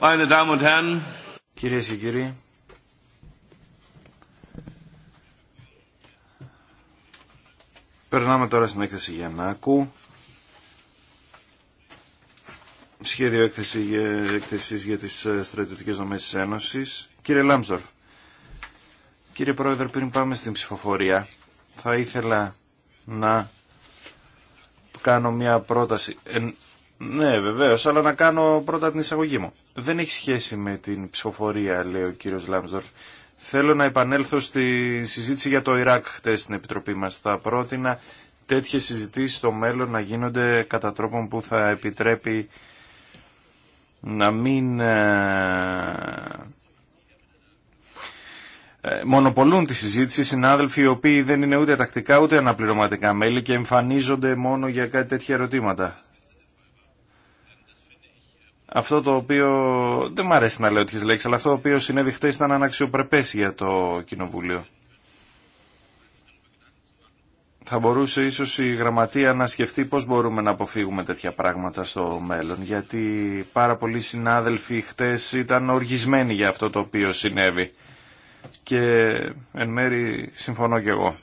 Meine Κυρίες και κύριοι, περνάμε τώρα στην έκθεση Γιαννάκου. Σχέδιο έκθεση, έκθεσης για τις ε, στρατιωτικές δομές της Ένωσης. Κύριε Λάμστορφ, κύριε Πρόεδρε, πριν πάμε στην ψηφοφορία, θα ήθελα να κάνω μια πρόταση ναι, βεβαίω, αλλά να κάνω πρώτα την εισαγωγή μου. Δεν έχει σχέση με την ψηφοφορία, λέει ο κύριο Λάμσδορφ. Θέλω να επανέλθω στη συζήτηση για το Ιράκ χτε στην Επιτροπή μα. Θα πρότεινα τέτοιε συζητήσει στο μέλλον να γίνονται κατά τρόπον που θα επιτρέπει να μην ε, ε, μονοπολούν τη συζήτηση συνάδελφοι οι οποίοι δεν είναι ούτε τακτικά ούτε αναπληρωματικά μέλη και εμφανίζονται μόνο για κάτι τέτοια ερωτήματα αυτό το οποίο, δεν μου αρέσει να λέω τις λέξεις, αλλά αυτό το οποίο συνέβη χτες ήταν αναξιοπρεπές για το Κοινοβούλιο. Θα μπορούσε ίσως η γραμματεία να σκεφτεί πώς μπορούμε να αποφύγουμε τέτοια πράγματα στο μέλλον, γιατί πάρα πολλοί συνάδελφοι χτες ήταν οργισμένοι για αυτό το οποίο συνέβη. Και εν μέρη συμφωνώ και εγώ.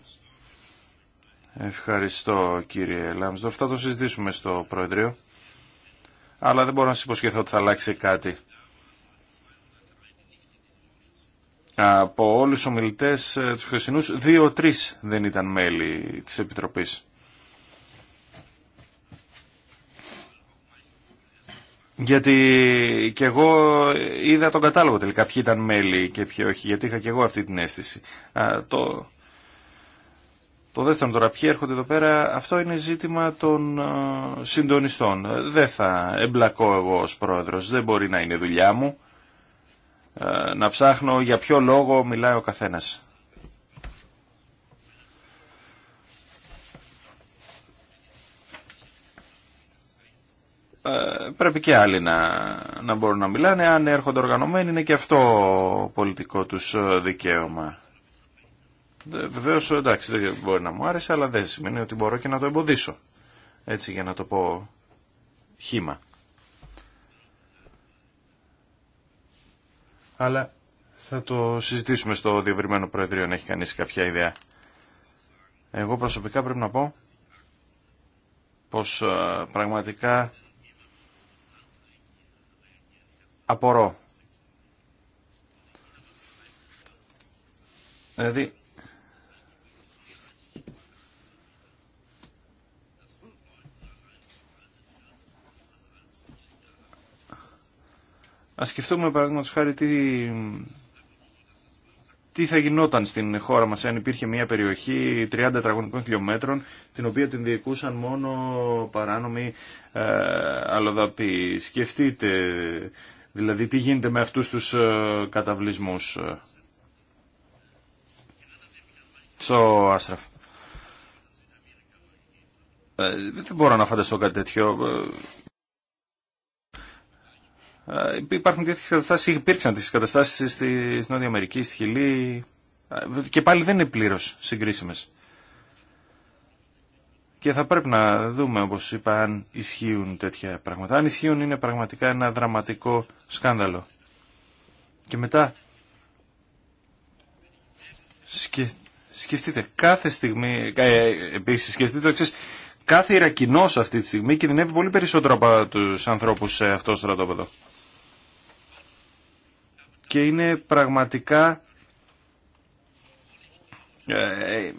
Ευχαριστώ κύριε Λάμσδορφ. Θα το συζητήσουμε στο Προεδρείο αλλά δεν μπορώ να σας υποσχεθώ ότι θα αλλάξει κάτι. Από όλους τους ομιλητές ε, τους χρησινους δυο δύο-τρεις δεν ήταν μέλη της Επιτροπής. Γιατί και εγώ είδα τον κατάλογο τελικά ποιοι ήταν μέλη και ποιοι όχι, γιατί είχα και εγώ αυτή την αίσθηση. Α, το το δεύτερο τώρα, ποιοι έρχονται εδώ πέρα, αυτό είναι ζήτημα των ε, συντονιστών. Δεν θα εμπλακώ εγώ ως πρόεδρος, δεν μπορεί να είναι δουλειά μου ε, να ψάχνω για ποιο λόγο μιλάει ο καθένας. Ε, πρέπει και άλλοι να, να μπορούν να μιλάνε. Αν έρχονται οργανωμένοι είναι και αυτό πολιτικό τους δικαίωμα. Ε, Βεβαίω, εντάξει, δεν μπορεί να μου άρεσε, αλλά δεν σημαίνει ότι μπορώ και να το εμποδίσω. Έτσι, για να το πω χήμα. Αλλά θα το συζητήσουμε στο διευρυμένο Προεδρείο, αν έχει κανείς κάποια ιδέα. Εγώ προσωπικά πρέπει να πω πως πραγματικά απορώ. Δηλαδή, Να σκεφτούμε παραδείγματος χάρη τι, τι θα γινόταν στην χώρα μας αν υπήρχε μια περιοχή 30 τετραγωνικών χιλιόμετρων την οποία την διεκούσαν μόνο παράνομοι ε, αλλοδαποί. Σκεφτείτε δηλαδή τι γίνεται με αυτούς τους ε, καταβλισμούς. Στο Άστραφ. Ε, δεν μπορώ να φανταστώ κάτι τέτοιο. Ε, Υπάρχουν τέτοιε καταστάσει, υπήρξαν τέτοιε καταστάσει στη Νότια Αμερική, στη Χιλή και πάλι δεν είναι πλήρω συγκρίσιμε. Και θα πρέπει να δούμε, όπω είπα, αν ισχύουν τέτοια πράγματα. Αν ισχύουν είναι πραγματικά ένα δραματικό σκάνδαλο. Και μετά, σκε... σκεφτείτε, κάθε στιγμή, ε, Επίση σκεφτείτε το εξή, κάθε Ιρακινός αυτή τη στιγμή κινδυνεύει πολύ περισσότερο από τους ανθρώπους σε αυτό το στρατόπεδο και είναι πραγματικά ε,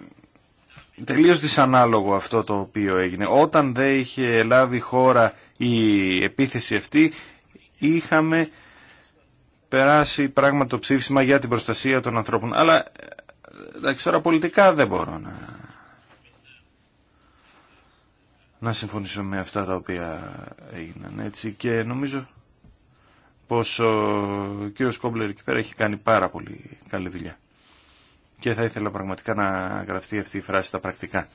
τελείως δυσανάλογο αυτό το οποίο έγινε. Όταν δεν είχε λάβει χώρα η επίθεση αυτή είχαμε περάσει πράγμα το ψήφισμα για την προστασία των ανθρώπων. Αλλά εντάξει τώρα πολιτικά δεν μπορώ να, να συμφωνήσω με αυτά τα οποία έγιναν έτσι και νομίζω πως ο κύριος Κόμπλερ εκεί πέρα έχει κάνει πάρα πολύ καλή δουλειά. Και θα ήθελα πραγματικά να γραφτεί αυτή η φράση στα πρακτικά.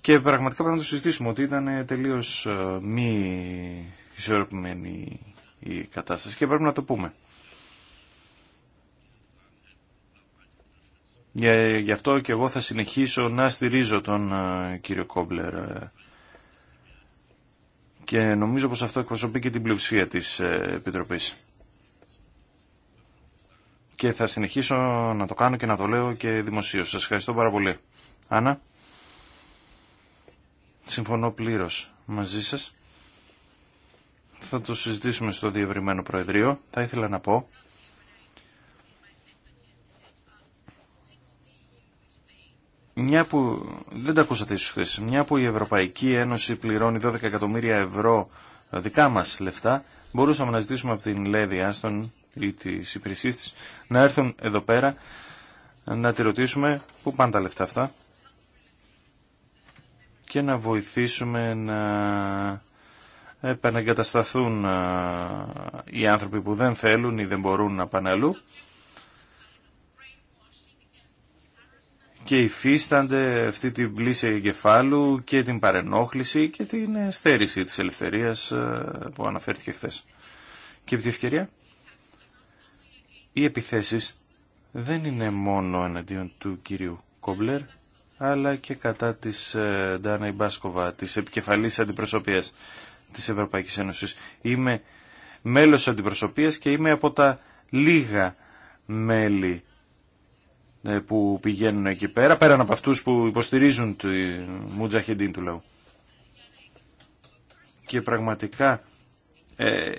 Και πραγματικά πρέπει να το συζητήσουμε ότι ήταν ε, τελείως ε, μη ισορροπημένη η κατάσταση και πρέπει να το πούμε. Ε, γι' αυτό και εγώ θα συνεχίσω να στηρίζω τον ε, κύριο Κόμπλερ ε. και νομίζω πως αυτό εκπροσωπεί και την πλειοψηφία της Επιτροπής. Και θα συνεχίσω να το κάνω και να το λέω και δημοσίως. Σας ευχαριστώ πάρα πολύ. Άννα, συμφωνώ πλήρως μαζί σας. Θα το συζητήσουμε στο διευρυμένο Προεδρείο. Θα ήθελα να πω μια που, δεν τα ακούσατε ίσως μια που η Ευρωπαϊκή Ένωση πληρώνει 12 εκατομμύρια ευρώ ε, δικά μας λεφτά, μπορούσαμε να ζητήσουμε από την Λέδη Άστον ή τις υπηρεσίες της να έρθουν εδώ πέρα να τη ρωτήσουμε πού πάνε τα λεφτά αυτά και να βοηθήσουμε να επαναγκατασταθούν ε, οι άνθρωποι που δεν θέλουν ή δεν μπορούν να πάνε αλλού και υφίστανται αυτή την πλήση εγκεφάλου και την παρενόχληση και την στέρηση της ελευθερίας ε, που αναφέρθηκε χθε. Και επί τη ευκαιρία, οι επιθέσεις δεν είναι μόνο εναντίον του κυρίου Κόμπλερ, αλλά και κατά της ε, Ντάνα Ιμπάσκοβα, της επικεφαλής αντιπροσωπείας της Ευρωπαϊκής Ένωσης. Είμαι μέλος αντιπροσωπείας και είμαι από τα λίγα μέλη ε, που πηγαίνουν εκεί πέρα, πέραν από αυτούς που υποστηρίζουν τη Μουτζαχεντίν του λαού. Και πραγματικά ε,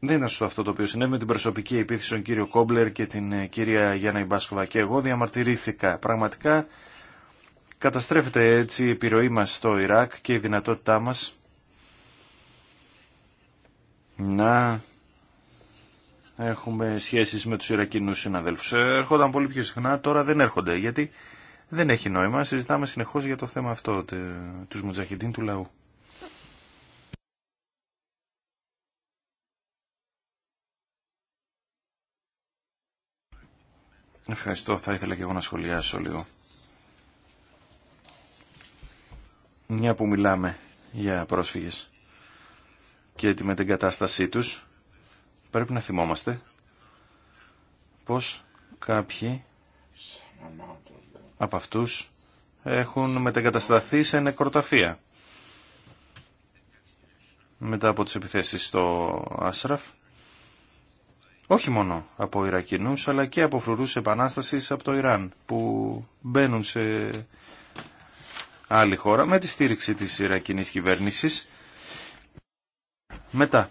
δεν είναι σωστό αυτό το οποίο συνέβη με την προσωπική επίθεση των κύριο Κόμπλερ και την ε, κυρία Γιάννα Ιμπάσκοβα και εγώ διαμαρτυρήθηκα. Πραγματικά καταστρέφεται έτσι η επιρροή μας στο Ιράκ και η δυνατότητά μας να έχουμε σχέσεις με τους Ιρακινούς συναδέλφους. Ε, έρχονταν πολύ πιο συχνά, τώρα δεν έρχονται, γιατί δεν έχει νόημα. Συζητάμε συνεχώς για το θέμα αυτό, τους Μουτζαχιντίν του λαού. Ευχαριστώ. Θα ήθελα και εγώ να σχολιάσω λίγο. Μια που μιλάμε για πρόσφυγες και τη κατάστασή τους, πρέπει να θυμόμαστε πως κάποιοι από αυτούς έχουν μετεγκατασταθεί σε νεκροταφεία μετά από τις επιθέσεις στο Άσραφ όχι μόνο από Ιρακινούς αλλά και από φρουρούς επανάστασης από το Ιράν που μπαίνουν σε άλλη χώρα με τη στήριξη της Ιρακινής κυβέρνησης μετά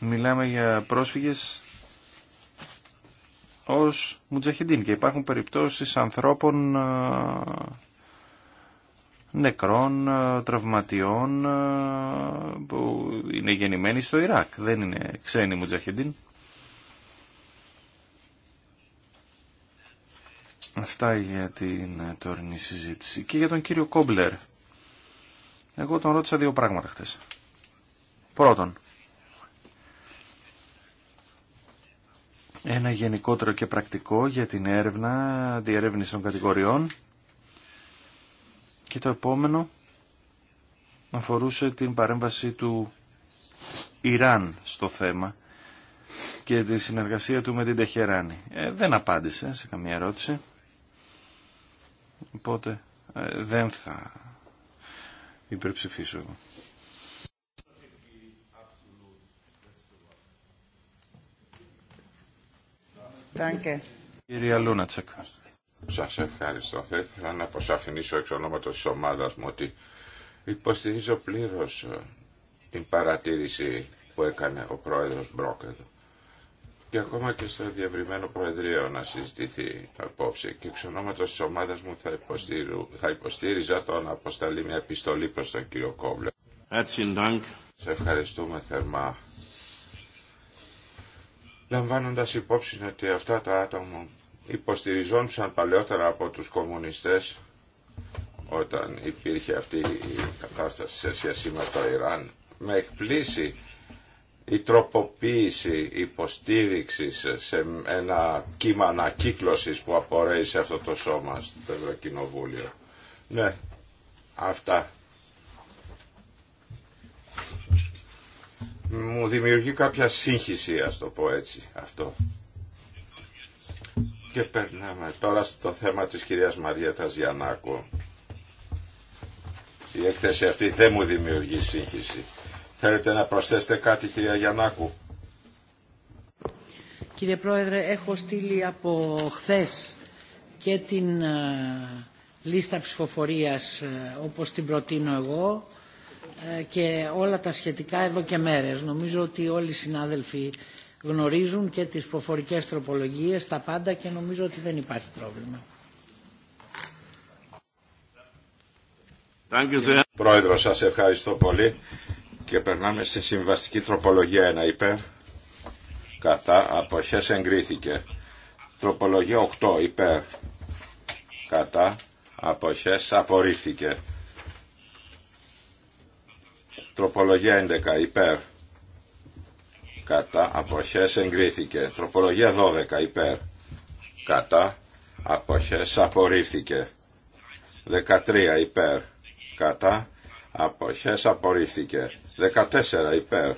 μιλάμε για πρόσφυγες ως Μουτζαχεντίν και υπάρχουν περιπτώσεις ανθρώπων ε, νεκρών, ε, τραυματιών ε, που είναι γεννημένοι στο Ιράκ. Δεν είναι ξένοι Μουτζαχεντίν. Αυτά για την τωρινή συζήτηση. Και για τον κύριο Κόμπλερ. Εγώ τον ρώτησα δύο πράγματα χθες. Πρώτον, ένα γενικότερο και πρακτικό για την έρευνα διερεύνηση των κατηγοριών και το επόμενο αφορούσε την παρέμβαση του Ιράν στο θέμα και τη συνεργασία του με την Τεχεράνη. Ε, δεν απάντησε σε καμία ερώτηση, οπότε ε, δεν θα υπερψηφίσω εγώ. Danke. Κυρία Λούνατσεκ. Σας ευχαριστώ. Θα ήθελα να αποσαφηνίσω εξ ονόματο τη ομάδα μου ότι υποστηρίζω πλήρω ε, την παρατήρηση που έκανε ο πρόεδρο Μπρόκ εδώ. Και ακόμα και στο διευρυμένο Προεδρείο να συζητηθεί απόψε. Και εξ ονόματο τη ομάδα μου θα, θα υποστήριζα το να αποσταλεί μια επιστολή προ τον κύριο Κόβλε. Σα ευχαριστούμε θερμά λαμβάνοντας υπόψη ότι αυτά τα άτομα υποστηριζόντουσαν παλαιότερα από τους κομμουνιστές όταν υπήρχε αυτή η κατάσταση σε σχέση με το Ιράν. Με εκπλήσει η τροποποίηση υποστήριξη σε ένα κύμα ανακύκλωσης που απορρέει σε αυτό το σώμα στο Ευρωκοινοβούλιο. Ναι, αυτά μου δημιουργεί κάποια σύγχυση, ας το πω έτσι, αυτό. Και περνάμε τώρα στο θέμα της κυρίας Μαριέτας Γιαννάκου. Η έκθεση αυτή δεν μου δημιουργεί σύγχυση. Θέλετε να προσθέσετε κάτι κυρία Γιαννάκου. Κύριε Πρόεδρε, έχω στείλει από χθες και την ε, λίστα ψηφοφορίας ε, όπως την προτείνω εγώ ε, και όλα τα σχετικά εδώ και μέρες. Νομίζω ότι όλοι οι συνάδελφοι γνωρίζουν και τις προφορικές τροπολογίες, τα πάντα και νομίζω ότι δεν υπάρχει πρόβλημα. Πρόεδρο, σας ευχαριστώ πολύ και περνάμε στη συμβαστική τροπολογία 1 υπέρ. Κατά αποχές εγκρίθηκε. Τροπολογία 8 υπέρ. Κατά αποχές απορρίφθηκε. Τροπολογία 11 υπέρ κατά αποχές εγκρίθηκε. Τροπολογία 12 υπέρ κατά αποχές απορρίφθηκε. 13 υπέρ κατά αποχές απορρίφθηκε. 14 υπέρ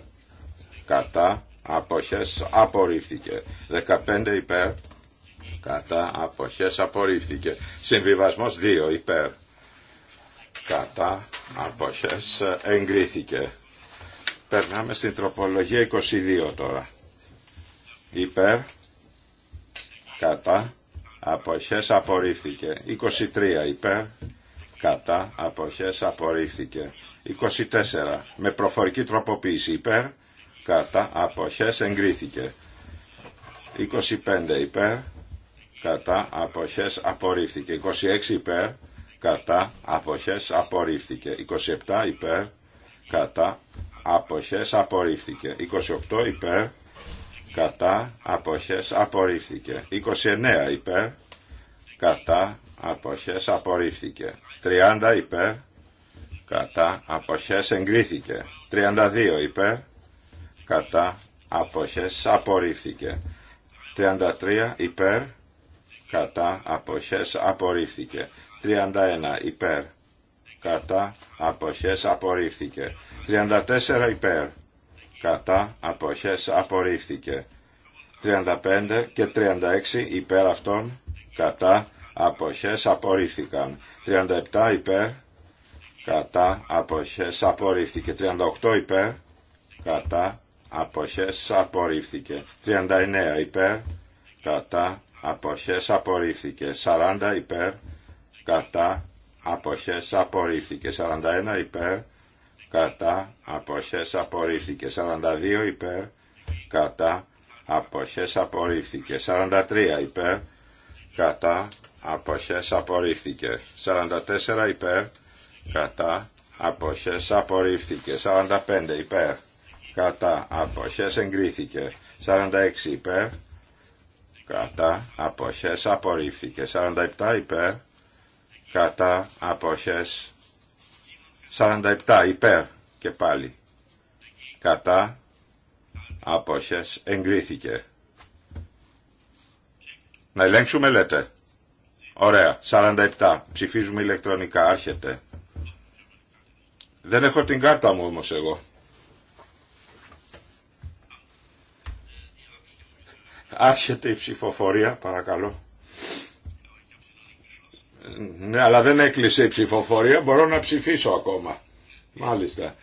κατά αποχές απορρίφθηκε. 15 υπέρ κατά αποχές απορρίφθηκε. Συμβιβασμός 2 υπέρ κατά αποχές εγκρίθηκε. Περνάμε στην τροπολογία 22 τώρα. Υπέρ, κατά, αποχές απορρίφθηκε. 23 υπέρ, κατά, αποχές απορρίφθηκε. 24 με προφορική τροποποίηση υπέρ, κατά, αποχές εγκρίθηκε. 25 υπέρ, κατά, αποχές απορρίφθηκε. 26 υπέρ, κατά αποχές απορρίφθηκε. 27 υπέρ κατά αποχές απορρίφθηκε. 28 υπέρ κατά αποχές απορρίφθηκε. 29 υπέρ κατά αποχές απορρίφθηκε. 30 υπέρ κατά αποχές εγκρίθηκε. 32 υπέρ κατά αποχές απορρίφθηκε. 33 υπέρ κατά αποχές απορρίφθηκε. 31 υπέρ κατά αποχές απορρίφθηκε 34 υπέρ κατά αποχές απορρίφθηκε 35 και 36 υπέρ αυτών κατά αποχές απορρίφθηκαν 37 υπέρ κατά αποχές απορρίφθηκε 38 υπέρ κατά αποχές απορρίφθηκε 39 υπέρ κατά αποχές απορρίφθηκε 40 υπέρ κατά αποχές απορρίφθηκε 41 υπέρ κατά αποχές απορρίφθηκε 42 υπέρ κατά αποχές απορρίφθηκε 43 υπέρ κατά αποχές απορρίφθηκε 44 υπέρ κατά αποχές απορρίφθηκε 45 υπέρ κατά αποχές εγκρίθηκε 46 υπέρ κατά αποχές απορρίφθηκε 47 υπέρ κατά αποχές 47 υπέρ και πάλι κατά αποχές εγκρίθηκε να ελέγξουμε λέτε ωραία 47 ψηφίζουμε ηλεκτρονικά άρχεται δεν έχω την κάρτα μου όμως εγώ άρχεται η ψηφοφορία παρακαλώ ναι, αλλά δεν έκλεισε η ψηφοφορία, μπορώ να ψηφίσω ακόμα. Μάλιστα.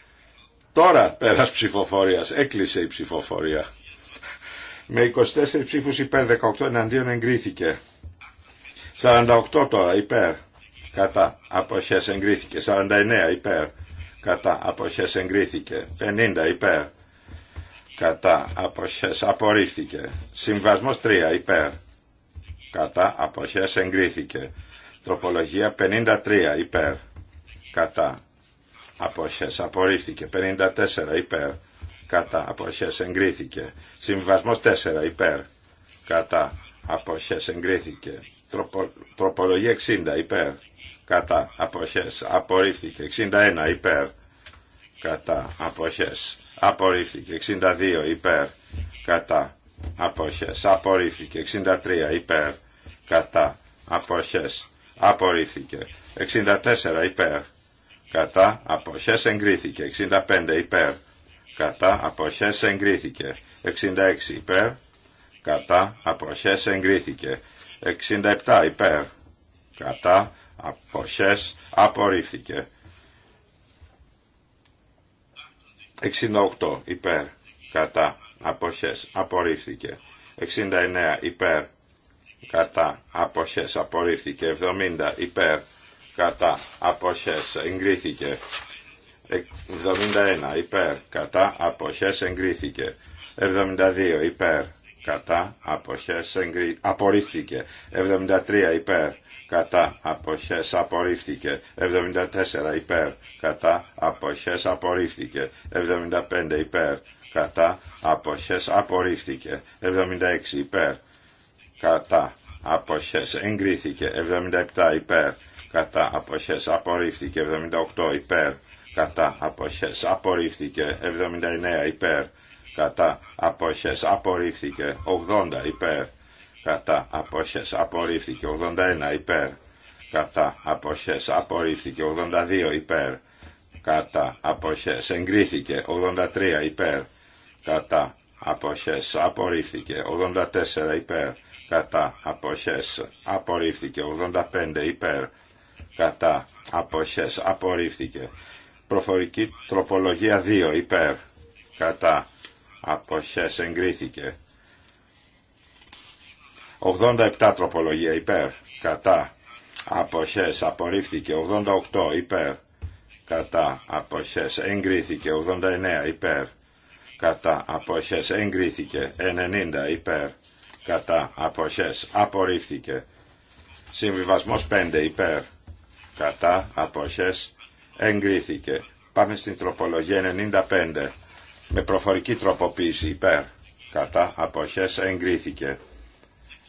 Τώρα πέρας ψηφοφορίας, έκλεισε η ψηφοφορία. Με 24 ψήφους υπέρ 18 εναντίον εγκρίθηκε. 48 τώρα υπέρ, κατά, αποχές εγκρίθηκε. 49 υπέρ, κατά, αποχές εγκρίθηκε. 50 υπέρ, κατά, αποχές απορρίφθηκε. Συμβασμός 3 υπέρ, κατά, αποχές εγκρίθηκε. Τροπολογία 53 υπέρ κατά αποχές απορρίφθηκε. 54 υπέρ κατά αποχές εγκρίθηκε. Συμβασμός 4 υπέρ κατά αποχές εγκρίθηκε. Τροπο, τροπολογία 60 υπέρ κατά αποχές απορρίφθηκε. 61 υπέρ κατά αποχές απορρίφθηκε. 62 υπέρ κατά αποχές απορρίφθηκε. 63 υπέρ κατά αποχές απορρίφθηκε. 64 υπέρ, κατά αποχές εγκρίθηκε. 65 υπέρ, κατά αποχές εγκρίθηκε. 66 υπέρ, κατά αποχές εγκρίθηκε. 67 υπέρ, κατά αποχές απορρίφθηκε. 68 υπέρ, κατά απόχέ, απορρίφθηκε. 69 υπέρ, κατά αποχές απορρίφθηκε 70 υπέρ κατά αποχές εγκρίθηκε 71 υπέρ κατά αποχές εγκρίθηκε 72 υπέρ κατά αποχές εγκρι... απορρίφθηκε 73 υπέρ κατά αποχές απορρίφθηκε 74 υπέρ κατά αποχές απορρίφθηκε 75 υπέρ κατά αποχές απορρίφθηκε 76 υπέρ κατά αποχές εγκρίθηκε 77 υπέρ κατά αποχές απορρίφθηκε 78 υπέρ κατά αποχές απορρίφθηκε 79 υπέρ κατά αποχές απορρίφθηκε 80 υπέρ κατά αποχές απορρίφθηκε 81 υπέρ κατά αποχές απορρίφθηκε 82 υπέρ κατά αποχές εγκρίθηκε 83 υπέρ κατά αποχές απορρίφθηκε 84 υπέρ κατά αποχές απορρίφθηκε 85 υπέρ κατά αποχές απορρίφθηκε προφορική τροπολογία 2 υπέρ κατά αποχές εγκρίθηκε 87 τροπολογία υπέρ κατά αποχές απορρίφθηκε 88 υπέρ κατά αποχές εγκρίθηκε 89 υπέρ κατά αποχές εγκρίθηκε 90 υπέρ κατά αποχές απορρίφθηκε. Συμβιβασμός 5 υπέρ κατά αποχές εγκρίθηκε. Πάμε στην τροπολογία 95 με προφορική τροποποίηση υπέρ κατά αποχές εγκρίθηκε.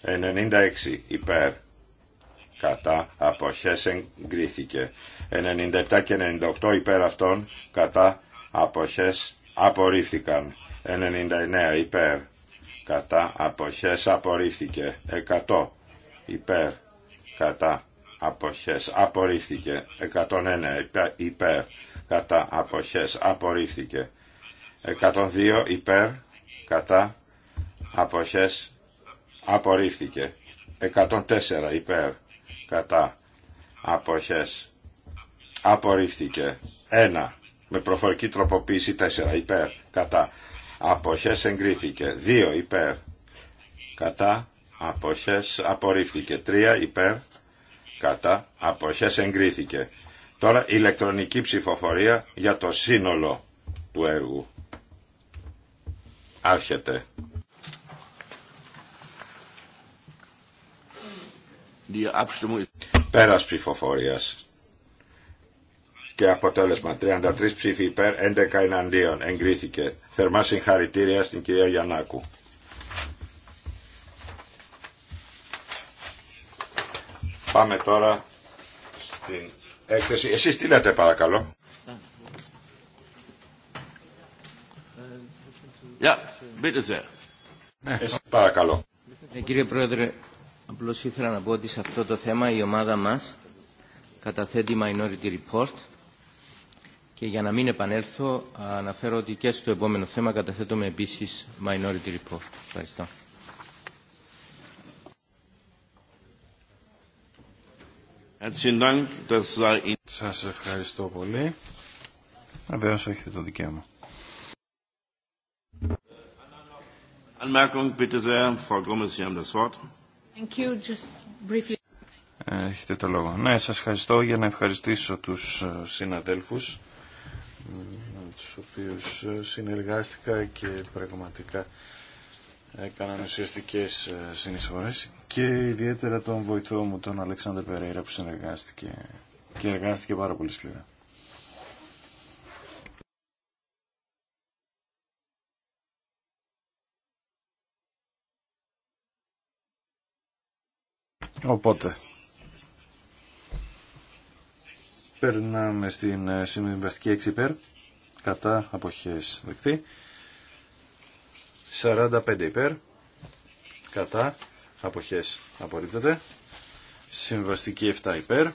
96 υπέρ κατά αποχές εγκρίθηκε. 97 και 98 υπέρ αυτών κατά αποχές απορρίφθηκαν. 99 υπέρ κατά αποχές απορρίφθηκε 100 υπέρ κατά αποχές απορρίφθηκε 101 υπέρ κατά αποχές απορρίφθηκε 102 υπέρ κατά αποχές απορρίφθηκε 104 υπέρ κατά αποχές απορρίφθηκε 1 με προφορική τροποποίηση 4 υπέρ κατά αποχές εγκρίθηκε. Δύο υπέρ κατά αποχές απορρίφθηκε. Τρία υπέρ κατά αποχές εγκρίθηκε. Τώρα ηλεκτρονική ψηφοφορία για το σύνολο του έργου. Άρχεται. Πέρας ψηφοφορίας και αποτέλεσμα 33 ψήφοι υπέρ, 11 εναντίον. Εγκρίθηκε. Θερμά συγχαρητήρια στην κυρία Γιαννάκου. Πάμε τώρα στην έκθεση. Εσείς τι λέτε παρακαλώ. Yeah, bitte ναι, παρακαλώ. Ε, κύριε Πρόεδρε, απλώς ήθελα να πω ότι σε αυτό το θέμα η ομάδα μας καταθέτει minority report και για να μην επανέλθω, αναφέρω ότι και στο επόμενο θέμα καταθέτουμε επίσης Minority Report. Ευχαριστώ. Σας ευχαριστώ πολύ. Βεβαίω έχετε το δικαίωμα. Έχετε το λόγο. Ναι, σας ευχαριστώ για να ευχαριστήσω τους ε, συναδέλφους με τους οποίους ε, συνεργάστηκα και πραγματικά έκαναν ουσιαστικέ ε, συνεισφορές και ιδιαίτερα τον βοηθό μου τον Αλέξανδρο Περέιρα που συνεργάστηκε και εργάστηκε πάρα πολύ σκληρά. Οπότε, Περνάμε στην ε, συμβιβαστική 6 υπέρ. Κατά αποχές δεκτή. 45 υπέρ. Κατά αποχές απορρίπτεται. Συμβαστική 7 υπέρ.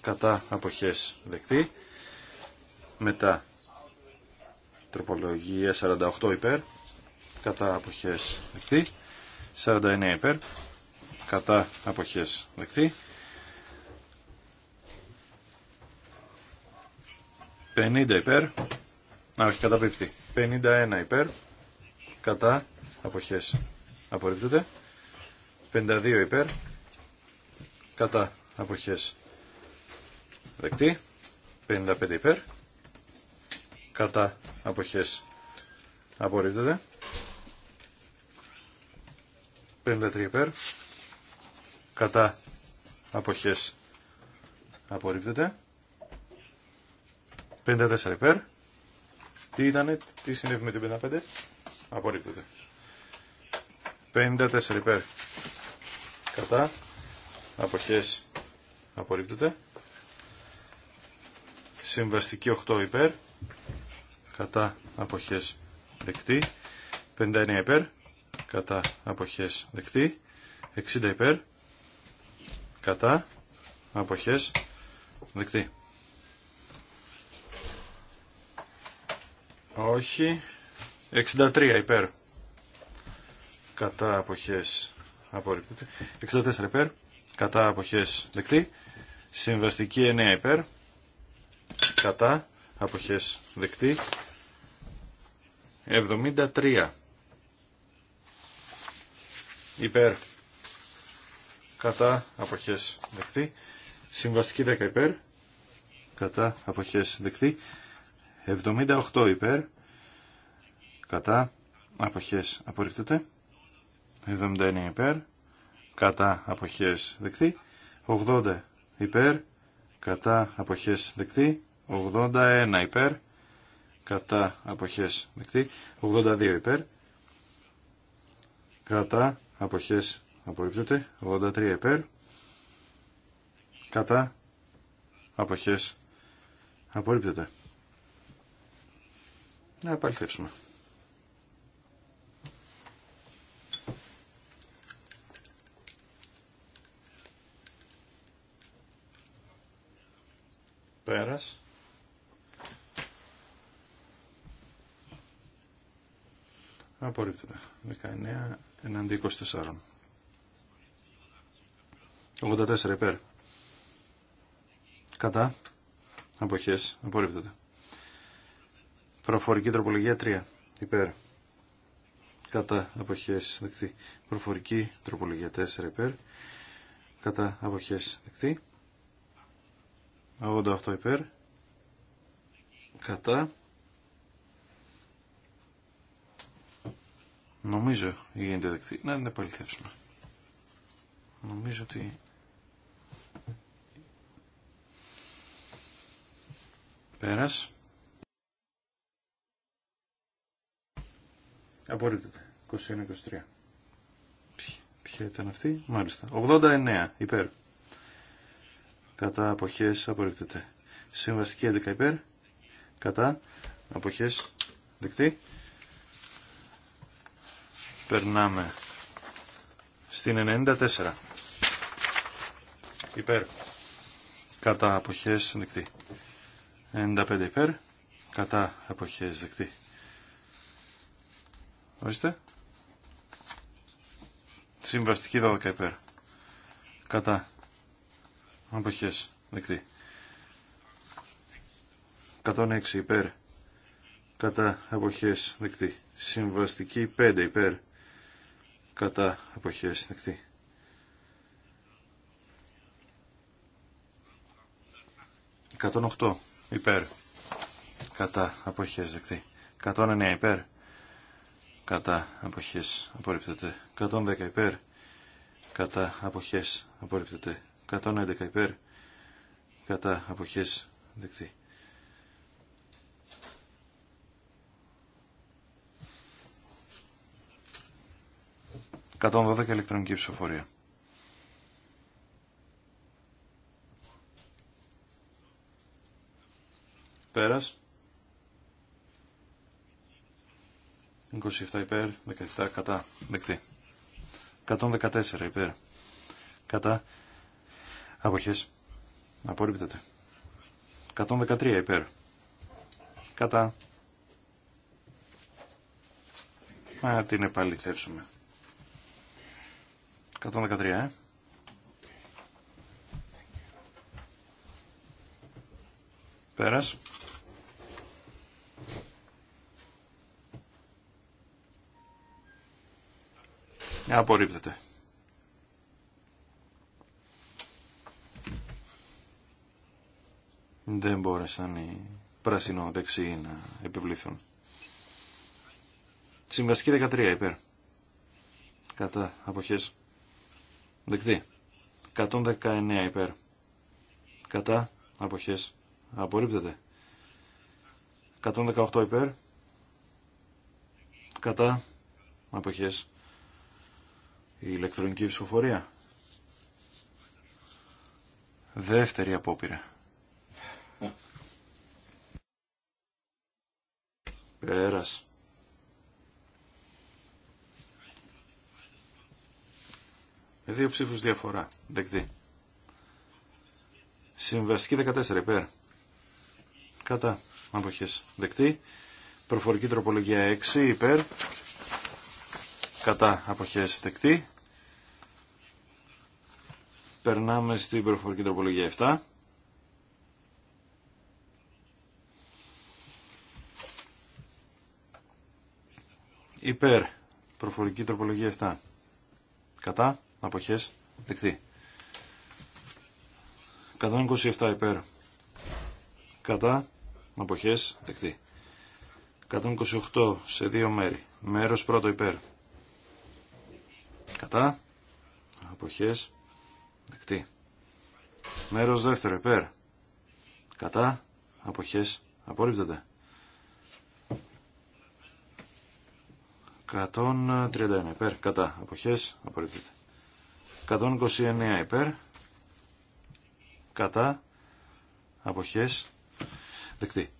Κατά αποχές δεκτή. Μετά τροπολογία 48 υπέρ. Κατά αποχές δεκτή. 49 υπέρ. Κατά αποχές δεκτή. 50 υπέρ. Α, όχι, καταπίπτει. 51 υπέρ. Κατά. Αποχές. Απορρίπτεται. 52 υπέρ. Κατά. Αποχές. Δεκτή. 55 υπέρ. Κατά. Αποχές. Απορρίπτεται. 53 υπέρ. Κατά. Αποχές. Απορρίπτεται. 54 υπέρ. Τι ήτανε, τι συνέβη με την 55. Απορρίπτεται. 54 υπέρ. Κατά. Αποχές. Απορρίπτεται. Συμβαστική 8 υπέρ. Κατά. Αποχές. Δεκτή. 59 υπέρ. Κατά. Αποχές. Δεκτή. 60 υπέρ. Κατά. Αποχές. Δεκτή. Όχι. 63 υπέρ. Κατά αποχές απορρίπτεται. 64 υπέρ. Κατά αποχές δεκτή. Συμβαστική 9 υπέρ. Κατά αποχές δεκτή. 73 υπέρ. Κατά αποχές δεκτή. Συμβαστική 10 υπέρ. Κατά αποχές δεκτή. 78 υπέρ, κατά, αποχές απορρίπτεται, 79 υπέρ, κατά, αποχές δεκτή, 80 υπέρ, κατά, αποχές δεκτή, 81 υπέρ, κατά, αποχές δεκτή, 82 υπέρ, κατά, αποχές απορρίπτεται, 83 υπέρ, κατά, αποχές απορρίπτεται. Να επαληθεύσουμε. Πέρας. Απορρίπτεται. 19 εναντί 24. 84 υπέρ. Κατά. Αποχές. Απορρίπτεται. Προφορική τροπολογία 3. Υπέρ. Κατά αποχές δεκτή. Προφορική τροπολογία 4 υπέρ. Κατά αποχές δεκτή. 88 υπέρ. Κατά. Νομίζω γίνεται δεκτή. Να την επαληθεύσουμε. Νομίζω ότι... Πέρας. Απορρίπτεται. 21-23. Ποια ήταν αυτή. Μάλιστα. 89 υπέρ. Κατά αποχές απορρίπτεται. Συμβαστική 11 υπέρ. Κατά αποχές δεκτή. Περνάμε στην 94. Υπέρ. Κατά αποχές δεκτή. 95 υπέρ. Κατά αποχές δεκτή. Ορίστε. Συμβαστική 12 υπέρ. Κατά. Αποχές. Δεκτή. 106 υπέρ. Κατά. Αποχές. Δεκτή. Συμβαστική 5 υπέρ. Κατά. Αποχές. Δεκτή. 108 υπέρ. Κατά. Αποχές. Δεκτή. 109 υπέρ κατά αποχές απορρίπτεται 110 υπέρ κατά αποχές απορρίπτεται 111 υπέρ κατά αποχές δεκτή 112 ηλεκτρονική ψηφοφορία πέρας 27 υπέρ, 17 κατά. Δεκτή. 114 υπέρ. Κατά. Αποχές. Απορρίπτεται. 113 υπέρ. Κατά. Να την επαληθεύσουμε. 113, ε. Πέρας. Απορρίπτεται. Δεν μπόρεσαν οι πράσινο-δεξιοί να επιβληθούν. Συμβαστική 13 υπέρ. Κατά αποχές. Δεκτή. 119 υπέρ. Κατά αποχές. Απορρίπτεται. 118 υπέρ. Κατά αποχές η ηλεκτρονική ψηφοφορία. Δεύτερη απόπειρα. Πέρας. Με δύο ψήφους διαφορά. Δεκτή. Συμβαστική 14 υπέρ. Κατά. Αποχές. Δεκτή. Προφορική τροπολογία 6 υπέρ κατά αποχές δεκτή. Περνάμε στην προφορική τροπολογία 7. Υπέρ. Προφορική τροπολογία 7. Κατά. Αποχές. Δεκτή. 127 υπέρ. Κατά. Αποχές. Δεκτή. 128 σε δύο μέρη. Μέρος πρώτο υπέρ. Κατά. αποχέ, Δεκτή. μερο δεύτερο υπέρ. Κατά. Αποχές. Απορρίπτεται. 131 υπέρ. Κατά. αποχέ, Απορρίπτεται. 129 υπέρ. Κατά. Αποχές. Δεκτή.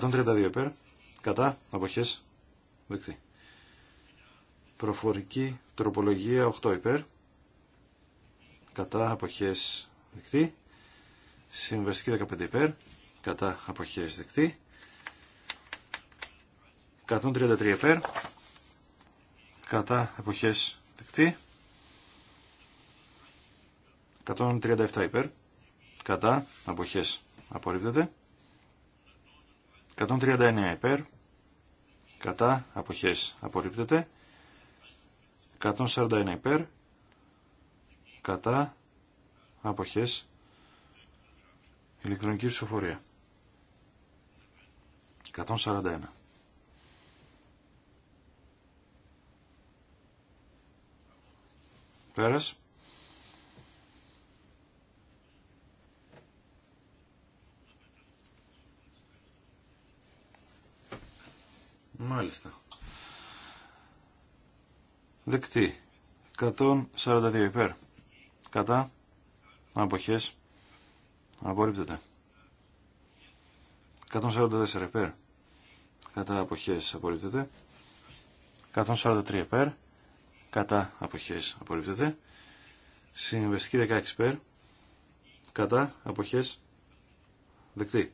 132 υπέρ. Κατά. Αποχές. Δεκτή. Προφορική τροπολογία 8 υπέρ. Κατά. Αποχές. Δεκτή. Συμβαστική 15 υπέρ. Κατά. Αποχές. Δεκτή. 133 υπέρ. Κατά. Αποχές. Δεκτή. 137 υπέρ. Κατά. Αποχές. Απορρίπτεται. 139 υπέρ, κατά, αποχές, απορρίπτεται. 141 υπέρ, κατά, αποχές, ηλεκτρονική ψηφοφορία. 141. Πέρας. Μάλιστα. Δεκτή. 142 υπέρ. Κατά. Αποχές. Απορρίπτεται. 144 υπέρ. Κατά αποχές απορρίπτεται. 143 υπέρ. Κατά αποχές απορρίπτεται. Συμβεστική 16 υπέρ. Κατά αποχές δεκτή.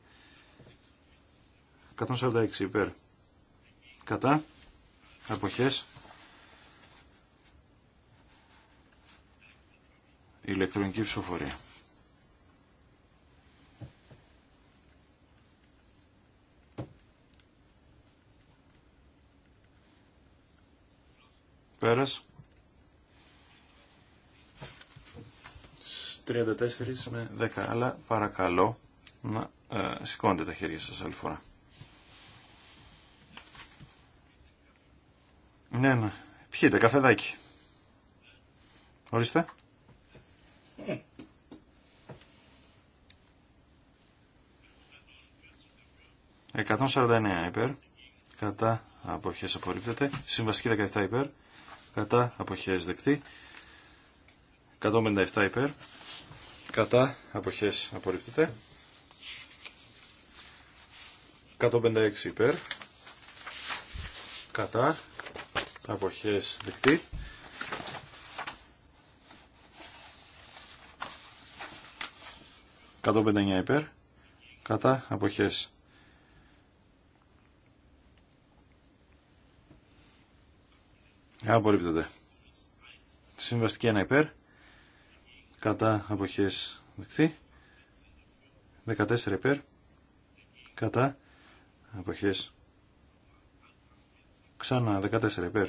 146 υπέρ κατά αποχές ηλεκτρονική ψηφοφορία. Πέρας. 34 με 10, αλλά παρακαλώ να ε, σηκώνετε τα χέρια σας άλλη φορά. Ναι, ναι. Πιείτε καφεδάκι. Ορίστε. 149 υπέρ. Κατά αποχές απορρίπτεται. Συμβαστική 17 υπέρ. Κατά αποχές δεκτή. 157 υπέρ. Κατά αποχές απορρίπτεται. 156 υπέρ. Κατά αποχές δεκτή. 159 υπέρ, κατά αποχές Απορρίπτεται. Συμβαστική 1 υπέρ. Κατά αποχές δεκτή. 14 υπέρ. Κατά αποχές Ξανά 14 υπέρ.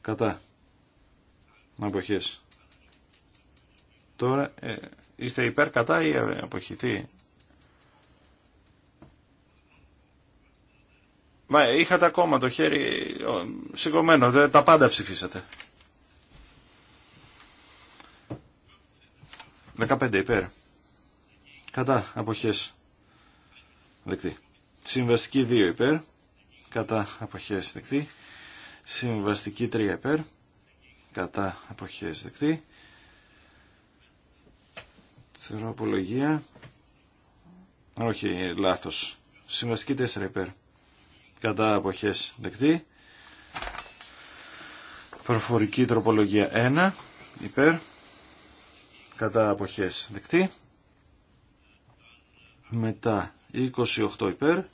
Κατά. Αποχές. Τώρα ε, είστε υπέρ κατά ή ε, αποχή. Τι. Μα είχατε ακόμα το χέρι σηκωμένο. Δε, τα πάντα ψηφίσατε. 15 υπέρ. Κατά. Αποχές. Δεκτή. Συμβαστική 2 υπέρ κατά αποχές δεκτή. Συμβαστική 3 υπέρ κατά αποχές δεκτή. Τροπολογία. Όχι, λάθος. Συμβαστική 4 υπέρ κατά αποχές δεκτή. Προφορική τροπολογία 1 υπέρ κατά αποχές δεκτή. Μετά 28 υπέρ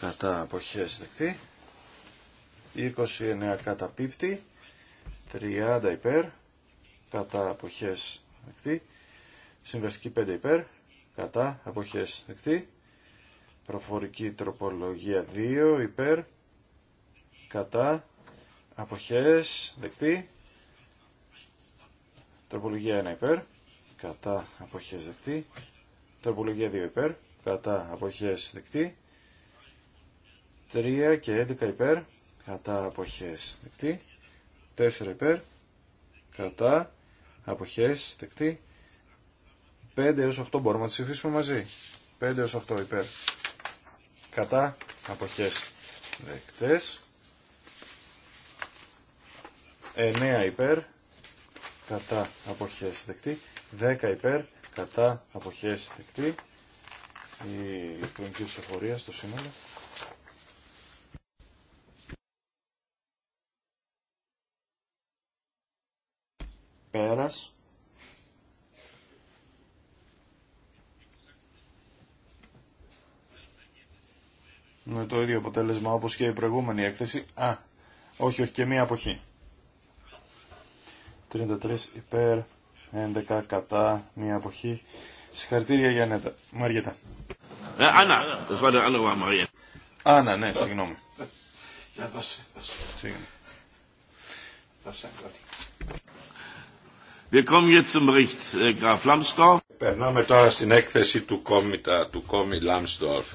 κατά αποχές δεκτή 29 κατά πίπτη 30 υπέρ κατά αποχές δεκτή συμβαστική 5 υπέρ κατά αποχές δεκτή προφορική τροπολογία 2 υπέρ κατά αποχές δεκτή τροπολογία 1 υπέρ κατά αποχές δεκτή τροπολογία 2 υπέρ κατά αποχές δεκτή 3 και 11 υπέρ κατά αποχές δεκτή 4 υπέρ κατά αποχές δεκτή 5 έως 8 μπορούμε να τις ψηφίσουμε μαζί 5 έως 8 υπέρ κατά αποχές δεκτές 9 υπέρ κατά αποχές δεκτή 10 υπέρ κατά αποχές δεκτή η κοινωνική ψηφοφορία στο σύνολο Με το ίδιο αποτέλεσμα όπως και η προηγούμενη έκθεση. Α, όχι, όχι και μία αποχή. 33 υπέρ, 11 κατά, μία αποχή. Συγχαρητήρια για Νέτα. Μαριέτα. Ε, Άννα, Μαριέτα. Άννα, ναι, συγγνώμη. Ε, για δώσε, δώσε. Συγγνώμη. Δώσε, Äh, Περνάμε τώρα στην έκθεση του Κόμιτα, του Κόμι Λάμστορφ.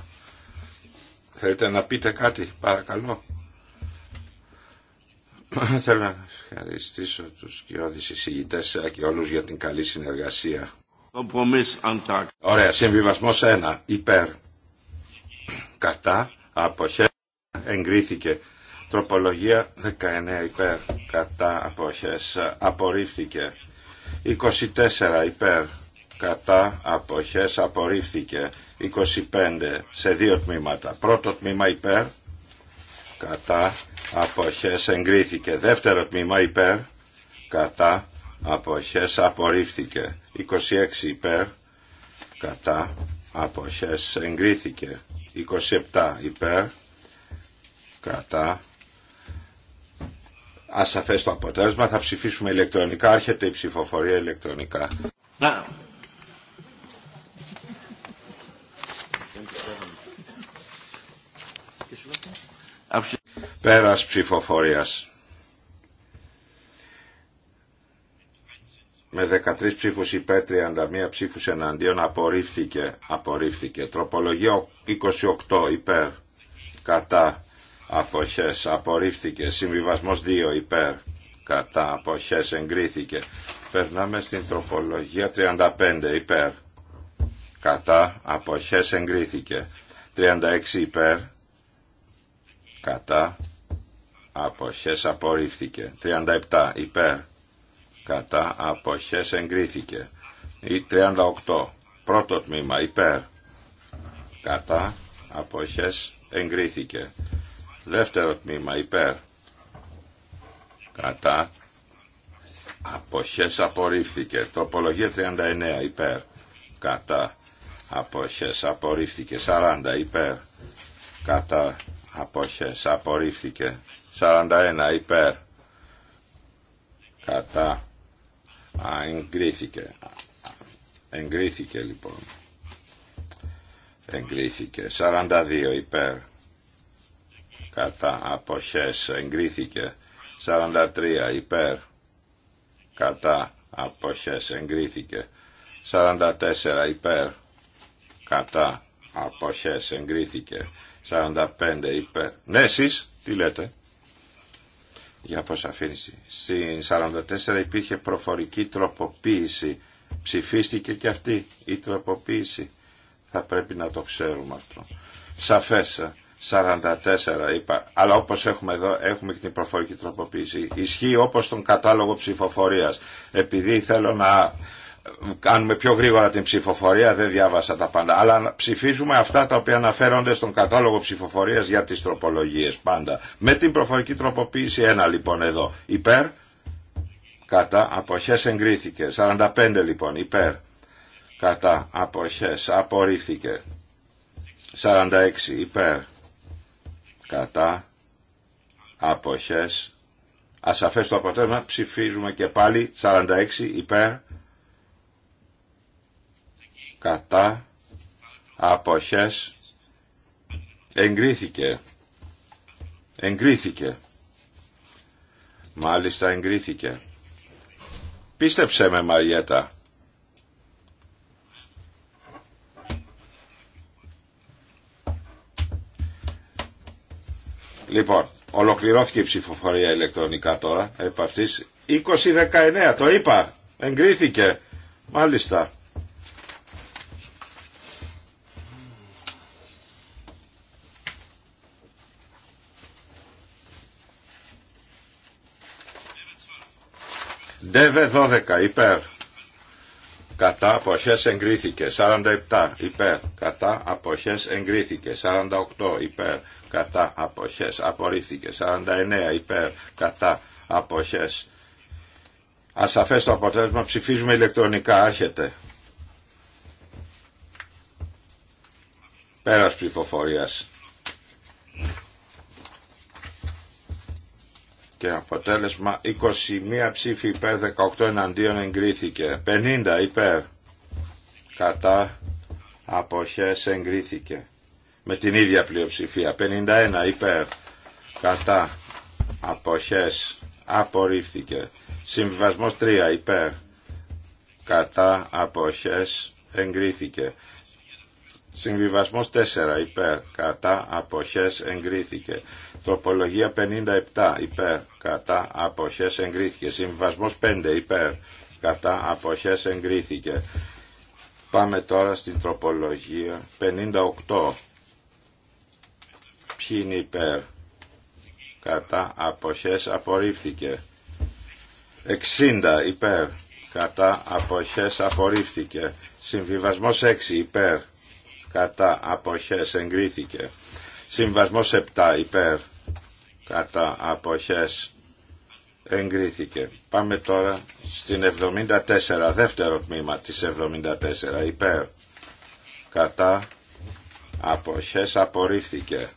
Θέλετε να πείτε κάτι, παρακαλώ. Θέλω να ευχαριστήσω τους κοιόδης εισηγητές ε, και όλους για την καλή συνεργασία. Ωραία, συμβιβασμός 1, υπέρ, κατά, αποχέ, εγκρίθηκε. Τροπολογία 19 υπέρ, κατά, αποχές, απορρίφθηκε. 24 υπέρ κατά αποχές απορρίφθηκε 25 σε δύο τμήματα. Πρώτο τμήμα υπέρ κατά αποχές εγκρίθηκε. Δεύτερο τμήμα υπέρ κατά αποχές απορρίφθηκε. 26 υπέρ κατά αποχές εγκρίθηκε. 27 υπέρ κατά ασαφές το αποτέλεσμα. Θα ψηφίσουμε ηλεκτρονικά. Άρχεται η ψηφοφορία ηλεκτρονικά. Να. Πέρας ψηφοφορίας. Με 13 ψήφους υπέρ 31 ψήφους εναντίον απορρίφθηκε. απορρίφθηκε. Τροπολογία 28 υπέρ κατά αποχές απορρίφθηκε συμβιβασμός 2 υπέρ κατά αποχές εγκρίθηκε περνάμε στην τροπολογία 35 υπέρ κατά αποχές εγκρίθηκε 36 υπέρ κατά αποχές απορρίφθηκε 37 υπέρ κατά αποχές εγκρίθηκε 38 πρώτο τμήμα υπέρ κατά αποχές εγκρίθηκε Δεύτερο τμήμα υπέρ. Κατά. Αποχές απορρίφθηκε. Τροπολογία 39 υπέρ. Κατά. Αποχές απορρίφθηκε. 40 υπέρ. Κατά. Αποχές απορρίφθηκε. 41 υπέρ. Κατά. Α, εγκρίθηκε. Εγκρίθηκε λοιπόν. Εγκρίθηκε. 42 υπέρ κατά αποχές εγκρίθηκε 43 υπέρ κατά αποχές εγκρίθηκε 44 υπέρ κατά αποχές εγκρίθηκε 45 υπέρ ναι εσείς τι λέτε για πως αποσαφήνιση στην 44 υπήρχε προφορική τροποποίηση ψηφίστηκε και αυτή η τροποποίηση θα πρέπει να το ξέρουμε αυτό σαφέσα ε? 44 είπα, αλλά όπως έχουμε εδώ έχουμε και την προφορική τροποποίηση. Ισχύει όπως τον κατάλογο ψηφοφορίας. Επειδή θέλω να κάνουμε πιο γρήγορα την ψηφοφορία, δεν διάβασα τα πάντα. Αλλά ψηφίζουμε αυτά τα οποία αναφέρονται στον κατάλογο ψηφοφορίας για τις τροπολογίες πάντα. Με την προφορική τροποποίηση ένα λοιπόν εδώ. Υπέρ, κατά, αποχές εγκρίθηκε. 45 λοιπόν, υπέρ, κατά, αποχές, απορρίφθηκε. 46 υπέρ, κατά, αποχές, ασαφές το αποτέλεσμα, ψηφίζουμε και πάλι 46 υπέρ, κατά, αποχές, εγκρίθηκε, εγκρίθηκε, μάλιστα εγκρίθηκε. Πίστεψέ με Μαριέτα, Λοιπόν, ολοκληρώθηκε η ψηφοφορία ηλεκτρονικά τώρα, επ' αυτής. 20-19, το είπα, εγκρίθηκε. Μάλιστα. ΔΕΒΕ 12, υπέρ κατά αποχές εγκρίθηκε 47 υπέρ κατά αποχές εγκρίθηκε 48 υπέρ κατά αποχές απορρίφθηκε 49 υπέρ κατά αποχές ασαφές το αποτέλεσμα ψηφίζουμε ηλεκτρονικά άρχεται πέρας ψηφοφορίας και αποτέλεσμα 21 ψήφοι υπέρ 18 εναντίον εγκρίθηκε 50 υπέρ κατά αποχές εγκρίθηκε με την ίδια πλειοψηφία 51 υπέρ κατά αποχές απορρίφθηκε συμβιβασμός 3 υπέρ κατά αποχές εγκρίθηκε συμβιβασμός 4 υπέρ κατά αποχές εγκρίθηκε Τροπολογία 57 υπέρ κατά αποχές εγκρίθηκε. Συμβασμός 5 υπέρ κατά αποχές εγκρίθηκε. Πάμε τώρα στην τροπολογία 58. Ποιοι είναι υπέρ κατά αποχές απορρίφθηκε. 60 υπέρ κατά αποχές απορρίφθηκε. Συμβιβασμός 6 υπέρ κατά αποχές εγκρίθηκε. Συμβασμός 7 υπέρ κατά αποχές εγκρίθηκε. Πάμε τώρα στην 74, δεύτερο τμήμα της 74, υπέρ, κατά, αποχές απορρίφθηκε.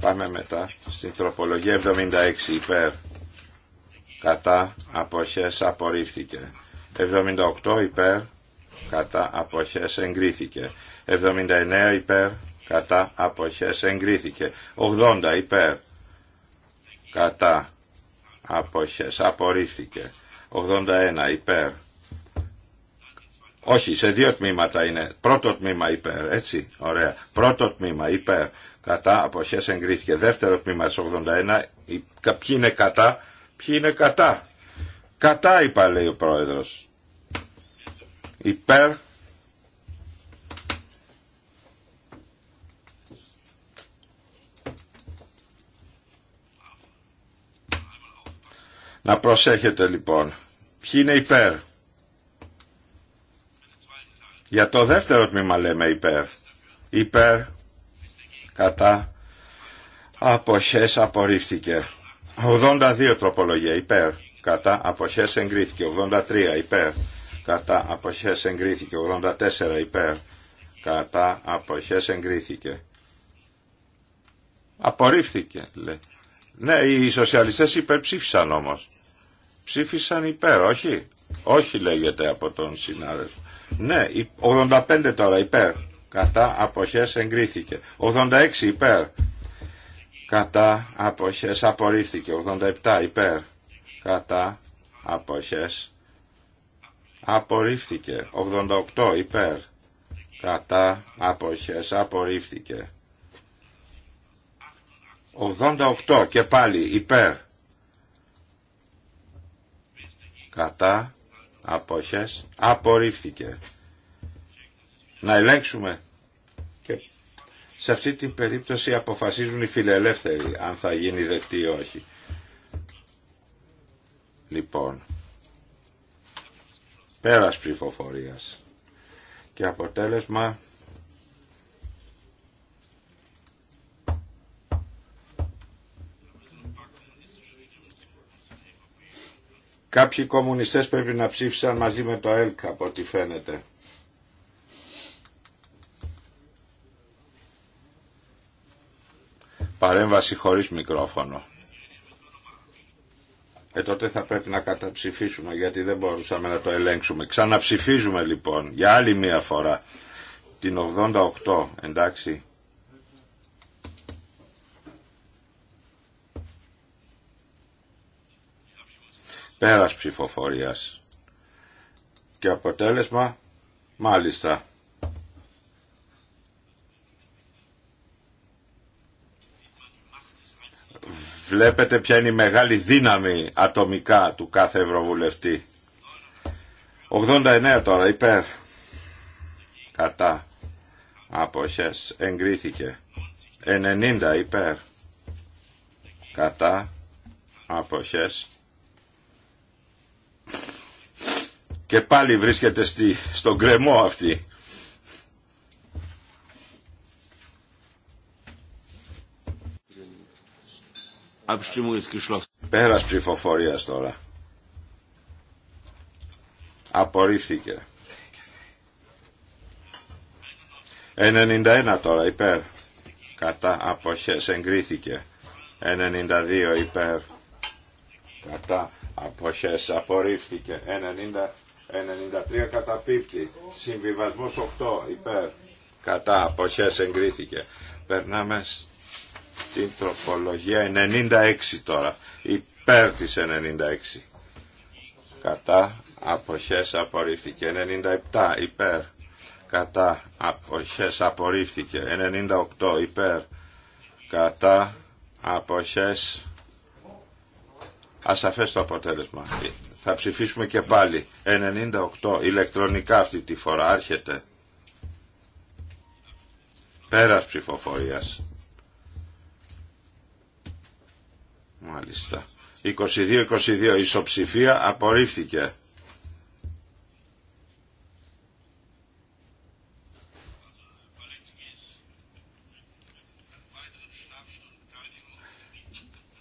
Πάμε μετά στην τροπολογία 76, υπέρ, κατά, αποχές απορρίφθηκε. 78 υπέρ, κατά, αποχές εγκρίθηκε. 79 υπέρ, κατά αποχές εγκρίθηκε 80 υπέρ κατά αποχές απορρίφθηκε 81 υπέρ όχι σε δύο τμήματα είναι πρώτο τμήμα υπέρ έτσι ωραία πρώτο τμήμα υπέρ κατά αποχές εγκρίθηκε δεύτερο τμήμα στις 81 ποιοι είναι κατά ποιοι είναι κατά κατά είπα λέει ο πρόεδρος υπέρ Να προσέχετε λοιπόν. Ποιοι είναι υπέρ. Για το δεύτερο τμήμα λέμε υπέρ. Υπέρ. Κατά. Αποχές απορρίφθηκε. 82 τροπολογία υπέρ. Κατά. Αποχές εγκρίθηκε. 83 υπέρ. Κατά. Αποχές εγκρίθηκε. 84 υπέρ. Κατά. Αποχές εγκρίθηκε. Απορρίφθηκε λέει. Ναι, οι σοσιαλιστές υπερψήφισαν όμως ψήφισαν υπέρ, όχι. Όχι λέγεται από τον συνάδελφο. Ναι, 85 τώρα υπέρ. Κατά αποχές εγκρίθηκε. 86 υπέρ. Κατά αποχές απορρίφθηκε. 87 υπέρ. Κατά αποχές απορρίφθηκε. 88 υπέρ. Κατά αποχές απορρίφθηκε. 88 και πάλι υπέρ κατά, αποχές, απορρίφθηκε. Να ελέγξουμε και σε αυτή την περίπτωση αποφασίζουν οι φιλελεύθεροι αν θα γίνει δεκτή ή όχι. Λοιπόν, πέρας ψηφοφορίας και αποτέλεσμα Κάποιοι κομμουνιστές πρέπει να ψήφισαν μαζί με το ΕΛΚ από ό,τι φαίνεται. Παρέμβαση χωρίς μικρόφωνο. Ε, τότε θα πρέπει να καταψηφίσουμε γιατί δεν μπορούσαμε να το ελέγξουμε. Ξαναψηφίζουμε λοιπόν για άλλη μία φορά την 88, εντάξει. Πέρας ψηφοφορίας. Και αποτέλεσμα, μάλιστα. Βλέπετε ποια είναι η μεγάλη δύναμη ατομικά του κάθε Ευρωβουλευτή. 89 τώρα, υπέρ. Κατά. Αποχές. Εγκρίθηκε. 90 υπέρ. Κατά. Αποχές. και πάλι βρίσκεται στη, στον κρεμό αυτή. Πέρα ψηφοφορία τώρα. Απορρίφθηκε. 91 τώρα υπέρ. Κατά αποχές εγκρίθηκε. 92 υπέρ. Κατά αποχές απορρίφθηκε. 90 93 κατά πίπτη Συμβιβασμός 8 υπέρ. Κατά αποχέ εγκρίθηκε. Περνάμε στην τροπολογία 96 τώρα. Υπέρ τη 96. Κατά αποχέ απορρίφθηκε. 97 υπέρ. Κατά αποχέ απορρίφθηκε. 98 υπέρ. Κατά αποχέ. ασαφές το αποτέλεσμα. Θα ψηφίσουμε και πάλι. 98 ηλεκτρονικά αυτή τη φορά. Άρχεται. Πέρας ψηφοφορίας. Μάλιστα. 22-22 ισοψηφία απορρίφθηκε.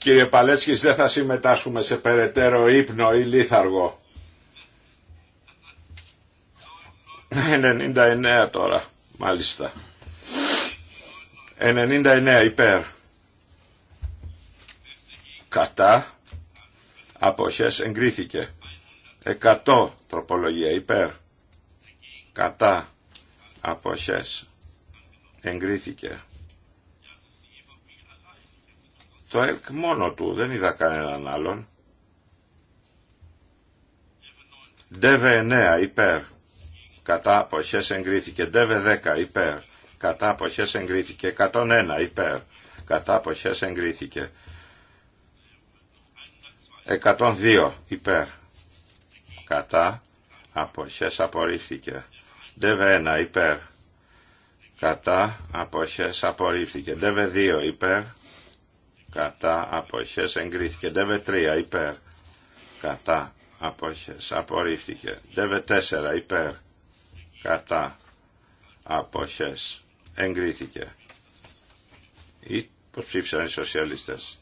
Κύριε Παλέτσκης, δεν θα συμμετάσχουμε σε περαιτέρω ύπνο ή λίθαργο. 99 τώρα, μάλιστα. 99 υπέρ. Κατά. Αποχές εγκρίθηκε. 100 τροπολογία υπέρ. Κατά. Αποχές εγκρίθηκε. Το ΕΛΚ μόνο του, δεν είδα κανέναν άλλον. ΔΕΒΕ 9 υπέρ, κατά αποχές εγκρίθηκε. ΔΕΒΕ 10 υπέρ, κατά αποχές εγκρίθηκε. 101 υπέρ, κατά αποχές εγκρίθηκε. 102 υπέρ, κατά αποχές απορρίφθηκε. ΔΕΒΕ 1 υπέρ, κατά αποχές απορρίφθηκε. ΔΕΒΕ 2 υπέρ, κατά αποχές εγκρίθηκε. Δεβε 3 υπέρ κατά αποχές απορρίφθηκε. Δεβε 4 υπέρ κατά αποχές εγκρίθηκε. Ή πως ψήφισαν οι σοσιαλίστες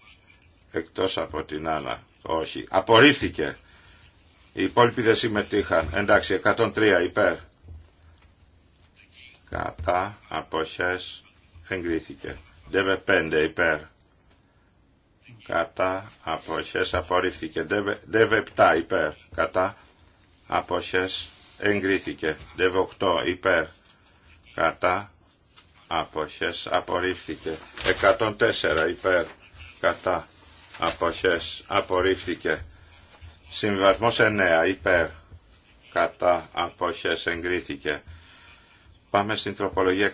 εκτός από την άλλα. Όχι. Απορρίφθηκε. Οι υπόλοιποι δεν συμμετείχαν. Εντάξει, 103 υπέρ. Κατά αποχές εγκρίθηκε. Δεβε 5 υπέρ κατά αποχές απορρίφθηκε. Δεβ 7 υπέρ κατά αποχές εγκρίθηκε. Δεβ 8 υπέρ κατά αποχές απορρίφθηκε. 104 υπέρ κατά αποχές απορρίφθηκε. Συμβασμός 9 υπέρ κατά αποχές εγκρίθηκε. Πάμε στην τροπολογία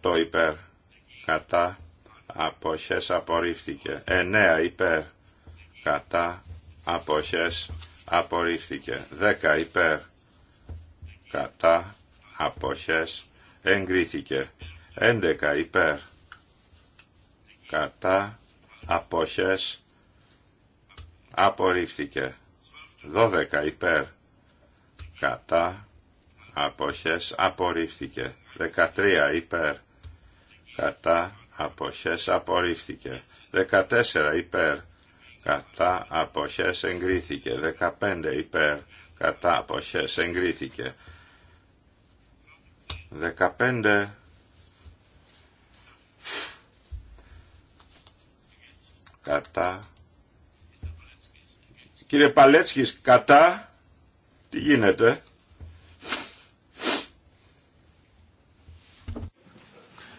108 υπέρ κατά 9 υπέρ κατά αποχές απορρίφθηκε. 10 υπέρ κατά αποχές εγκρίθηκε. 11 υπέρ κατά αποχές απορρίφθηκε. 12 υπέρ κατά αποχές απορρίφθηκε. 13 υπέρ κατά αποχές απορρίφθηκε. 14 υπέρ κατά αποχές εγκρίθηκε. 15 υπέρ κατά αποχές εγκρίθηκε. 15 κατά Κύριε Παλέτσκης, κατά, τι γίνεται.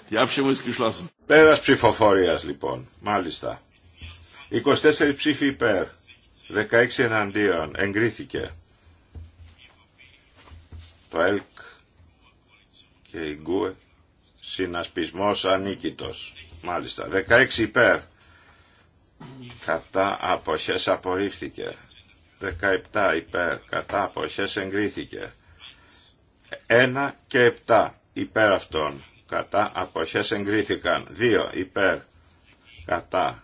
Die Abstimmung ist geschlossen. Πέρας ψηφοφορίας λοιπόν, μάλιστα. 24 ψήφοι υπέρ, 16 εναντίον, εγκρίθηκε. Το ΕΛΚ και η ΓΚΟΕ, συνασπισμός ανίκητος. Μάλιστα, 16 υπέρ, κατά αποχές απορρίφθηκε. 17 υπέρ, κατά αποχές εγκρίθηκε. 1 και 7 υπέρ αυτών κατά αποχές εγκρίθηκαν. 2 υπέρ κατά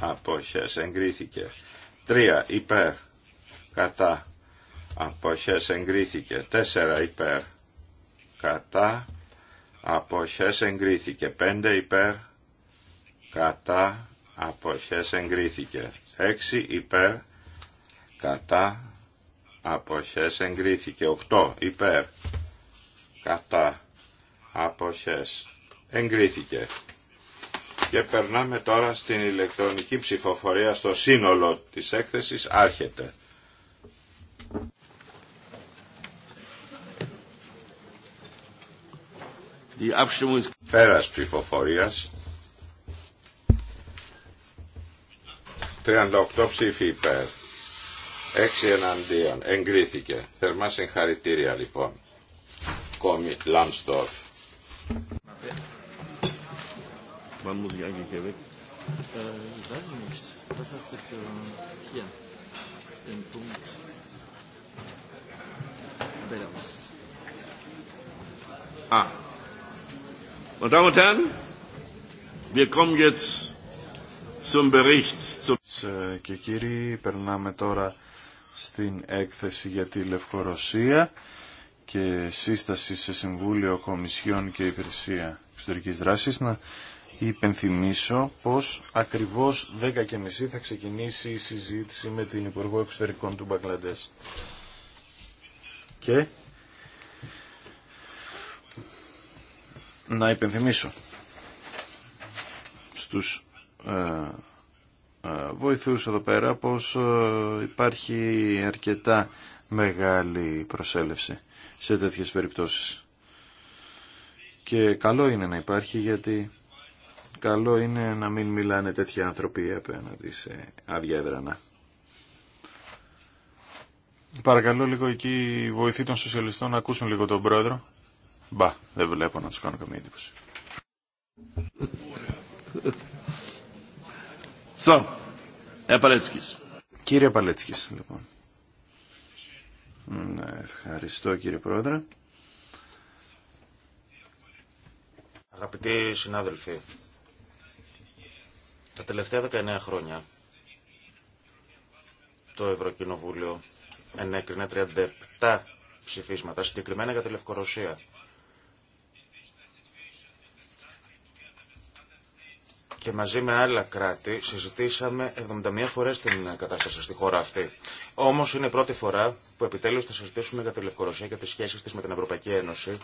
αποχές εγκρίθηκε. 3 υπέρ κατά αποχές εγκρίθηκε. 4 υπέρ κατά αποχές εγκρίθηκε. 5 υπέρ κατά αποχές εγκρίθηκε. 6 υπέρ κατά αποχές εγκρίθηκε. 8 υπέρ κατά αποχές. Εγκρίθηκε. Και περνάμε τώρα στην ηλεκτρονική ψηφοφορία στο σύνολο της έκθεσης. Άρχεται. Πέρας ψηφοφορίας. 38 ψήφοι υπέρ. 6 εναντίον. Εγκρίθηκε. Θερμά συγχαρητήρια λοιπόν. Κόμι Λάμστορφ. Wann muss ich eigentlich hier weg? Äh, ich weiß ich nicht. Was hast du für hier? Den Punkt Balance. Ah. Meine Damen und Herren, wir kommen jetzt zum Bericht. Zum και κύριοι, περνάμε τώρα στην έκθεση για τη Λευκορωσία και σύσταση σε Συμβούλιο Κομισιόν και Υπηρεσία Εξωτερικής Δράσης να υπενθυμίσω πως ακριβώς 10.30 θα ξεκινήσει η συζήτηση με την Υπουργό Εξωτερικών του Μπαγκλαντές. Και να υπενθυμίσω στους ε, ε βοηθούς εδώ πέρα πως ε, υπάρχει αρκετά μεγάλη προσέλευση σε τέτοιες περιπτώσεις. Και καλό είναι να υπάρχει γιατί καλό είναι να μην μιλάνε τέτοιοι άνθρωποι απέναντι σε άδεια έδρανα. Παρακαλώ λίγο εκεί οι βοηθοί των σοσιαλιστών να ακούσουν λίγο τον πρόεδρο. Μπα, δεν βλέπω να τους κάνω καμία εντύπωση. Κύριε Παλέτσκης, λοιπόν. Ναι, ευχαριστώ κύριε Πρόεδρε. Αγαπητοί συνάδελφοι, τα τελευταία 19 χρόνια το Ευρωκοινοβούλιο ενέκρινε 37 ψηφίσματα συγκεκριμένα για τη Λευκορωσία. και μαζί με άλλα κράτη συζητήσαμε 71 φορές την κατάσταση στη χώρα αυτή. Όμως είναι η πρώτη φορά που επιτέλους θα συζητήσουμε για τη Λευκορωσία και τι σχέσει της με την Ευρωπαϊκή Ένωση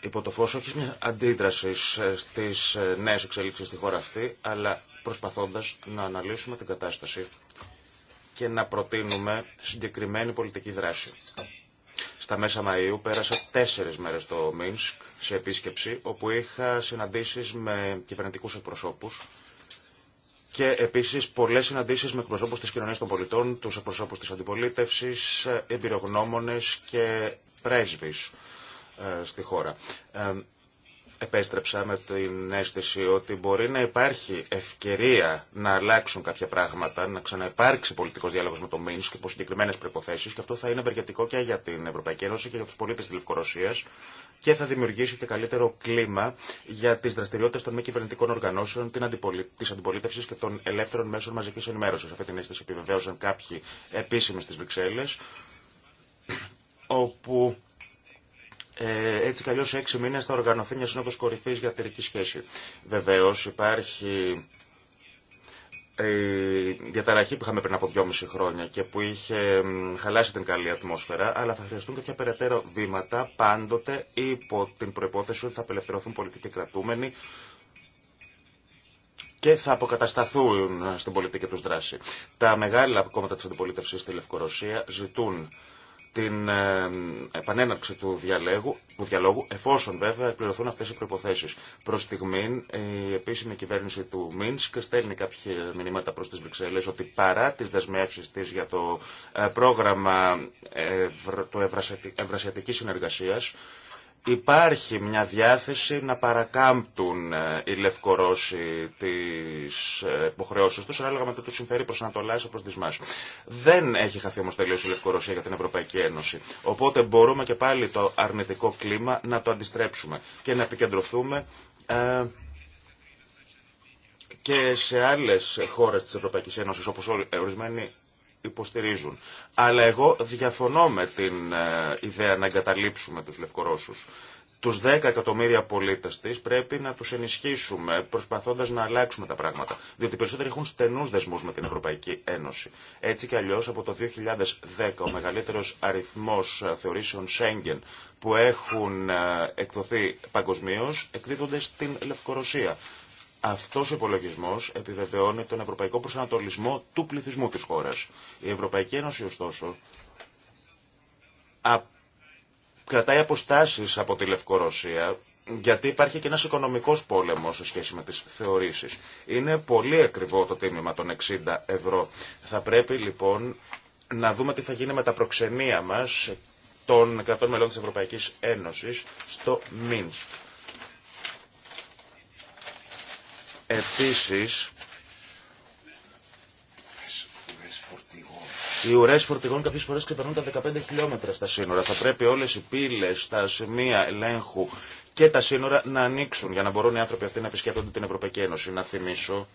υπό το φω όχι μια αντίδραση στις νέες εξελίξεις στη χώρα αυτή, αλλά προσπαθώντας να αναλύσουμε την κατάσταση και να προτείνουμε συγκεκριμένη πολιτική δράση. Στα μέσα Μαΐου πέρασα τέσσερις μέρες στο Μίνσκ σε επίσκεψη, όπου είχα συναντήσεις με κυβερνητικούς εκπροσώπους και επίσης πολλέ συναντήσεις με εκπροσώπου της Κοινωνία των πολιτών, του εκπροσώπου της αντιπολίτευσης, εμπειρογνώμονε και πρέσβεις ε, στη χώρα. Ε, επέστρεψα με την αίσθηση ότι μπορεί να υπάρχει ευκαιρία να αλλάξουν κάποια πράγματα, να ξαναυπάρξει πολιτικό διάλογο με το Μίνσκ υπό συγκεκριμένε προποθέσει, και αυτό θα είναι ευεργετικό και για την Ευρωπαϊκή Ένωση και για του πολίτε της Λευκορωσία και θα δημιουργήσει και καλύτερο κλίμα για τι δραστηριότητε των μη κυβερνητικών οργανώσεων, τη αντιπολίτευση και των ελεύθερων μέσων μαζική ενημέρωσης. Αυτή την αίσθηση επιβεβαίωσαν κάποιοι επίσημοι στι Βρυξέλλε, όπου ε, έτσι καλώ σε έξι μήνε θα οργανωθεί μια συνόδος κορυφή για εταιρική σχέση. Βεβαίω υπάρχει η διαταραχή που είχαμε πριν από δυόμιση χρόνια και που είχε χαλάσει την καλή ατμόσφαιρα, αλλά θα χρειαστούν κάποια περαιτέρω βήματα πάντοτε υπό την προϋπόθεση ότι θα απελευθερωθούν πολιτικοί κρατούμενοι και θα αποκατασταθούν στην πολιτική τους δράση. Τα μεγάλα κόμματα της αντιπολίτευσης στη Λευκορωσία ζητούν την ε, επανέναρξη του διαλόγου, του διαλόγου εφόσον βέβαια εκπληρωθούν αυτές οι προϋποθέσεις. Προς στιγμή η επίσημη κυβέρνηση του Μίνσκ στέλνει κάποια μηνύματα προς τις Βρυξέλλες ότι παρά τις δεσμεύσεις της για το ε, πρόγραμμα ε, του Ευρασιατικής Συνεργασίας Υπάρχει μια διάθεση να παρακάμπτουν ε, οι Λευκορώσοι τις ε, υποχρεώσεις τους, ανάλογα με το του συμφέρει προς Ανατολάς ή προς Δυσμάς. Δεν έχει χαθεί όμως τελείως η Λευκορωσία για την Ευρωπαϊκή Ένωση. Οπότε μπορούμε και πάλι το αρνητικό κλίμα να το αντιστρέψουμε και να επικεντρωθούμε ε, και σε άλλες χώρες της Ευρωπαϊκής Ένωσης, όπως ορισμένοι υποστηρίζουν. Αλλά εγώ διαφωνώ με την ε, ιδέα να εγκαταλείψουμε τους Λευκορώσους. Τους 10 εκατομμύρια πολίτες της πρέπει να τους ενισχύσουμε προσπαθώντας να αλλάξουμε τα πράγματα. Διότι περισσότεροι έχουν στενούς δεσμούς με την Ευρωπαϊκή Ένωση. Έτσι κι αλλιώς από το 2010 ο μεγαλύτερος αριθμός ε, θεωρήσεων Σέγγεν που έχουν ε, εκδοθεί παγκοσμίω εκδίδονται στην Λευκορωσία. Αυτό ο υπολογισμό επιβεβαιώνει τον ευρωπαϊκό προσανατολισμό του πληθυσμού τη χώρα. Η Ευρωπαϊκή Ένωση, ωστόσο, α... κρατάει αποστάσει από τη Λευκορωσία, γιατί υπάρχει και ένα οικονομικό πόλεμο σε σχέση με τι θεωρήσει. Είναι πολύ ακριβό το τίμημα των 60 ευρώ. Θα πρέπει λοιπόν να δούμε τι θα γίνει με τα προξενία μα των κρατών μελών τη Ευρωπαϊκή Ένωση στο Μίνσκ Επίσης, Οι ουρέ φορτηγών κάποιε φορέ ξεπερνούν τα 15 χιλιόμετρα στα σύνορα. Θα πρέπει όλε οι πύλε, τα σημεία ελέγχου και τα σύνορα να ανοίξουν για να μπορούν οι άνθρωποι αυτοί να επισκέπτονται την Ευρωπαϊκή Ένωση. Να θυμίσω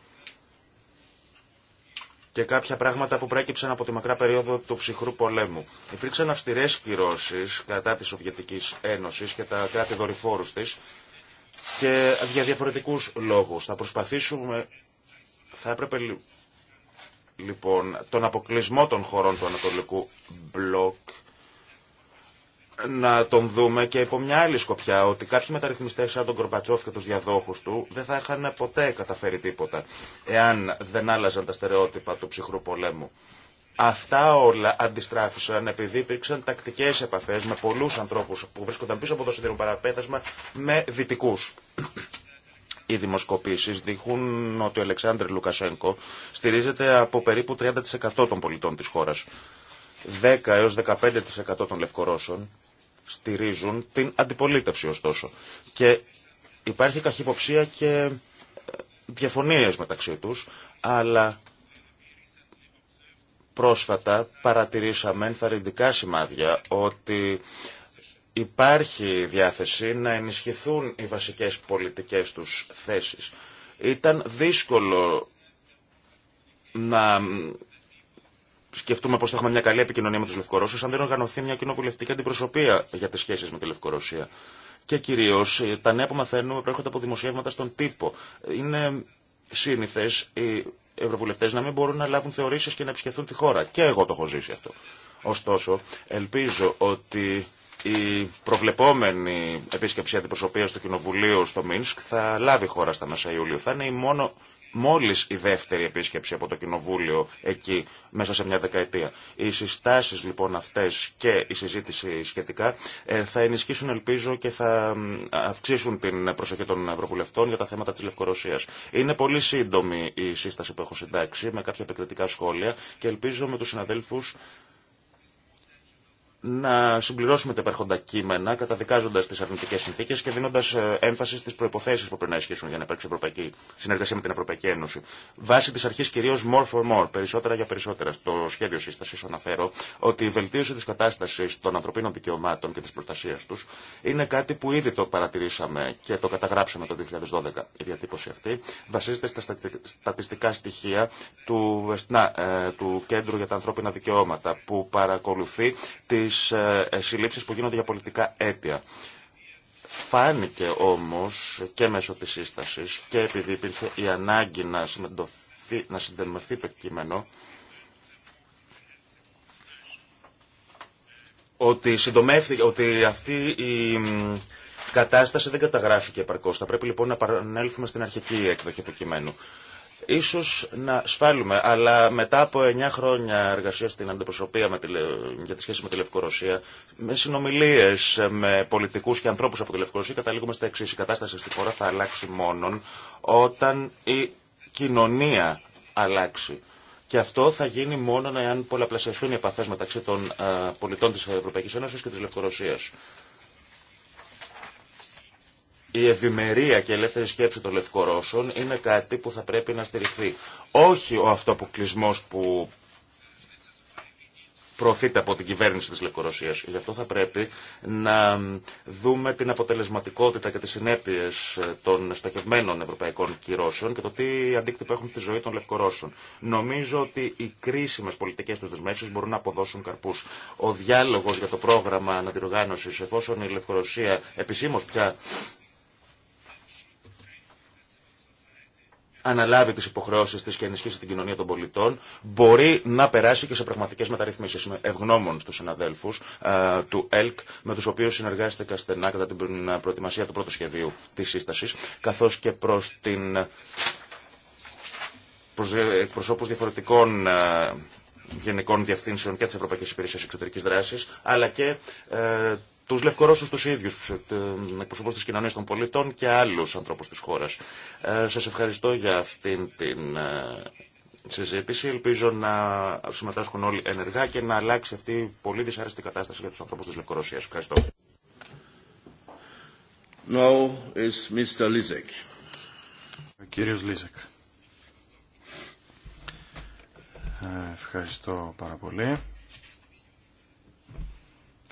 και κάποια πράγματα που προέκυψαν από τη μακρά περίοδο του ψυχρού πολέμου. Υπήρξαν αυστηρέ κυρώσει κατά τη Σοβιετική Ένωση και τα κράτη δορυφόρου τη και για διαφορετικούς λόγους. Θα προσπαθήσουμε, θα έπρεπε λοιπόν τον αποκλεισμό των χωρών του Ανατολικού Μπλοκ να τον δούμε και υπό μια άλλη σκοπιά ότι κάποιοι μεταρρυθμιστές σαν τον Κορμπατσόφ και τους διαδόχους του δεν θα είχαν ποτέ καταφέρει τίποτα εάν δεν άλλαζαν τα στερεότυπα του ψυχρού πολέμου. Αυτά όλα αντιστράφησαν επειδή υπήρξαν τακτικέ επαφέ με πολλού ανθρώπου που βρίσκονταν πίσω από το παραπέτασμα με δυτικού. Οι δημοσκοπήσεις δείχνουν ότι ο Αλεξάνδρ Λουκασέγκο στηρίζεται από περίπου 30% των πολιτών της χώρας. 10 έως 15% των Λευκορώσων στηρίζουν την αντιπολίτευση ωστόσο. Και υπάρχει καχυποψία και ε, διαφωνίες μεταξύ τους, αλλά πρόσφατα παρατηρήσαμε ενθαρρυντικά σημάδια ότι υπάρχει διάθεση να ενισχυθούν οι βασικές πολιτικές τους θέσεις. Ήταν δύσκολο να σκεφτούμε πως θα έχουμε μια καλή επικοινωνία με τους Λευκορώσου, αν δεν οργανωθεί μια κοινοβουλευτική αντιπροσωπεία για τις σχέσεις με τη Λευκορωσία. Και κυρίως τα νέα που μαθαίνουμε προέρχονται από δημοσιεύματα στον τύπο. Είναι σύνηθες οι ευρωβουλευτέ να μην μπορούν να λάβουν θεωρήσει και να επισκεφθούν τη χώρα. Και εγώ το έχω ζήσει αυτό. Ωστόσο, ελπίζω ότι η προβλεπόμενη επίσκεψη αντιπροσωπεία του Κοινοβουλίου στο Μίνσκ θα λάβει χώρα στα μέσα Ιουλίου. Θα είναι η μόνο μόλις η δεύτερη επίσκεψη από το Κοινοβούλιο εκεί μέσα σε μια δεκαετία. Οι συστάσεις λοιπόν αυτές και η συζήτηση σχετικά ε, θα ενισχύσουν ελπίζω και θα αυξήσουν την προσοχή των Ευρωβουλευτών για τα θέματα της Λευκορωσίας. Είναι πολύ σύντομη η σύσταση που έχω συντάξει με κάποια επικριτικά σχόλια και ελπίζω με τους συναδέλφους να συμπληρώσουμε τα υπερχόντα κείμενα, καταδικάζοντα τι αρνητικέ συνθήκε και δίνοντα ε, έμφαση στι προποθέσει που πρέπει να ισχύσουν για να υπάρξει ευρωπαϊκή συνεργασία με την Ευρωπαϊκή Ένωση. Βάσει τη αρχή κυρίω more for more, περισσότερα για περισσότερα. Στο σχέδιο σύσταση αναφέρω ότι η βελτίωση τη κατάσταση των ανθρωπίνων δικαιωμάτων και τη προστασία του είναι κάτι που ήδη το παρατηρήσαμε και το καταγράψαμε το 2012. Η διατύπωση αυτή βασίζεται στα στατιστικά στοιχεία του, ε, ε, του Κέντρου για τα Ανθρώπινα Δικαιώματα που παρακολουθεί τις ε, ε, συλλήψεις που γίνονται για πολιτικά αίτια. Φάνηκε όμως και μέσω της σύστασης και επειδή υπήρχε η ανάγκη να, να το κείμενο ότι, ότι αυτή η κατάσταση δεν καταγράφηκε επαρκώς. Θα πρέπει λοιπόν να παρανέλθουμε στην αρχική έκδοχη του κειμένου. Ίσως να σφάλουμε, αλλά μετά από 9 χρόνια εργασία στην αντιπροσωπεία με τη, για τη σχέση με τη Λευκορωσία, με συνομιλίες με πολιτικούς και ανθρώπους από τη Λευκορωσία, καταλήγουμε στα εξή. Η κατάσταση στη χώρα θα αλλάξει μόνον όταν η κοινωνία αλλάξει. Και αυτό θα γίνει μόνο εάν πολλαπλασιαστούν οι επαφέ μεταξύ των ε, πολιτών τη Ευρωπαϊκή Ένωση και τη Λευκορωσία η ευημερία και η ελεύθερη σκέψη των Λευκορώσων είναι κάτι που θα πρέπει να στηριχθεί. Όχι ο αυτοαποκλεισμό που προωθείται από την κυβέρνηση της Λευκορωσίας. Γι' αυτό θα πρέπει να δούμε την αποτελεσματικότητα και τις συνέπειες των στοχευμένων ευρωπαϊκών κυρώσεων και το τι αντίκτυπο έχουν στη ζωή των Λευκορώσων. Νομίζω ότι οι κρίσιμες πολιτικές τους δεσμεύσεις μπορούν να αποδώσουν καρπούς. Ο διάλογος για το πρόγραμμα αναδιοργάνωσης, εφόσον η Λευκορωσία επισήμως πια αναλάβει τις υποχρεώσεις της και ενισχύσει την κοινωνία των πολιτών, μπορεί να περάσει και σε πραγματικές μεταρρυθμίσεις. Είμαι ευγνώμων στους συναδέλφους του ΕΛΚ, με τους οποίους συνεργάστηκα στενά κατά την προετοιμασία του πρώτου σχεδίου της σύστασης, καθώς και προς την προς ε, εκπροσώπους διαφορετικών Γενικών Διευθύνσεων και τη Ευρωπαϊκή Υπηρεσία Εξωτερική Δράση, αλλά και ε, του Λευκορώσου του ίδιου, εκπροσωπού τη κοινωνία των πολιτών και άλλου ανθρώπου τη χώρα. Ε, σας Σα ευχαριστώ για αυτήν την ε, συζήτηση. Ελπίζω να συμμετάσχουν όλοι ενεργά και να αλλάξει αυτή η πολύ δυσάρεστη κατάσταση για του ανθρώπου τη Λευκορωσία. Ευχαριστώ. Now is Mr. Lizek. Ο κύριος ε, Ευχαριστώ πάρα πολύ.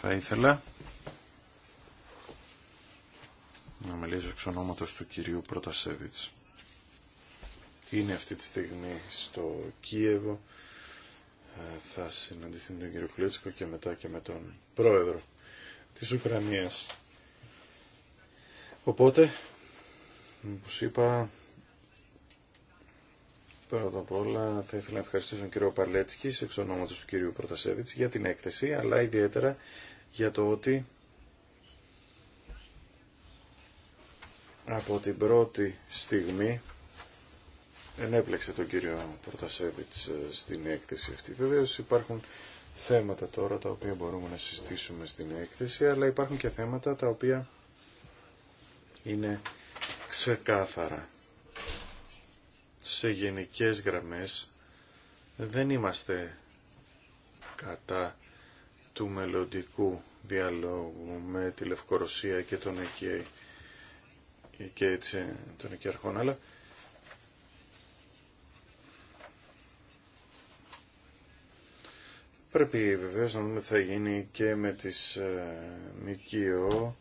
Θα ήθελα να μιλήσω εξ ονόματος του κυρίου πρωτασέβιτς. Είναι αυτή τη στιγμή στο Κίεβο. Ε, θα συναντηθεί με τον κύριο Κλέτσικο και μετά και με τον πρόεδρο της Ουκρανίας. Οπότε, όπως είπα, Πρώτα απ' όλα θα ήθελα να ευχαριστήσω τον κύριο Παλέτσκη εξ ονόματος του κύριου πρωτασέβιτς για την έκθεση αλλά ιδιαίτερα για το ότι από την πρώτη στιγμή ενέπλεξε τον κύριο Πορτασέβιτς ε, στην έκθεση αυτή. Βεβαίω υπάρχουν θέματα τώρα τα οποία μπορούμε να συζητήσουμε στην έκθεση, αλλά υπάρχουν και θέματα τα οποία είναι ξεκάθαρα. Σε γενικές γραμμές δεν είμαστε κατά του μελλοντικού διαλόγου με τη Λευκορωσία και τον ΕΚΕΙ και έτσι των οικιαρχών αλλά πρέπει βεβαίως να δούμε τι θα γίνει και με τις ε, ΜΚΟ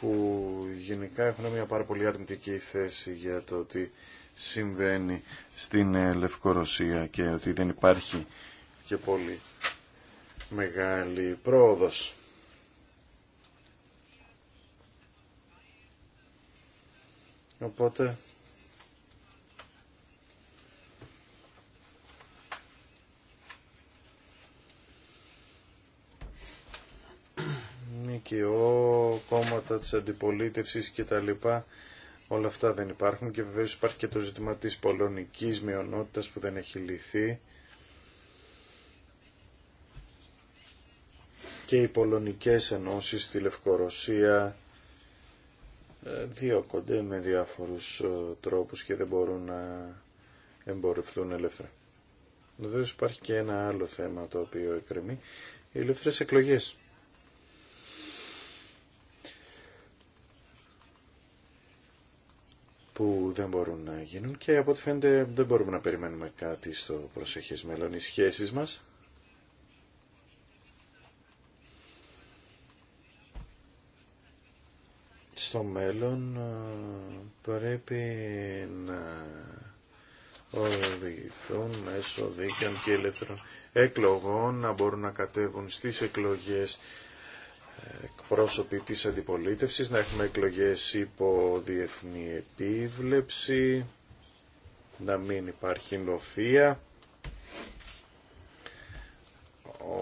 που γενικά έχουν μια πάρα πολύ αρνητική θέση για το ότι συμβαίνει στην ε, Λευκορωσία και ότι δεν υπάρχει και πολύ μεγάλη πρόοδος. Οπότε ό κόμματα της αντιπολίτευσης λοιπά, Όλα αυτά δεν υπάρχουν και βεβαίως υπάρχει και το ζήτημα της πολωνικής μειονότητας που δεν έχει λυθεί. Και οι πολωνικές ενώσεις στη Λευκορωσία ε, διώκονται με διάφορους ε, τρόπους και δεν μπορούν να εμπορευθούν ελεύθερα. Βεβαίω υπάρχει και ένα άλλο θέμα το οποίο εκκρεμεί, οι ελεύθερες εκλογές. που δεν μπορούν να γίνουν και από ό,τι φαίνεται δεν μπορούμε να περιμένουμε κάτι στο προσεχές μέλλον. Οι σχέσεις μας στο μέλλον ε, πρέπει να οδηγηθούν μέσω δίκαιων και ελεύθερων εκλογών, να μπορούν να κατέβουν στις εκλογές ε, εκπρόσωποι της αντιπολίτευσης, να έχουμε εκλογές υπό διεθνή επίβλεψη, να μην υπάρχει νοφία,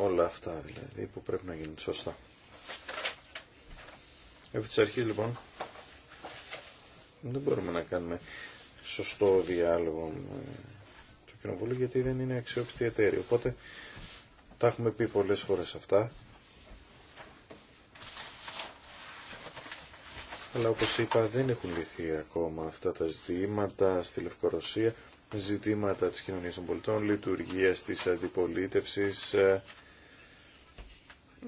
όλα αυτά δηλαδή που πρέπει να γίνουν σωστά. Επί της αρχής λοιπόν δεν μπορούμε να κάνουμε σωστό διάλογο με το κοινοβούλιο γιατί δεν είναι αξιόπιστη εταίρη. Οπότε τα έχουμε πει πολλές φορές αυτά. Αλλά όπως είπα δεν έχουν λυθεί ακόμα αυτά τα ζητήματα στη Λευκορωσία, ζητήματα της κοινωνίας των πολιτών, λειτουργίας της αντιπολίτευσης, ε,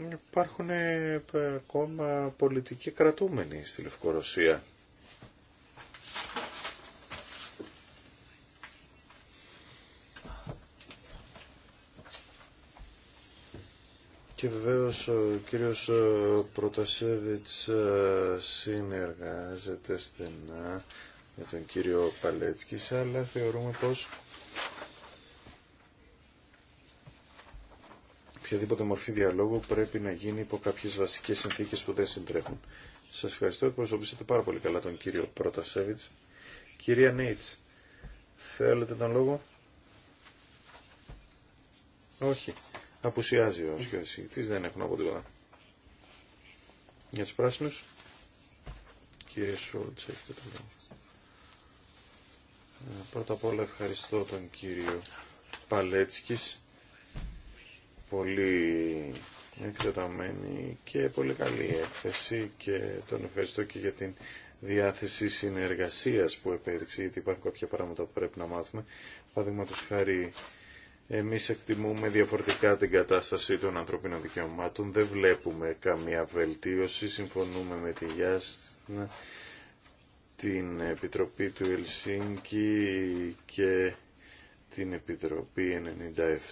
Υπάρχουν ε, ακόμα πολιτικοί κρατούμενοι στη Λευκορωσία. Και βεβαίως ο κύριος ε, Προτασέβιτς ε, συνεργάζεται στενά με τον κύριο Παλέτσκη, αλλά θεωρούμε πως οποιαδήποτε μορφή διαλόγου πρέπει να γίνει υπό κάποιες βασικές συνθήκες που δεν συντρέχουν. Σας ευχαριστώ, εκπροσωπήσατε πάρα πολύ καλά τον κύριο Πρωτασέβιτς, Κυρία Νέιτς, θέλετε τον λόγο? Όχι. Απουσιάζει ο σκιοδησυγητής, δεν έχουν από τίποτα. Για τους πράσινους, κύριε Σούλτς, έχετε τον λόγο. Ε, πρώτα απ' όλα ευχαριστώ τον κύριο Παλέτσκης πολύ εκτεταμένη και πολύ καλή έκθεση και τον ευχαριστώ και για την διάθεση συνεργασίας που επέδειξε, γιατί υπάρχουν κάποια πράγματα που πρέπει να μάθουμε. Παραδείγματο χάρη, εμείς εκτιμούμε διαφορετικά την κατάσταση των ανθρωπίνων δικαιωμάτων, δεν βλέπουμε καμία βελτίωση, συμφωνούμε με τη Γιάσνα, την Επιτροπή του Ελσίνκη και την Επιτροπή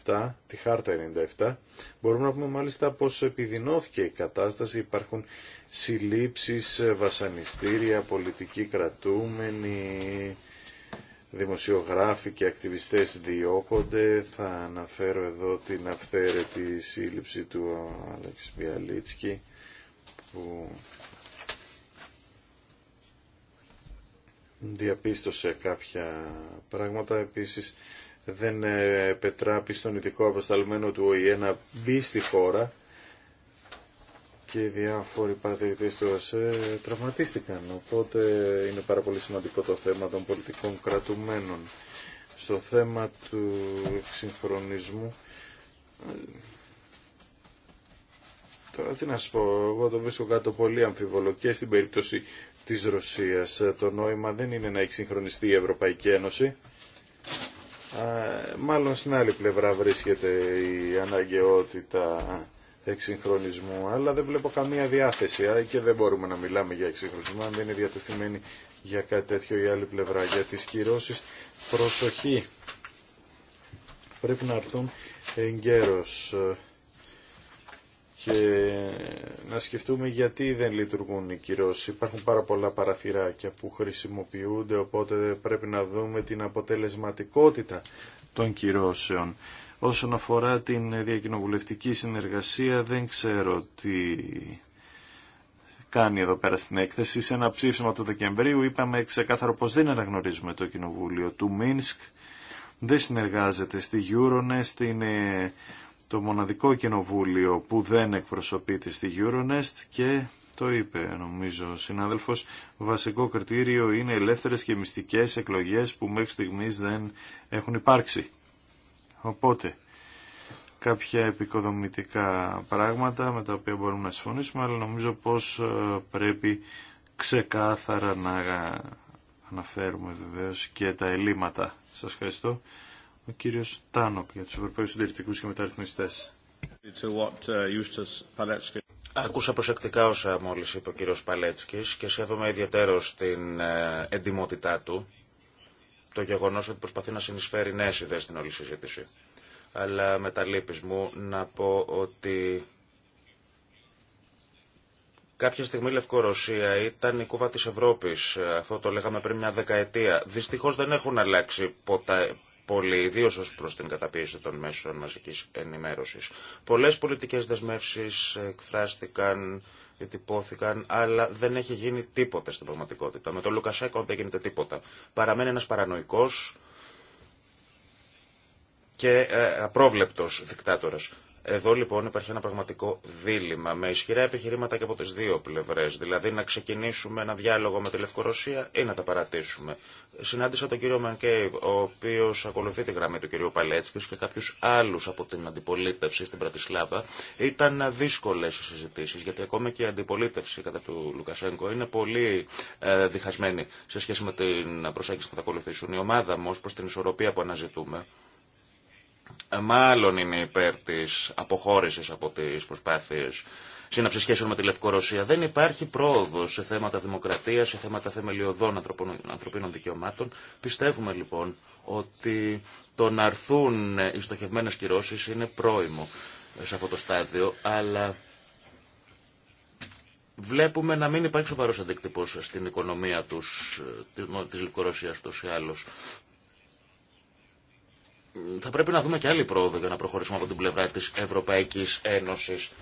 97, τη Χάρτα 97, μπορούμε να πούμε μάλιστα πως επιδεινώθηκε η κατάσταση, υπάρχουν συλλήψεις, βασανιστήρια, πολιτικοί κρατούμενοι, δημοσιογράφοι και ακτιβιστές διώκονται. Θα αναφέρω εδώ την αυθαίρετη σύλληψη του Αλέξη Μιαλίτσκη που διαπίστωσε κάποια πράγματα. Επίσης, δεν ε, πετράπει στον ειδικό αποσταλμένο του ΟΗΕ να μπει στη χώρα και διάφοροι παρατηρητές του ΟΣΕ τραυματίστηκαν. Οπότε είναι πάρα πολύ σημαντικό το θέμα των πολιτικών κρατουμένων. Στο θέμα του εξυγχρονισμού Τώρα τι να σου πω, εγώ το βρίσκω κάτω πολύ αμφιβολό στην περίπτωση της Ρωσίας. Το νόημα δεν είναι να εξυγχρονιστεί η Ευρωπαϊκή Ένωση μάλλον στην άλλη πλευρά βρίσκεται η αναγκαιότητα εξυγχρονισμού, αλλά δεν βλέπω καμία διάθεση και δεν μπορούμε να μιλάμε για εξυγχρονισμό αν δεν είναι διατεθειμένη για κάτι τέτοιο η άλλη πλευρά. Για τις κυρώσεις προσοχή πρέπει να έρθουν εγκαίρως και να σκεφτούμε γιατί δεν λειτουργούν οι κυρώσεις. Υπάρχουν πάρα πολλά παραθυράκια που χρησιμοποιούνται, οπότε πρέπει να δούμε την αποτελεσματικότητα των κυρώσεων. Όσον αφορά την διακοινοβουλευτική συνεργασία, δεν ξέρω τι κάνει εδώ πέρα στην έκθεση. Σε ένα ψήφισμα του Δεκεμβρίου είπαμε ξεκάθαρο πως δεν αναγνωρίζουμε το κοινοβούλιο του Μίνσκ, δεν συνεργάζεται στη Euronest, είναι το μοναδικό κοινοβούλιο που δεν εκπροσωπείται στη Euronest και το είπε νομίζω ο συνάδελφος βασικό κριτήριο είναι ελεύθερες και μυστικές εκλογές που μέχρι στιγμής δεν έχουν υπάρξει. Οπότε κάποια επικοδομητικά πράγματα με τα οποία μπορούμε να συμφωνήσουμε αλλά νομίζω πως ε, πρέπει ξεκάθαρα να αναφέρουμε βεβαίως και τα ελλείμματα. Σας ευχαριστώ ο κύριος Τάνοκ για τους Ευρωπαίους Συντηρητικούς και Μεταρρυθμιστές. Uh, Ακούσα προσεκτικά όσα μόλις είπε ο κύριος Παλέτσκης και σέβομαι ιδιαίτερο στην εντυμότητά του το γεγονός ότι προσπαθεί να συνεισφέρει νέες ιδέες στην όλη συζήτηση. Αλλά με τα λύπης μου να πω ότι Κάποια στιγμή η Λευκορωσία ήταν η κούβα της Ευρώπης, ε, αυτό το λέγαμε πριν μια δεκαετία. Δυστυχώς δεν έχουν αλλάξει ποτέ, πολύ, ιδίω ω προ την καταπίεση των μέσων μαζική ενημέρωση. Πολλέ πολιτικέ δεσμεύσει εκφράστηκαν, διτυπώθηκαν, αλλά δεν έχει γίνει τίποτα στην πραγματικότητα. Με τον Λουκασέκο δεν γίνεται τίποτα. Παραμένει ένα παρανοϊκό και ε, απρόβλεπτο δικτάτορα. Εδώ λοιπόν υπάρχει ένα πραγματικό δίλημα με ισχυρά επιχειρήματα και από τι δύο πλευρέ Δηλαδή να ξεκινήσουμε ένα διάλογο με τη Λευκορωσία ή να τα παρατήσουμε. Συνάντησα τον κύριο Μανκέιβ, ο οποίο ακολουθεί τη γραμμή του κυρίου Παλέτσκη και κάποιου άλλου από την αντιπολίτευση στην Πρατισλάβα. Ήταν δύσκολε οι συζητήσει, γιατί ακόμα και η αντιπολίτευση κατά του Λουκασέγκο είναι πολύ ε, διχασμένη σε σχέση με την προσέγγιση που θα ακολουθήσουν. Η ομάδα μου προ την ισορροπία που αναζητούμε μάλλον είναι υπέρ τη αποχώρησης από τις προσπάθειε σύναψη σχέσεων με τη Λευκορωσία. Δεν υπάρχει πρόοδο σε θέματα δημοκρατία, σε θέματα θεμελιωδών ανθρωπίνων δικαιωμάτων. Πιστεύουμε λοιπόν ότι το να αρθούν οι στοχευμένε κυρώσει είναι πρόημο σε αυτό το στάδιο, αλλά βλέπουμε να μην υπάρχει σοβαρό αντίκτυπο στην οικονομία τους, ε, της Λευκορωσίας τόσο ή άλλως θα πρέπει να δούμε και άλλη πρόοδο για να προχωρήσουμε από την πλευρά της Ευρωπαϊκής Ένωσης.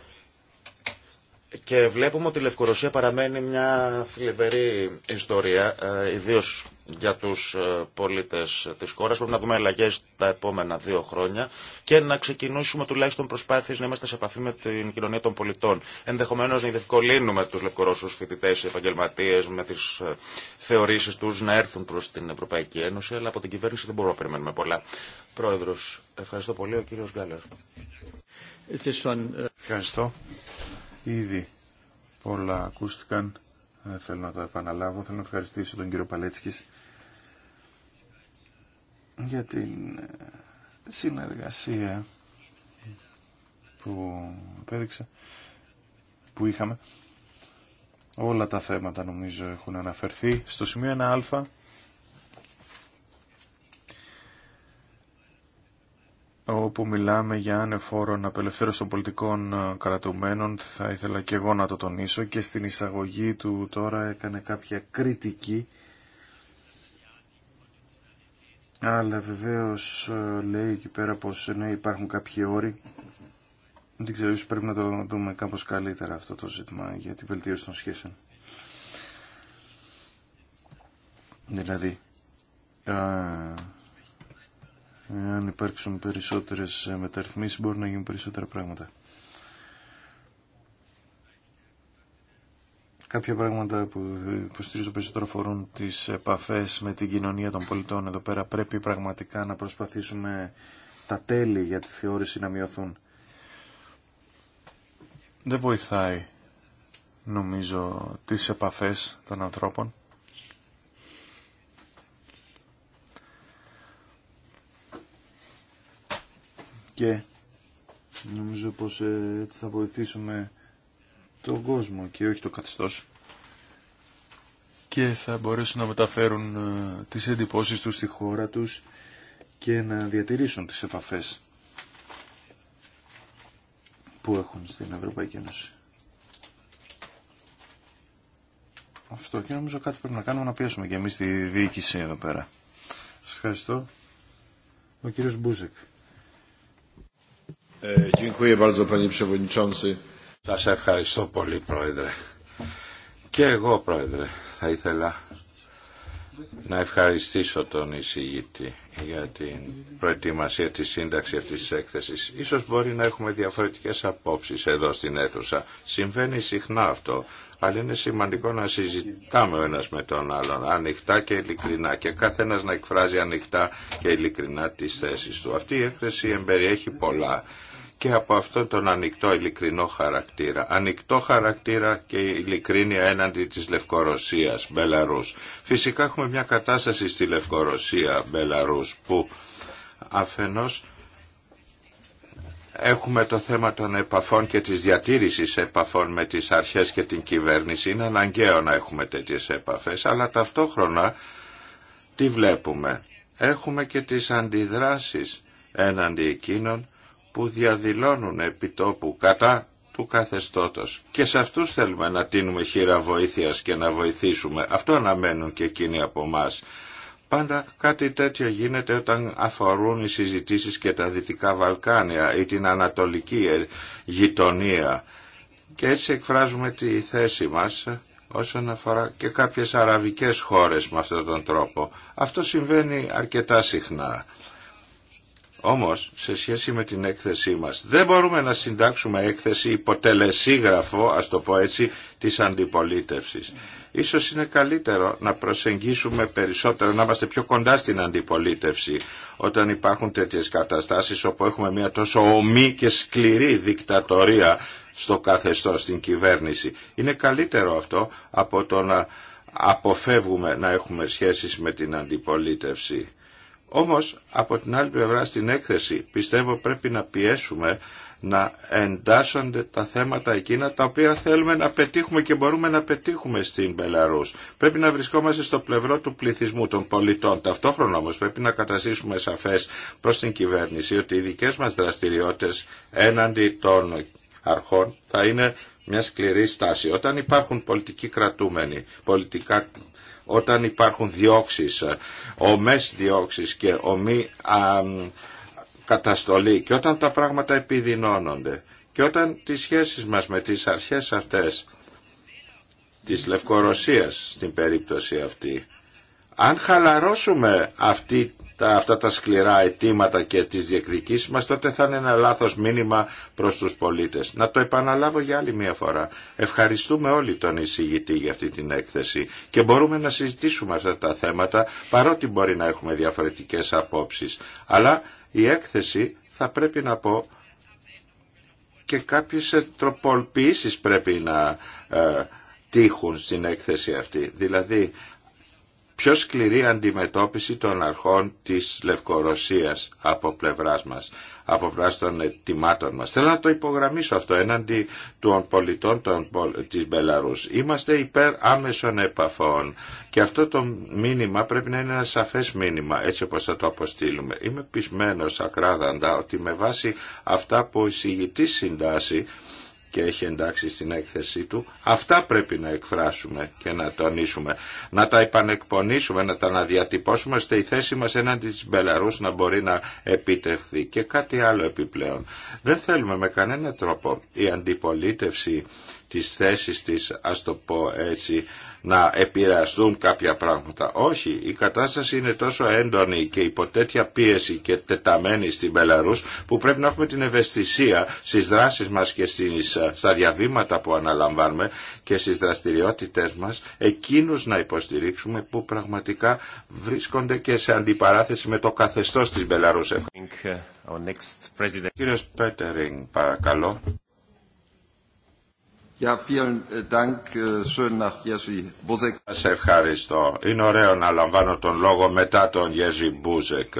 Και βλέπουμε ότι η Λευκορωσία παραμένει μια θλιβερή ιστορία, ε, ιδίως για του ε, πολίτε τη χώρα, Πρέπει να δούμε αλλαγέ τα επόμενα δύο χρόνια και να ξεκινήσουμε τουλάχιστον προσπάθειε να είμαστε σε επαφή με την κοινωνία των πολιτών. Ενδεχομένω να διευκολύνουμε τους λευκορώσου φοιτητέ, επαγγελματίε, με τι ε, θεωρήσεις του να έρθουν προ την Ευρωπαϊκή Ένωση, αλλά από την κυβέρνηση δεν μπορούμε να περιμένουμε πολλά. Πρόεδρο. ευχαριστώ πολύ. Ο κύριο Γκάλερ. Ευχαριστώ. Ήδη πολλά ακούστηκαν. Ε, θέλω να το επαναλάβω. Θέλω να ευχαριστήσω τον κύριο Παλέτσκης για την ε, συνεργασία που που είχαμε. Όλα τα θέματα νομίζω έχουν αναφερθεί. Στο σημείο 1α όπου μιλάμε για ανεφόρον απελευθέρωση των πολιτικών ε, κρατουμένων θα ήθελα και εγώ να το τονίσω και στην εισαγωγή του τώρα έκανε κάποια κριτική αλλά βεβαίω ε, λέει εκεί πέρα πω ναι, υπάρχουν κάποιοι όροι. Δεν ξέρω, ίσω πρέπει να το δούμε κάπως καλύτερα αυτό το ζήτημα για τη βελτίωση των σχέσεων. Δηλαδή, αν υπάρξουν περισσότερες μεταρρυθμίσεις μπορεί να γίνουν περισσότερα πράγματα. Κάποια πράγματα που υποστηρίζω περισσότερο αφορούν τις επαφές με την κοινωνία των πολιτών. Εδώ πέρα πρέπει πραγματικά να προσπαθήσουμε τα τέλη για τη θεώρηση να μειωθούν. Δεν βοηθάει, νομίζω, τις επαφές των ανθρώπων. Και νομίζω πως ε, έτσι θα βοηθήσουμε τον κόσμο και όχι το καθεστώς. Και θα μπορέσουν να μεταφέρουν ε, τις εντυπώσεις τους στη χώρα τους και να διατηρήσουν τις επαφές που έχουν στην Ευρωπαϊκή Ένωση. Αυτό και νομίζω κάτι πρέπει να κάνουμε να πιέσουμε και εμείς τη διοίκηση εδώ πέρα. Σας ευχαριστώ. Ο κύριος Μπούζεκ. Ε, dziękuję bardzo, σας ευχαριστώ πολύ Πρόεδρε. Και εγώ Πρόεδρε θα ήθελα να ευχαριστήσω τον εισηγητή για την προετοιμασία της σύνταξης αυτής της έκθεσης. Ίσως μπορεί να έχουμε διαφορετικές απόψεις εδώ στην αίθουσα. Συμβαίνει συχνά αυτό, αλλά είναι σημαντικό να συζητάμε ο ένας με τον άλλον ανοιχτά και ειλικρινά και κάθε να εκφράζει ανοιχτά και ειλικρινά τις θέσεις του. Αυτή η έκθεση εμπεριέχει πολλά και από αυτόν τον ανοιχτό ειλικρινό χαρακτήρα. Ανοιχτό χαρακτήρα και ειλικρίνεια έναντι της Λευκορωσίας, Μπελαρούς. Φυσικά έχουμε μια κατάσταση στη Λευκορωσία, Μπελαρούς, που αφενός έχουμε το θέμα των επαφών και της διατήρησης επαφών με τις αρχές και την κυβέρνηση. Είναι αναγκαίο να έχουμε τέτοιες επαφές, αλλά ταυτόχρονα τι βλέπουμε. Έχουμε και τις αντιδράσεις έναντι εκείνων που διαδηλώνουν τόπου κατά του καθεστώτος. Και σε αυτούς θέλουμε να τίνουμε χείρα βοήθειας και να βοηθήσουμε. Αυτό αναμένουν και εκείνοι από εμά. Πάντα κάτι τέτοιο γίνεται όταν αφορούν οι συζητήσεις και τα Δυτικά Βαλκάνια ή την Ανατολική γειτονία. Και έτσι εκφράζουμε τη θέση μας όσον αφορά και κάποιες αραβικές χώρες με αυτόν τον τρόπο. Αυτό συμβαίνει αρκετά συχνά. Όμως, σε σχέση με την έκθεσή μας, δεν μπορούμε να συντάξουμε έκθεση υποτελεσίγραφο, ας το πω έτσι, της αντιπολίτευσης. Ίσως είναι καλύτερο να προσεγγίσουμε περισσότερο, να είμαστε πιο κοντά στην αντιπολίτευση, όταν υπάρχουν τέτοιες καταστάσεις όπου έχουμε μια τόσο ομή και σκληρή δικτατορία στο καθεστώς, στην κυβέρνηση. Είναι καλύτερο αυτό από το να αποφεύγουμε να έχουμε σχέσεις με την αντιπολίτευση. Όμως από την άλλη πλευρά στην έκθεση πιστεύω πρέπει να πιέσουμε να εντάσσονται τα θέματα εκείνα τα οποία θέλουμε να πετύχουμε και μπορούμε να πετύχουμε στην Μπελαρούς. Πρέπει να βρισκόμαστε στο πλευρό του πληθυσμού των πολιτών. Ταυτόχρονα όμως πρέπει να καταστήσουμε σαφές προς την κυβέρνηση ότι οι δικές μας δραστηριότητες έναντι των αρχών θα είναι μια σκληρή στάση. Όταν υπάρχουν πολιτικοί κρατούμενοι, πολιτικά όταν υπάρχουν διώξεις, ε, ομές διώξεις και ομή καταστολή και όταν τα πράγματα επιδεινώνονται και όταν τις σχέσεις μας με τις αρχές αυτές της Λευκορωσίας στην περίπτωση αυτή αν χαλαρώσουμε αυτή τα, αυτά τα σκληρά αιτήματα και τις διεκδικήσεις μας, τότε θα είναι ένα λάθος μήνυμα προς τους πολίτες. Να το επαναλάβω για άλλη μία φορά. Ευχαριστούμε όλοι τον εισηγητή για αυτή την έκθεση και μπορούμε να συζητήσουμε αυτά τα θέματα, παρότι μπορεί να έχουμε διαφορετικές απόψεις. Αλλά η έκθεση θα πρέπει να πω και κάποιες τροπολποιήσεις πρέπει να ε, τύχουν στην έκθεση αυτή. Δηλαδή πιο σκληρή αντιμετώπιση των αρχών της Λευκορωσίας από πλευράς μας, από πλευράς των ετοιμάτων μας. Θέλω να το υπογραμμίσω αυτό έναντι των πολιτών των, της Μπελαρούς. Είμαστε υπέρ άμεσων επαφών και αυτό το μήνυμα πρέπει να είναι ένα σαφές μήνυμα έτσι όπως θα το αποστείλουμε. Είμαι πεισμένος ακράδαντα ότι με βάση αυτά που η συντάσσει και έχει εντάξει στην έκθεσή του. Αυτά πρέπει να εκφράσουμε και να τονίσουμε. Να τα επανεκπονήσουμε, να τα αναδιατυπώσουμε ώστε η θέση μας έναντι της Μπελαρούς να μπορεί να επιτευχθεί. Και κάτι άλλο επιπλέον. Δεν θέλουμε με κανένα τρόπο η αντιπολίτευση τις θέσεις της, ας το πω έτσι, να επηρεαστούν κάποια πράγματα. Όχι, η κατάσταση είναι τόσο έντονη και υπό τέτοια πίεση και τεταμένη στην Πελαρούς που πρέπει να έχουμε την ευαισθησία στις δράσεις μας και στις, στα διαβήματα που αναλαμβάνουμε και στις δραστηριότητες μας εκείνους να υποστηρίξουμε που πραγματικά βρίσκονται και σε αντιπαράθεση με το καθεστώς της Μπελαρούς. Κύριος Πέτερινγκ, παρακαλώ. Äh, äh, Σα ευχαριστώ. Είναι ωραίο να λαμβάνω τον λόγο μετά τον Γιέζι Μπούζεκ.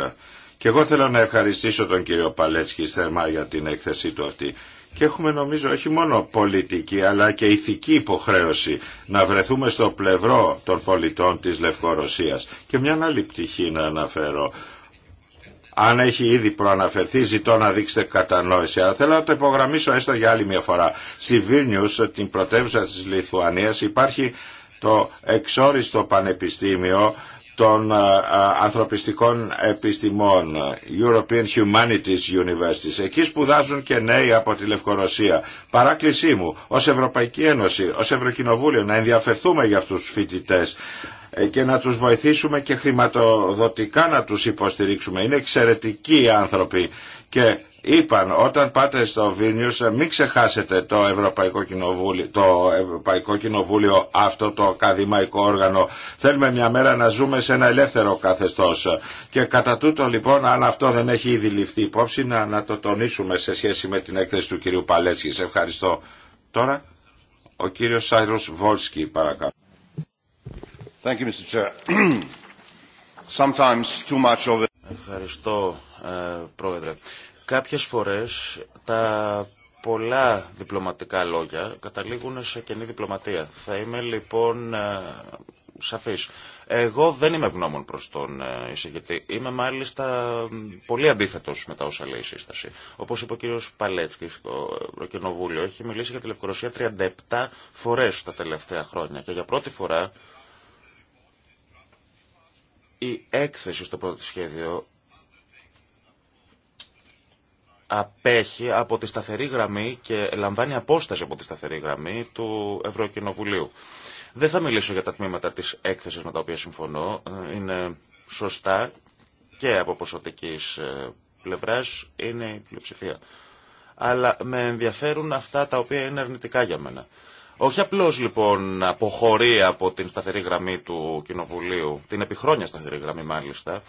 Και εγώ θέλω να ευχαριστήσω τον κύριο Παλέτσκι θερμά για την έκθεσή του αυτή. Και έχουμε νομίζω όχι μόνο πολιτική αλλά και ηθική υποχρέωση να βρεθούμε στο πλευρό των πολιτών της Λευκορωσίας. Και μια άλλη πτυχή να αναφέρω αν έχει ήδη προαναφερθεί, ζητώ να δείξετε κατανόηση. Αλλά θέλω να το υπογραμμίσω έστω για άλλη μια φορά. Στη Βίλνιους, την πρωτεύουσα της Λιθουανίας, υπάρχει το εξόριστο πανεπιστήμιο των ε, ε, ανθρωπιστικών επιστημών European Humanities University. εκεί σπουδάζουν και νέοι από τη Λευκορωσία παράκλησή μου ως Ευρωπαϊκή Ένωση, ως Ευρωκοινοβούλιο να ενδιαφερθούμε για αυτούς τους φοιτητές ε, και να τους βοηθήσουμε και χρηματοδοτικά να τους υποστηρίξουμε. Είναι εξαιρετικοί οι άνθρωποι και είπαν όταν πάτε στο Βίνιους ε, μην ξεχάσετε το Ευρωπαϊκό Κοινοβούλιο, το Ευρωπαϊκό αυτό το ακαδημαϊκό όργανο. Θέλουμε μια μέρα να ζούμε σε ένα ελεύθερο καθεστώς. Και κατά τούτο λοιπόν αν αυτό δεν έχει ήδη ληφθεί υπόψη να, να το τονίσουμε σε σχέση με την έκθεση του κυρίου Σε ευχαριστώ. Τώρα ο κύριος Σάιρος Βόλσκι παρακαλώ. Ευχαριστώ, ε, Πρόεδρε. Κάποιες φορές τα πολλά διπλωματικά λόγια καταλήγουν σε κενή διπλωματία. Θα είμαι λοιπόν ε, σαφής. Εγώ δεν είμαι ευγνώμων προς τον ε, εισηγητή. Είμαι μάλιστα πολύ αντίθετος με τα όσα λέει η σύσταση. Όπως είπε ο κύριος Παλέτσκι στο Ευρωκοινοβούλιο, έχει μιλήσει για τη Λευκορωσία 37 φορές τα τελευταία χρόνια και για πρώτη φορά η έκθεση στο πρώτο σχέδιο απέχει από τη σταθερή γραμμή και λαμβάνει απόσταση από τη σταθερή γραμμή του Ευρωκοινοβουλίου. Δεν θα μιλήσω για τα τμήματα της έκθεσης με τα οποία συμφωνώ. Είναι σωστά και από ποσοτικής ε, πλευράς είναι η πλειοψηφία. Αλλά με ενδιαφέρουν αυτά τα οποία είναι αρνητικά για μένα. Όχι απλώ λοιπόν αποχωρεί από την σταθερή γραμμή του Κοινοβουλίου, την επιχρόνια σταθερή γραμμή μάλιστα,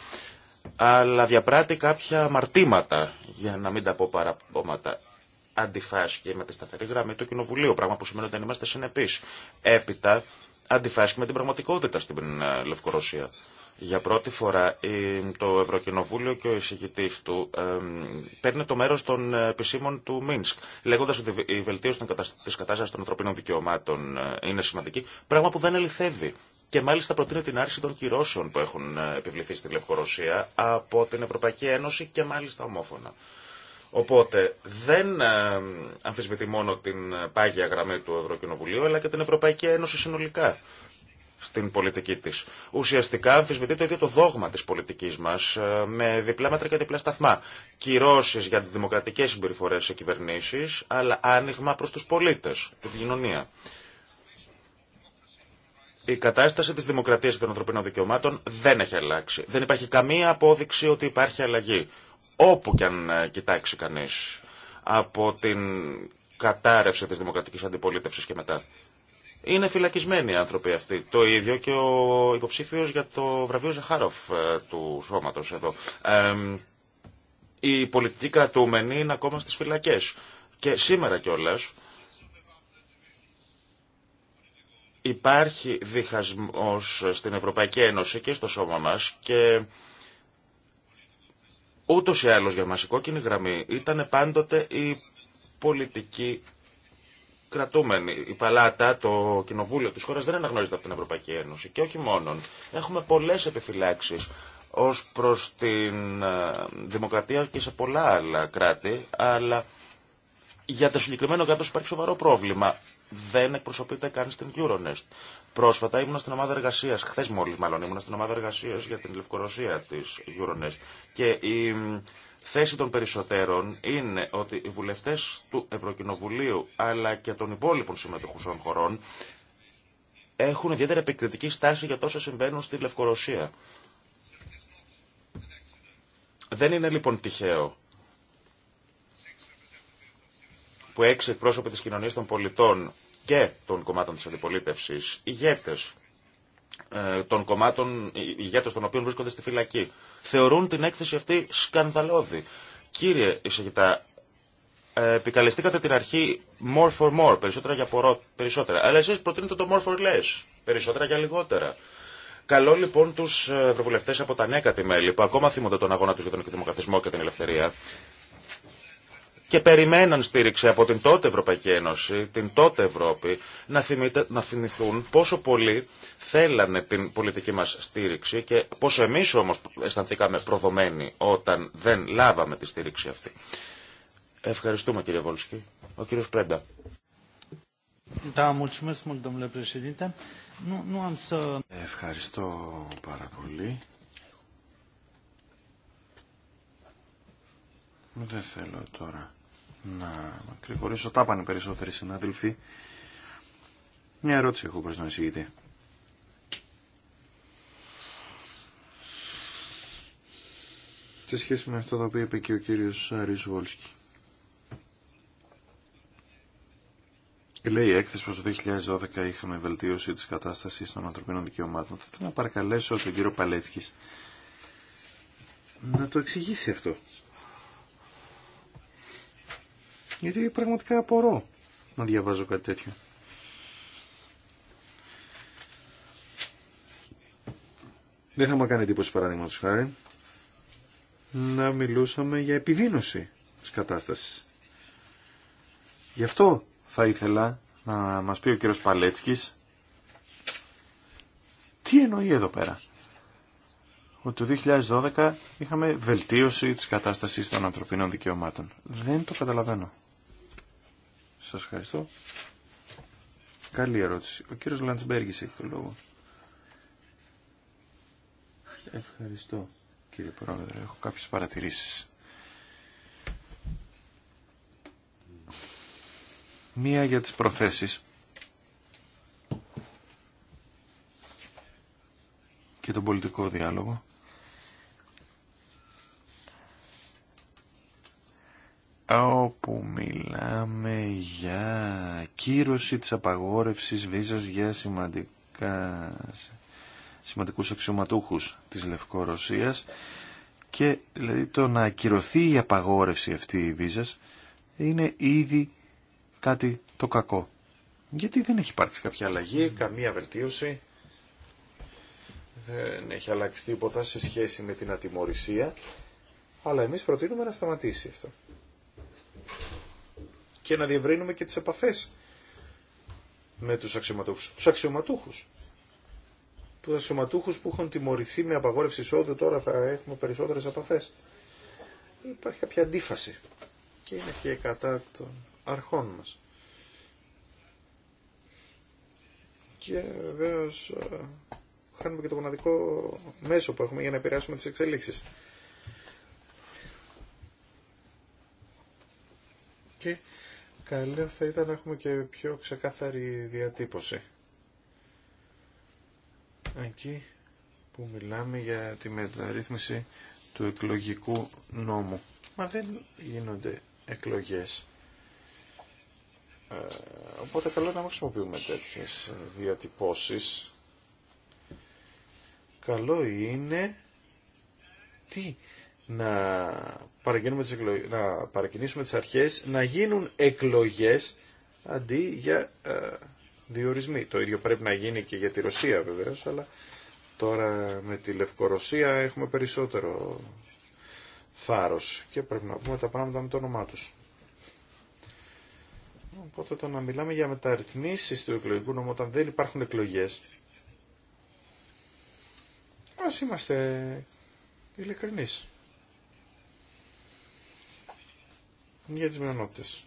αλλά διαπράττει κάποια μαρτήματα για να μην τα πω παραπόματα, αντιφάσκει με τη σταθερή γραμμή του Κοινοβουλίου, πράγμα που σημαίνει ότι δεν είμαστε συνεπεί. Έπειτα, αντιφάσκει με την πραγματικότητα στην ε, Λευκορωσία. Για πρώτη φορά το Ευρωκοινοβούλιο και ο εισηγητή του παίρνει το μέρο των ε, επισήμων του Μίνσκ, λέγοντα ότι η βελτίωση τη κατάσταση των ανθρωπίνων δικαιωμάτων ε, είναι σημαντική, πράγμα που δεν εληθεύει. Και μάλιστα προτείνει την άρση των κυρώσεων που έχουν ε, επιβληθεί στη Λευκορωσία από την Ευρωπαϊκή Ένωση και μάλιστα ομόφωνα. Οπότε δεν αμφισβητεί μόνο την πάγια γραμμή του Ευρωκοινοβουλίου αλλά και την Ευρωπαϊκή Ένωση συνολικά στην πολιτική της. Ουσιαστικά αμφισβητεί το ίδιο το δόγμα της πολιτικής μας ε, με διπλά μέτρα και διπλά σταθμά. Κυρώσεις για δημοκρατικές συμπεριφορές σε κυβερνήσεις, αλλά άνοιγμα προς τους πολίτες, την κοινωνία. Η κατάσταση τη δημοκρατία και των ανθρωπίνων δικαιωμάτων δεν έχει αλλάξει. Δεν υπάρχει καμία απόδειξη ότι υπάρχει αλλαγή. Όπου κι αν ε, κοιτάξει κανεί από την κατάρρευση τη δημοκρατική αντιπολίτευση και μετά. Είναι φυλακισμένοι οι άνθρωποι αυτοί. Το ίδιο και ο υποψήφιος για το βραβείο Ζαχάροφ ε, του σώματος εδώ. οι πολιτικοί κρατούμενοι είναι ακόμα στις φυλακές. Και σήμερα κιόλας υπάρχει διχασμός στην Ευρωπαϊκή Ένωση και στο σώμα μας και ούτως ή άλλως για μας η κόκκινη γραμμή ήταν πάντοτε η πολιτική κρατούμενοι. Η Παλάτα, το κοινοβούλιο τη χώρα δεν αναγνωρίζεται από την Ευρωπαϊκή Ένωση και όχι μόνον. Έχουμε πολλέ επιφυλάξει ω προ την ε, δημοκρατία και σε πολλά άλλα κράτη, αλλά για το συγκεκριμένο κράτο υπάρχει σοβαρό πρόβλημα. Δεν εκπροσωπείται καν στην Euronest. Πρόσφατα ήμουν στην ομάδα εργασία, χθε μόλι μάλλον ήμουν στην ομάδα εργασία για την Λευκορωσία τη Euronest. Και η θέση των περισσότερων είναι ότι οι βουλευτές του Ευρωκοινοβουλίου αλλά και των υπόλοιπων συμμετοχούσων χωρών έχουν ιδιαίτερα επικριτική στάση για τόσα συμβαίνουν στη Λευκορωσία. Δεν είναι λοιπόν τυχαίο που έξι εκπρόσωποι της κοινωνίας των πολιτών και των κομμάτων της αντιπολίτευσης, ηγέτες ε, των κομμάτων ηγέτε των οποίων βρίσκονται στη φυλακή. Θεωρούν την έκθεση αυτή σκανδαλώδη. Κύριε Ισηγητά, ε, επικαλεστήκατε την αρχή more for more, περισσότερα για πορό, περισσότερα. Αλλά εσεί προτείνετε το more for less, περισσότερα για λιγότερα. Καλό λοιπόν του ε, ευρωβουλευτέ από τα νέα κράτη-μέλη που ακόμα θυμούνται τον αγώνα του για τον εκδημοκρατισμό και την ελευθερία και περιμέναν στήριξη από την τότε Ευρωπαϊκή Ένωση, την τότε Ευρώπη, να, να θυμηθούν πόσο πολύ θέλανε την πολιτική μας στήριξη και πόσο εμείς όμως αισθανθήκαμε προδομένοι όταν δεν λάβαμε τη στήριξη αυτή. Ευχαριστούμε κύριε Βόλσκι. Ο κύριος Πρέντα. Ευχαριστώ πάρα πολύ. Δεν θέλω τώρα να κρυγορήσω. Τα πάνε περισσότεροι συνάδελφοι. Μια ερώτηση έχω προς τον εισηγητή. Σε σχέση με αυτό το οποίο είπε και ο κύριος Αρής Βόλσκι. Λέει η έκθεση πως το 2012 είχαμε βελτίωση της κατάστασης των ανθρωπίνων δικαιωμάτων. Θα ήθελα να παρακαλέσω τον κύριο Παλέτσκης να το εξηγήσει αυτό. Γιατί πραγματικά απορώ να διαβάζω κάτι τέτοιο. Δεν θα μου κάνει εντύπωση παραδείγματος χάρη να μιλούσαμε για επιδείνωση της κατάστασης. Γι' αυτό θα ήθελα να μας πει ο κύριος Παλέτσκης τι εννοεί εδώ πέρα. Ότι το 2012 είχαμε βελτίωση της κατάστασης των ανθρωπίνων δικαιωμάτων. Δεν το καταλαβαίνω. Σας ευχαριστώ. Καλή ερώτηση. Ο κύριος Λαντσμπέργης έχει το λόγο. Ευχαριστώ κύριε Πρόεδρε. Έχω κάποιε παρατηρήσεις. Μία για τις προθέσεις. και τον πολιτικό διάλογο. όπου μιλάμε για κύρωση της απαγόρευσης βίζας για σημαντικά, σημαντικούς αξιωματούχους της Λευκορωσίας και δηλαδή το να ακυρωθεί η απαγόρευση αυτή η βίζας είναι ήδη κάτι το κακό. Γιατί δεν έχει υπάρξει κάποια αλλαγή, καμία βελτίωση, δεν έχει αλλάξει τίποτα σε σχέση με την ατιμορρησία, αλλά εμείς προτείνουμε να σταματήσει αυτό και να διευρύνουμε και τις επαφές με τους αξιωματούχους. Τους αξιωματούχους. Τους αξιωματούχους που έχουν τιμωρηθεί με απαγόρευση εισόδου τώρα θα έχουμε περισσότερες επαφές. Υπάρχει κάποια αντίφαση και είναι και κατά των αρχών μας. Και βεβαίω ε, χάνουμε και το μοναδικό μέσο που έχουμε για να επηρεάσουμε τις εξελίξεις καλό θα ήταν να έχουμε και πιο ξεκάθαρη διατύπωση. Εκεί που μιλάμε για τη μεταρρύθμιση του εκλογικού νόμου. Μα δεν γίνονται εκλογές. Ε, οπότε καλό να μην χρησιμοποιούμε τέτοιες διατυπώσεις. Καλό είναι τι να παρακινήσουμε τις, εκλογές, να τις αρχές να γίνουν εκλογές αντί για ε, διορισμοί. Το ίδιο πρέπει να γίνει και για τη Ρωσία βεβαίως, αλλά τώρα με τη Λευκορωσία έχουμε περισσότερο θάρρος και πρέπει να πούμε τα πράγματα με το όνομά τους. Οπότε το να μιλάμε για μεταρρυθμίσεις του εκλογικού νόμου όταν δεν υπάρχουν εκλογές ας είμαστε ειλικρινείς. για τις μειονότητες.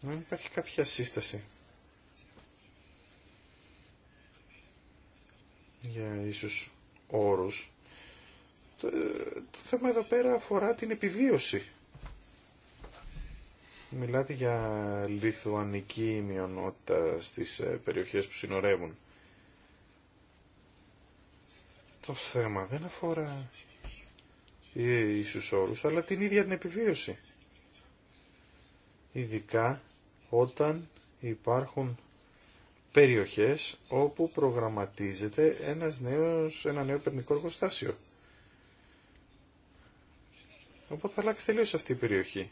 Δεν υπάρχει κάποια σύσταση για ίσως όρους. Το, ε, το θέμα εδώ πέρα αφορά την επιβίωση. Μιλάτε για λιθουανική μειονότητα στις ε, περιοχές που συνορεύουν το θέμα δεν αφορά ε, ίσους όρους, αλλά την ίδια την επιβίωση. Ειδικά όταν υπάρχουν περιοχές όπου προγραμματίζεται ένας νέος, ένα νέο περνικό εργοστάσιο. Οπότε θα αλλάξει τελείως αυτή η περιοχή.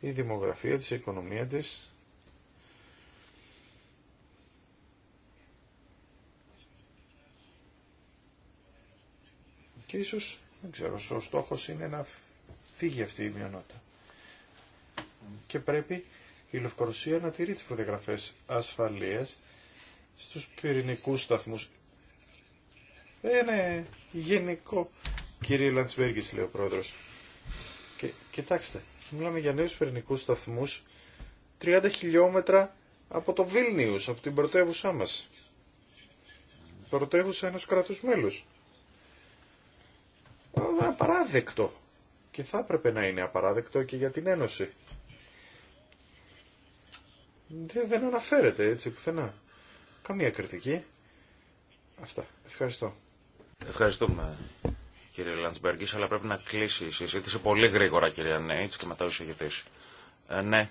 Η δημογραφία της, η οικονομία της, Και ίσως, δεν ξέρω, ο στόχος είναι να φύγει αυτή η μειονότητα. Και πρέπει η Λευκορωσία να τηρεί τις προδιαγραφές ασφαλείας στους πυρηνικούς σταθμούς. Δεν είναι γενικό, κύριε Λαντσμπέργκης, λέει ο πρόεδρος. Και, κοιτάξτε, μιλάμε για νέους πυρηνικούς σταθμούς 30 χιλιόμετρα από το Βίλνιους, από την πρωτεύουσά μας. Πρωτεύουσα ενός κράτους μέλους απαράδεκτο. Και θα έπρεπε να είναι απαράδεκτο και για την Ένωση. Δεν αναφέρεται έτσι πουθενά. Καμία κριτική. Αυτά. Ευχαριστώ. Ευχαριστούμε κύριε Λαντσμπεργκής, αλλά πρέπει να κλείσει η συζήτηση πολύ γρήγορα κύριε Νέιτς και μετά ο εισηγητής. Ε, ναι,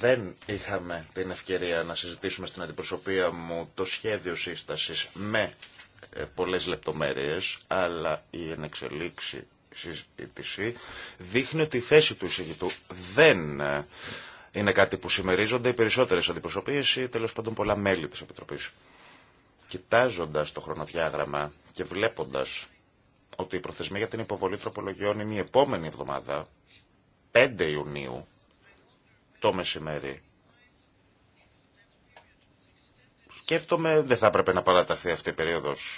δεν είχαμε την ευκαιρία να συζητήσουμε στην αντιπροσωπεία μου το σχέδιο σύστασης με ε, πολλές λεπτομέρειες, αλλά η ενεξελίξη συζήτηση δείχνει ότι η θέση του εισηγητού δεν ε, είναι κάτι που συμμερίζονται οι περισσότερες αντιπροσωπείες ή τέλος πάντων πολλά μέλη της Επιτροπής. Κοιτάζοντας το χρονοδιάγραμμα και βλέποντας ότι η προθεσμία για την υποβολή τροπολογιών είναι η επόμενη εβδομάδα, 5 Ιουνίου, το μεσημέρι. Σκέφτομαι, δεν θα έπρεπε να παραταθεί αυτή η περίοδος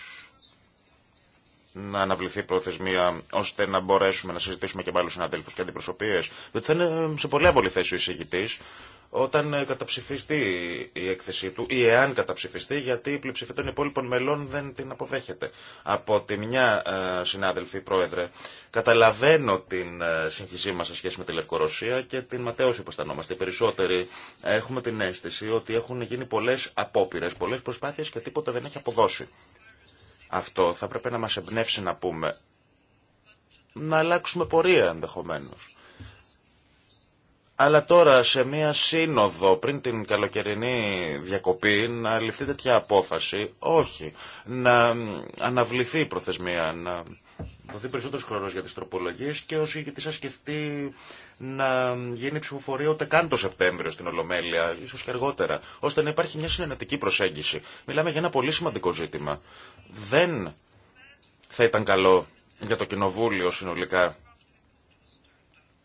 να αναβληθεί η προθεσμία ώστε να μπορέσουμε να συζητήσουμε και με άλλου συναντέλφους και αντιπροσωπείε. Διότι θα είναι σε πολύ άβολη θέση ο εισηγητή όταν ε, καταψηφιστεί η έκθεσή του ή εάν καταψηφιστεί γιατί η πλειοψηφία των υπόλοιπων μελών δεν την αποδέχεται. Από τη μια ε, συνάδελφη πρόεδρε καταλαβαίνω την ε, συγχυσή μας σε σχέση με τη Λευκορωσία και την ματέωση που αισθανόμαστε. Οι περισσότεροι έχουμε την αίσθηση ότι έχουν γίνει πολλές απόπειρες, πολλές προσπάθειες και τίποτα δεν έχει αποδώσει. Αυτό θα πρέπει να μας εμπνεύσει να πούμε να αλλάξουμε πορεία ενδεχομένως αλλά τώρα σε μια σύνοδο πριν την καλοκαιρινή διακοπή να ληφθεί τέτοια απόφαση, όχι, να αναβληθεί η προθεσμία, να δοθεί περισσότερος χρόνος για τις τροπολογίες και όσοι γιατί σας σκεφτεί να γίνει ψηφοφορία ούτε καν το Σεπτέμβριο στην Ολομέλεια, ίσως και αργότερα, ώστε να υπάρχει μια συνενετική προσέγγιση. Μιλάμε για ένα πολύ σημαντικό ζήτημα. Δεν θα ήταν καλό για το Κοινοβούλιο συνολικά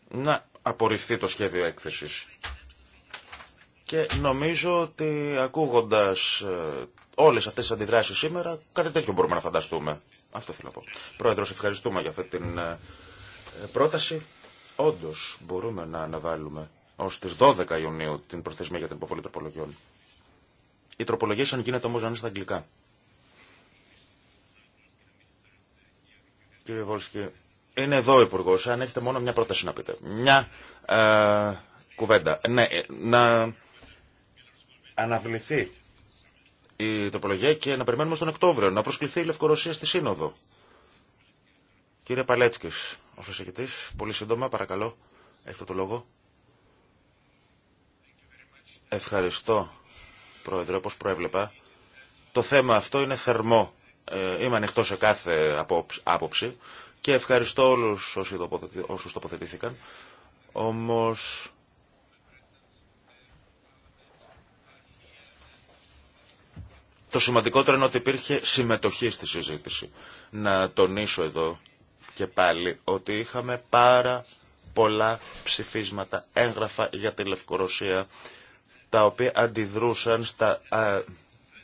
να απορριφθεί το σχέδιο έκθεσης. Και νομίζω ότι ακούγοντας ε, όλες αυτές τις αντιδράσεις σήμερα, κάτι τέτοιο μπορούμε να φανταστούμε. Αυτό θέλω να πω. Πρόεδρος, ευχαριστούμε για αυτή την ε, πρόταση. Όντως μπορούμε να αναβάλουμε ως τις 12 Ιουνίου την προθεσμία για την υποβολή τροπολογιών. Οι τροπολογίες αν γίνεται όμως να είναι στα αγγλικά. Κύριε Βόλσκι, είναι εδώ ο Υπουργό. Αν έχετε μόνο μια πρόταση να πείτε. Μια ε, κουβέντα. Ναι, ε, να αναβληθεί η τροπολογία και να περιμένουμε στον Οκτώβριο. Να προσκληθεί η Λευκορωσία στη Σύνοδο. Κύριε Παλέτσκη, ο εισηγητή, πολύ σύντομα, παρακαλώ. Έχετε το λόγο. Ευχαριστώ, Πρόεδρε, όπω προέβλεπα. Το θέμα αυτό είναι θερμό. Ε, είμαι ανοιχτό σε κάθε άποψη και ευχαριστώ όλους όσους τοποθετήθηκαν. Όμως... Το σημαντικότερο είναι ότι υπήρχε συμμετοχή στη συζήτηση. Να τονίσω εδώ και πάλι ότι είχαμε πάρα πολλά ψηφίσματα, έγγραφα για τη Λευκορωσία, τα οποία αντιδρούσαν στα α,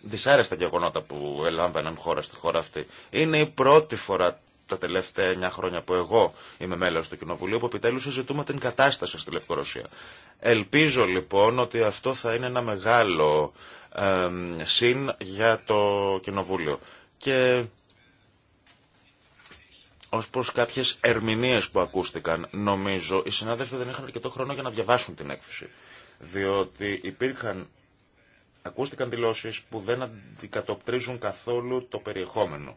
δυσάρεστα γεγονότα που ελάμβαναν χώρα στη χώρα αυτή. Είναι η πρώτη φορά τα τελευταία 9 χρόνια που εγώ είμαι μέλος του Κοινοβουλίου, που επιτέλους συζητούμε την κατάσταση στη Λευκορωσία. Ελπίζω λοιπόν ότι αυτό θα είναι ένα μεγάλο ε, συν για το Κοινοβούλιο. Και ως προς κάποιες ερμηνείες που ακούστηκαν, νομίζω οι συνάδελφοι δεν είχαν αρκετό χρόνο για να διαβάσουν την έκθεση. Διότι υπήρχαν, ακούστηκαν δηλώσεις που δεν αντικατοπτρίζουν καθόλου το περιεχόμενο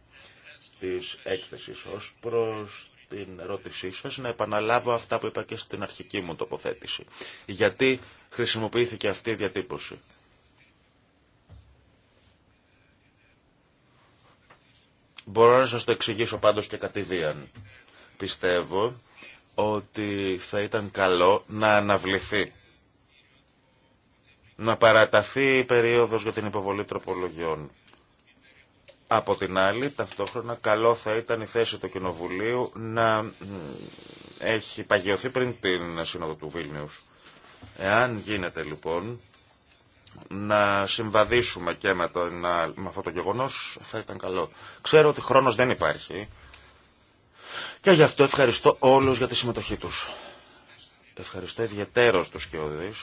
της έκθεσης. Ως προς την ερώτησή σας, να επαναλάβω αυτά που είπα και στην αρχική μου τοποθέτηση. Γιατί χρησιμοποιήθηκε αυτή η διατύπωση. Μπορώ να σας το εξηγήσω πάντως και κατηδίαν. Πιστεύω ότι θα ήταν καλό να αναβληθεί. Να παραταθεί η περίοδος για την υποβολή τροπολογιών. Από την άλλη, ταυτόχρονα καλό θα ήταν η θέση του Κοινοβουλίου να έχει παγιωθεί πριν την Σύνοδο του Βίλνιους. Εάν γίνεται λοιπόν να συμβαδίσουμε και με, το, να, με αυτό το γεγονός θα ήταν καλό. Ξέρω ότι χρόνος δεν υπάρχει και γι' αυτό ευχαριστώ όλους για τη συμμετοχή τους. Ευχαριστώ ιδιαίτερος τους Κιώδης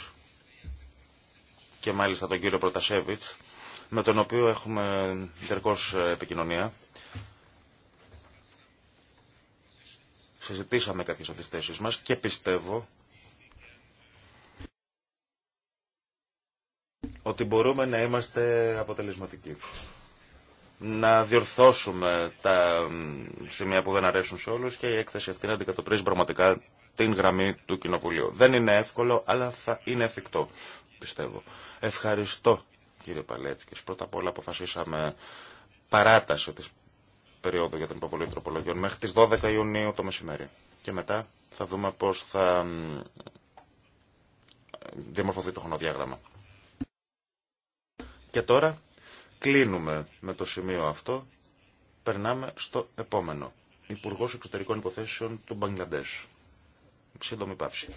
και μάλιστα τον κύριο Προτασέβιτς με τον οποίο έχουμε διαρκώς ε, επικοινωνία. Συζητήσαμε κάποιες από τις θέσεις μας και πιστεύω ότι μπορούμε να είμαστε αποτελεσματικοί. Να διορθώσουμε τα σημεία που δεν αρέσουν σε όλους και η έκθεση αυτή να αντικατοπρίζει πραγματικά την γραμμή του Κοινοβουλίου. Δεν είναι εύκολο, αλλά θα είναι εφικτό, πιστεύω. Ευχαριστώ κύριε Παλέτσικη, Πρώτα απ' όλα αποφασίσαμε παράταση της περίοδου για την υποβολή τροπολογιών μέχρι τις 12 Ιουνίου το μεσημέρι. Και μετά θα δούμε πώς θα διαμορφωθεί το χρονοδιάγραμμα. Και τώρα κλείνουμε με το σημείο αυτό. Περνάμε στο επόμενο. Υπουργό Εξωτερικών Υποθέσεων του Μπαγκλαντέ. Σύντομη παύση.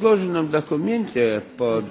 предложенном документе под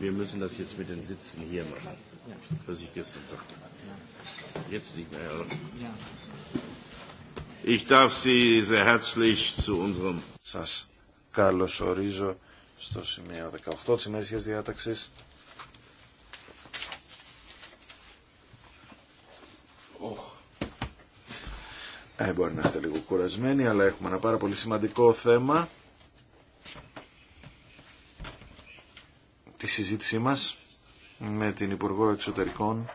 Wir müssen das jetzt mit den Sitzen hier machen, was ich gestern sagte. Jetzt nicht mehr. Ich darf Sie sehr herzlich zu unserem... Carlos καλωσορίζω στο σημείο 18 της ημερησίας διάταξης. Ε, μπορεί να είστε λίγο κουρασμένοι, αλλά έχουμε ένα πάρα πολύ σημαντικό θέμα. Τη συζήτησή μας με την Υπουργό Εξωτερικών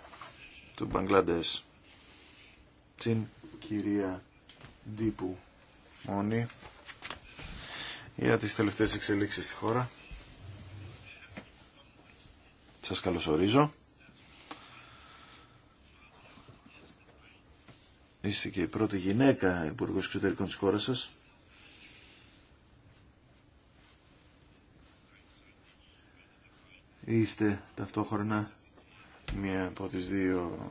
του Μπαγκλαντές. Την κυρία Ντίπου Μόνη για τις τελευταίες εξελίξεις στη χώρα. Σας καλωσορίζω. Είστε και η πρώτη γυναίκα υπουργό εξωτερικών τη χώρα σα. Είστε ταυτόχρονα μία από τις δύο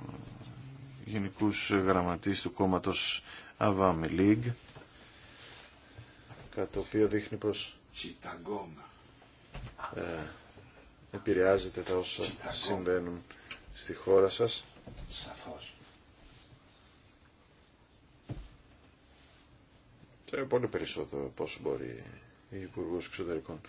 γενικούς γραμματείς του κόμματος Αβάμι League κατά το οποίο δείχνει πως ε, επηρεάζεται τα όσα συμβαίνουν στη χώρα σας. Σαφώς. πολύ περισσότερο πώ μπορεί η Υπουργό Εξωτερικών.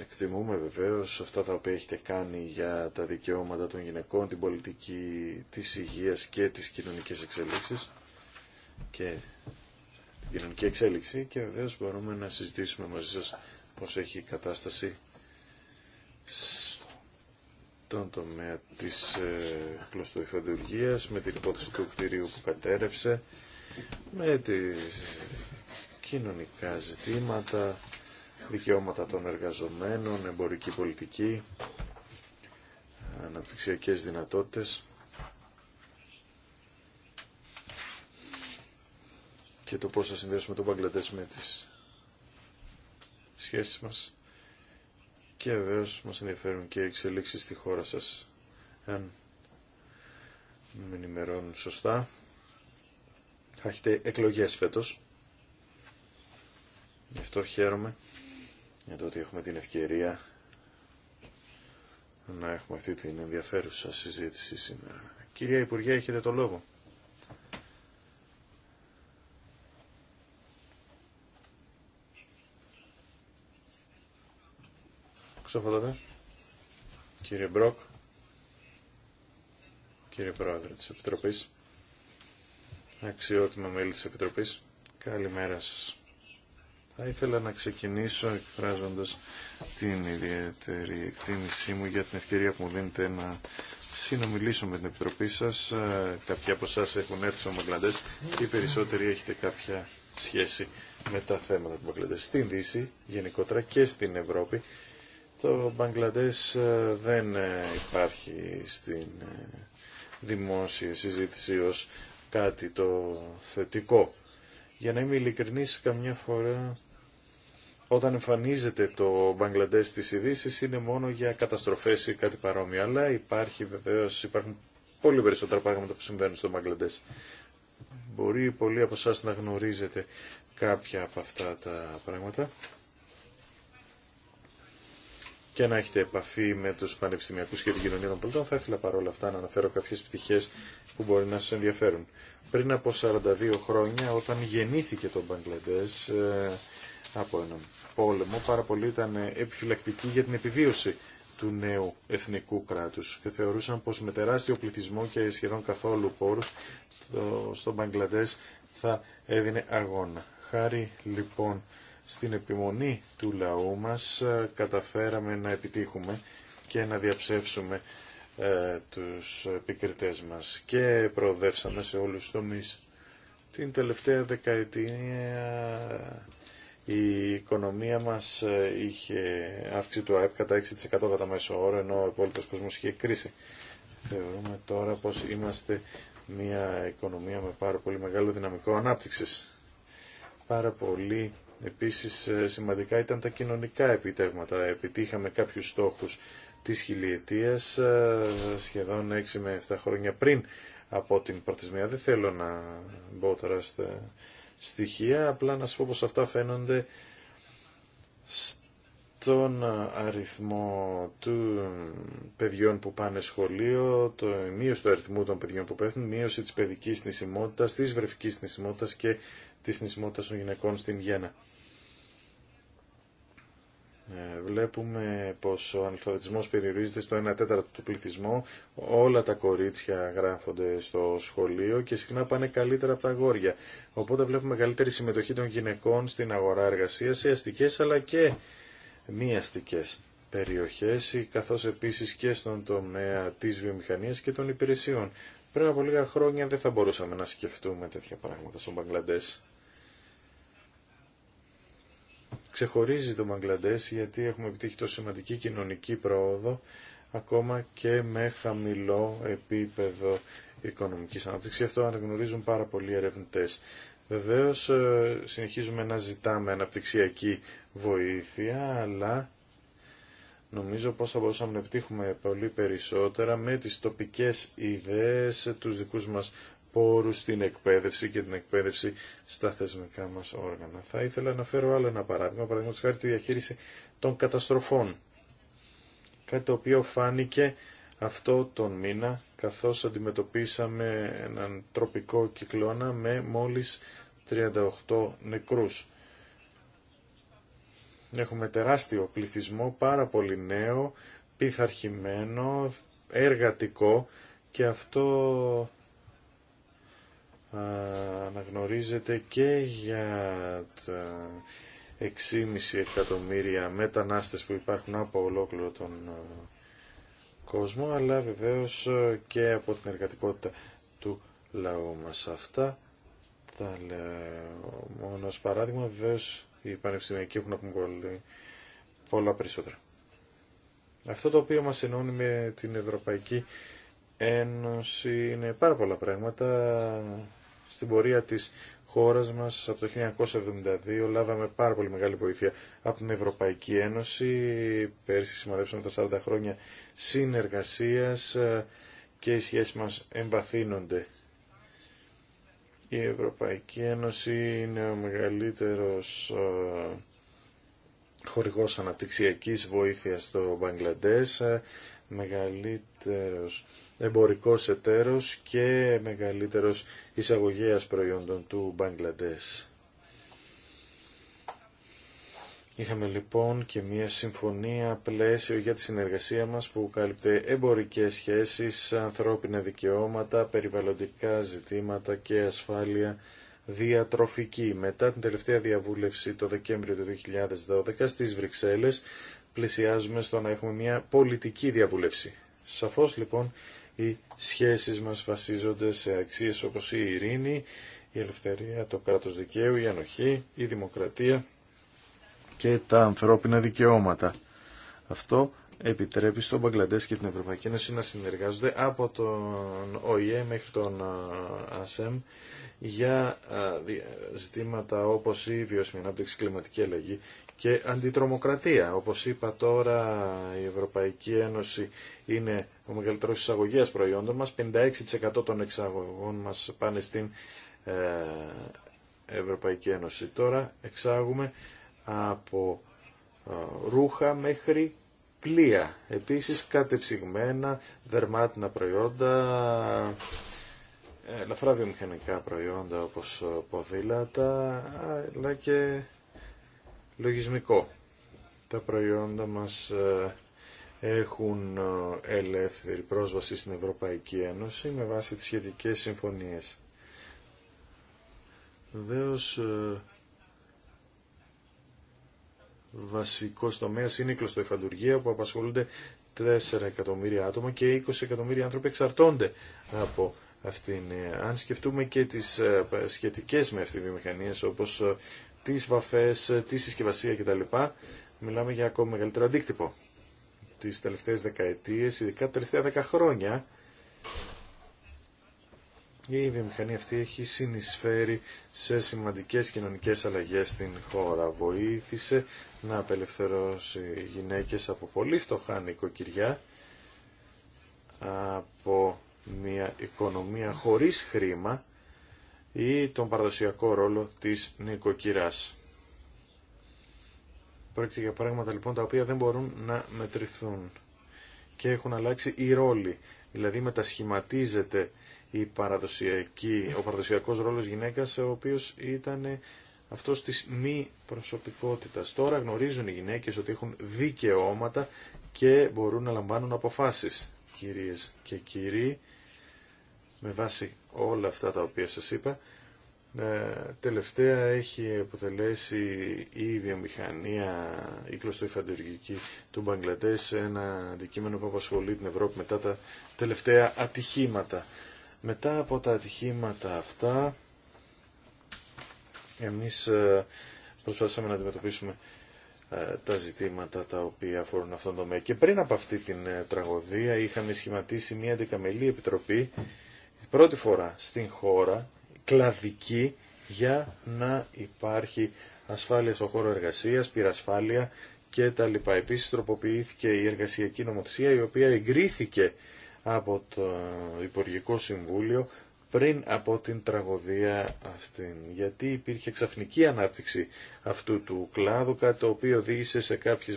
Εκτιμούμε βεβαίω αυτά τα οποία έχετε κάνει για τα δικαιώματα των γυναικών, την πολιτική της υγείας και τις κοινωνικές εξελίξεις και την κοινωνική εξέλιξη και βεβαίω μπορούμε να συζητήσουμε μαζί σας πώς έχει η κατάσταση στον τομέα της ε, με την υπόθεση του κτηρίου που κατέρευσε με τις κοινωνικά ζητήματα, δικαιώματα των εργαζομένων, εμπορική πολιτική, αναπτυξιακές δυνατότητες και το πώς θα συνδέσουμε τον Παγκλαντές με τις σχέσεις μας και βεβαίω μας ενδιαφέρουν και οι εξελίξεις στη χώρα σας αν με ενημερώνουν σωστά θα έχετε εκλογές φέτος. Γι' αυτό χαίρομαι για το ότι έχουμε την ευκαιρία να έχουμε αυτή την ενδιαφέρουσα συζήτηση σήμερα. Κυρία Υπουργέ, έχετε το λόγο. Ξεχωράτε, Κύριε Μπροκ, κύριε Πρόεδρε της Επιτροπής, αξιότιμα μέλη της Επιτροπής. Καλημέρα σας. Θα ήθελα να ξεκινήσω εκφράζοντας την ιδιαίτερη εκτίμησή μου για την ευκαιρία που μου δίνετε να συνομιλήσω με την Επιτροπή σας. Ε, κάποιοι από εσά έχουν έρθει στο Μαγκλαντές και περισσότεροι έχετε κάποια σχέση με τα θέματα του Μαγκλαντές. Στην Δύση γενικότερα και στην Ευρώπη το Μπαγκλαντές ε, δεν ε, υπάρχει στην δημόσια συζήτηση ως κάτι το θετικό. Για να είμαι ειλικρινής, καμιά φορά όταν εμφανίζεται το Μπαγκλαντές στις ειδήσει είναι μόνο για καταστροφές ή κάτι παρόμοιο, αλλά υπάρχει βεβαίως, υπάρχουν πολύ περισσότερα πράγματα που συμβαίνουν στο Μπαγκλαντές. Μπορεί πολλοί από εσά να γνωρίζετε κάποια από αυτά τα πράγματα και να έχετε επαφή με τους πανεπιστημιακούς και την κοινωνία των πολιτών, θα ήθελα παρόλα αυτά να αναφέρω κάποιες πτυχές που μπορεί να σας ενδιαφέρουν. Πριν από 42 χρόνια, όταν γεννήθηκε το Μπαγκλαντές ε, από έναν πόλεμο, πάρα πολλοί ήταν επιφυλακτικοί για την επιβίωση του νέου εθνικού κράτους και θεωρούσαν πως με τεράστιο πληθυσμό και σχεδόν καθόλου πόρους το, στο Μπαγκλαντές θα έδινε αγώνα. Χάρη λοιπόν στην επιμονή του λαού μας ε, καταφέραμε να επιτύχουμε και να διαψεύσουμε ε, τους επικριτές μας και προοδεύσαμε σε όλους τους τομείς. Την τελευταία δεκαετία η οικονομία μας ε, είχε αύξηση του ΑΕΠ κατά 6% κατά μέσο όρο, ενώ ο υπόλοιπος κόσμος είχε κρίση. Θεωρούμε τώρα πως είμαστε μια οικονομία με πάρα πολύ μεγάλο δυναμικό ανάπτυξης. Πάρα πολύ Επίσης ε, σημαντικά ήταν τα κοινωνικά επιτεύγματα. Επιτύχαμε κάποιους στόχους της χιλιετίας ε, σχεδόν 6 με 7 χρόνια πριν από την πρωτισμία. Δεν θέλω να μπω τώρα στα στοιχεία, απλά να σου πω πως αυτά φαίνονται στον αριθμό του παιδιών που πάνε σχολείο, το μείωση του αριθμού των παιδιών που πέφτουν, μείωση της παιδική νησιμότητας, της βρεφικής νησιμότητας και της νησιμότητας των γυναικών στην Ε, Βλέπουμε πως ο αλφαβητισμό περιορίζεται στο 1 τέταρτο του πληθυσμού, όλα τα κορίτσια γράφονται στο σχολείο και συχνά πάνε καλύτερα από τα αγόρια. Οπότε βλέπουμε καλύτερη συμμετοχή των γυναικών στην αγορά εργασία, σε αστικές αλλά και μη αστικές περιοχές, καθώ επίσης και στον τομέα της βιομηχανίας και των υπηρεσιών. Πριν από λίγα χρόνια δεν θα μπορούσαμε να σκεφτούμε τέτοια πράγματα στον Μπαγκλαντές. ξεχωρίζει το Μαγκλαντές γιατί έχουμε επιτύχει τόσο σημαντική κοινωνική πρόοδο ακόμα και με χαμηλό επίπεδο οικονομικής ανάπτυξης. Αυτό αναγνωρίζουν πάρα πολλοί ερευνητές. Βεβαίως ε, συνεχίζουμε να ζητάμε αναπτυξιακή βοήθεια, αλλά νομίζω πως θα μπορούσαμε να επιτύχουμε πολύ περισσότερα με τις τοπικές ιδέες, τους δικούς μας πόρους στην εκπαίδευση και την εκπαίδευση στα θεσμικά μας όργανα. Θα ήθελα να φέρω άλλο ένα παράδειγμα, παραδείγματος χάρη τη διαχείριση των καταστροφών. Κάτι το οποίο φάνηκε αυτό τον μήνα, καθώς αντιμετωπίσαμε έναν τροπικό κυκλώνα με μόλις 38 νεκρούς. Έχουμε τεράστιο πληθυσμό, πάρα πολύ νέο, πειθαρχημένο, εργατικό και αυτό αναγνωρίζεται και για τα 6,5 εκατομμύρια μετανάστες που υπάρχουν από ολόκληρο τον κόσμο, αλλά βεβαίως και από την εργατικότητα του λαού μας. Αυτά τα λέω μόνο ως παράδειγμα, βεβαίως οι πανεπιστημιακοί έχουν να πούν πολλά περισσότερα. Αυτό το οποίο μας ενώνει με την ευρωπαϊκή Ένωση είναι πάρα πολλά πράγματα. Στην πορεία της χώρας μας από το 1972 λάβαμε πάρα πολύ μεγάλη βοήθεια από την Ευρωπαϊκή Ένωση. Πέρσι σημαδεύσαμε τα 40 χρόνια συνεργασίας ε, και οι σχέσεις μας εμβαθύνονται. Η Ευρωπαϊκή Ένωση είναι ο μεγαλύτερος ε, χορηγός αναπτυξιακής βοήθειας στο Μπαγκλαντές, ε, μεγαλύτερος εμπορικός εταίρος και μεγαλύτερος εισαγωγέας προϊόντων του Μπαγκλαντές. Είχαμε λοιπόν και μία συμφωνία πλαίσιο για τη συνεργασία μας που κάλυπτε εμπορικές σχέσεις, ανθρώπινα δικαιώματα, περιβαλλοντικά ζητήματα και ασφάλεια διατροφική. Μετά την τελευταία διαβούλευση το Δεκέμβριο του 2012 στις Βρυξέλλες πλησιάζουμε στο να έχουμε μία πολιτική διαβούλευση. Σαφώς λοιπόν οι σχέσεις μας βασίζονται σε αξίες όπως η ειρήνη, η ελευθερία, το κράτος δικαίου, η ανοχή, η δημοκρατία και τα ανθρώπινα δικαιώματα. Αυτό επιτρέπει στον Μπαγκλαντές και την Ευρωπαϊκή Ένωση να συνεργάζονται από τον ΟΗΕ μέχρι τον ΑΣΕΜ για ζητήματα όπως η βιώσιμη ανάπτυξη, κλιματική αλλαγή και αντιτρομοκρατία. Όπως είπα τώρα η Ευρωπαϊκή Ένωση είναι ο μεγαλύτερο εισαγωγέα προϊόντων μας. 56% των εξαγωγών μας πάνε στην ε, Ευρωπαϊκή Ένωση. Τώρα εξάγουμε από ε, ρούχα μέχρι πλοία. Επίσης κατεψυγμένα δερμάτινα προϊόντα, ε, ελαφρά βιομηχανικά προϊόντα όπως ποδήλατα, αλλά και λογισμικό. Τα προϊόντα μας έχουν ελεύθερη πρόσβαση στην Ευρωπαϊκή Ένωση με βάση τις σχετικές συμφωνίες. Βεβαίω βασικό τομέα είναι η κλωστοϊφαντουργία που απασχολούνται 4 εκατομμύρια άτομα και 20 εκατομμύρια άνθρωποι εξαρτώνται από αυτήν. Αν σκεφτούμε και τις σχετικές με τις μηχανίες, όπως τις βαφές, τη συσκευασία κτλ. Μιλάμε για ακόμη μεγαλύτερο αντίκτυπο τις τελευταίες δεκαετίες, ειδικά τα τελευταία δέκα χρόνια, η βιομηχανία αυτή έχει συνεισφέρει σε σημαντικές κοινωνικές αλλαγές στην χώρα. Βοήθησε να απελευθερώσει γυναίκες από πολύ φτωχά νοικοκυριά, από μια οικονομία χωρίς χρήμα ή τον παραδοσιακό ρόλο της νοικοκυράς. Πρόκειται για πράγματα λοιπόν τα οποία δεν μπορούν να μετρηθούν και έχουν αλλάξει οι ρόλοι. Δηλαδή μετασχηματίζεται η παραδοσιακή, ο παραδοσιακός ρόλος γυναίκας ο οποίος ήταν αυτός της μη προσωπικότητας. Τώρα γνωρίζουν οι γυναίκες ότι έχουν δικαιώματα και μπορούν να λαμβάνουν αποφάσεις. Κυρίες και κύριοι, με βάση όλα αυτά τα οποία σας είπα, ε, τελευταία έχει αποτελέσει η βιομηχανία, η κλωστοϊφαντουργική του σε ένα αντικείμενο που απασχολεί την Ευρώπη μετά τα τελευταία ατυχήματα. Μετά από τα ατυχήματα αυτά, εμείς ε, προσπαθήσαμε να αντιμετωπίσουμε ε, τα ζητήματα τα οποία αφορούν αυτόν τον τομέα. Και πριν από αυτή την τραγωδία είχαμε σχηματίσει μια δεκαμελή επιτροπή πρώτη φορά στην χώρα κλαδική για να υπάρχει ασφάλεια στον χώρο εργασίας, πυρασφάλεια και τα λοιπά. Επίσης τροποποιήθηκε η εργασιακή νομοθεσία η οποία εγκρίθηκε από το Υπουργικό Συμβούλιο πριν από την τραγωδία αυτή, Γιατί υπήρχε ξαφνική ανάπτυξη αυτού του κλάδου, κάτι το οποίο οδήγησε σε, κάποιες,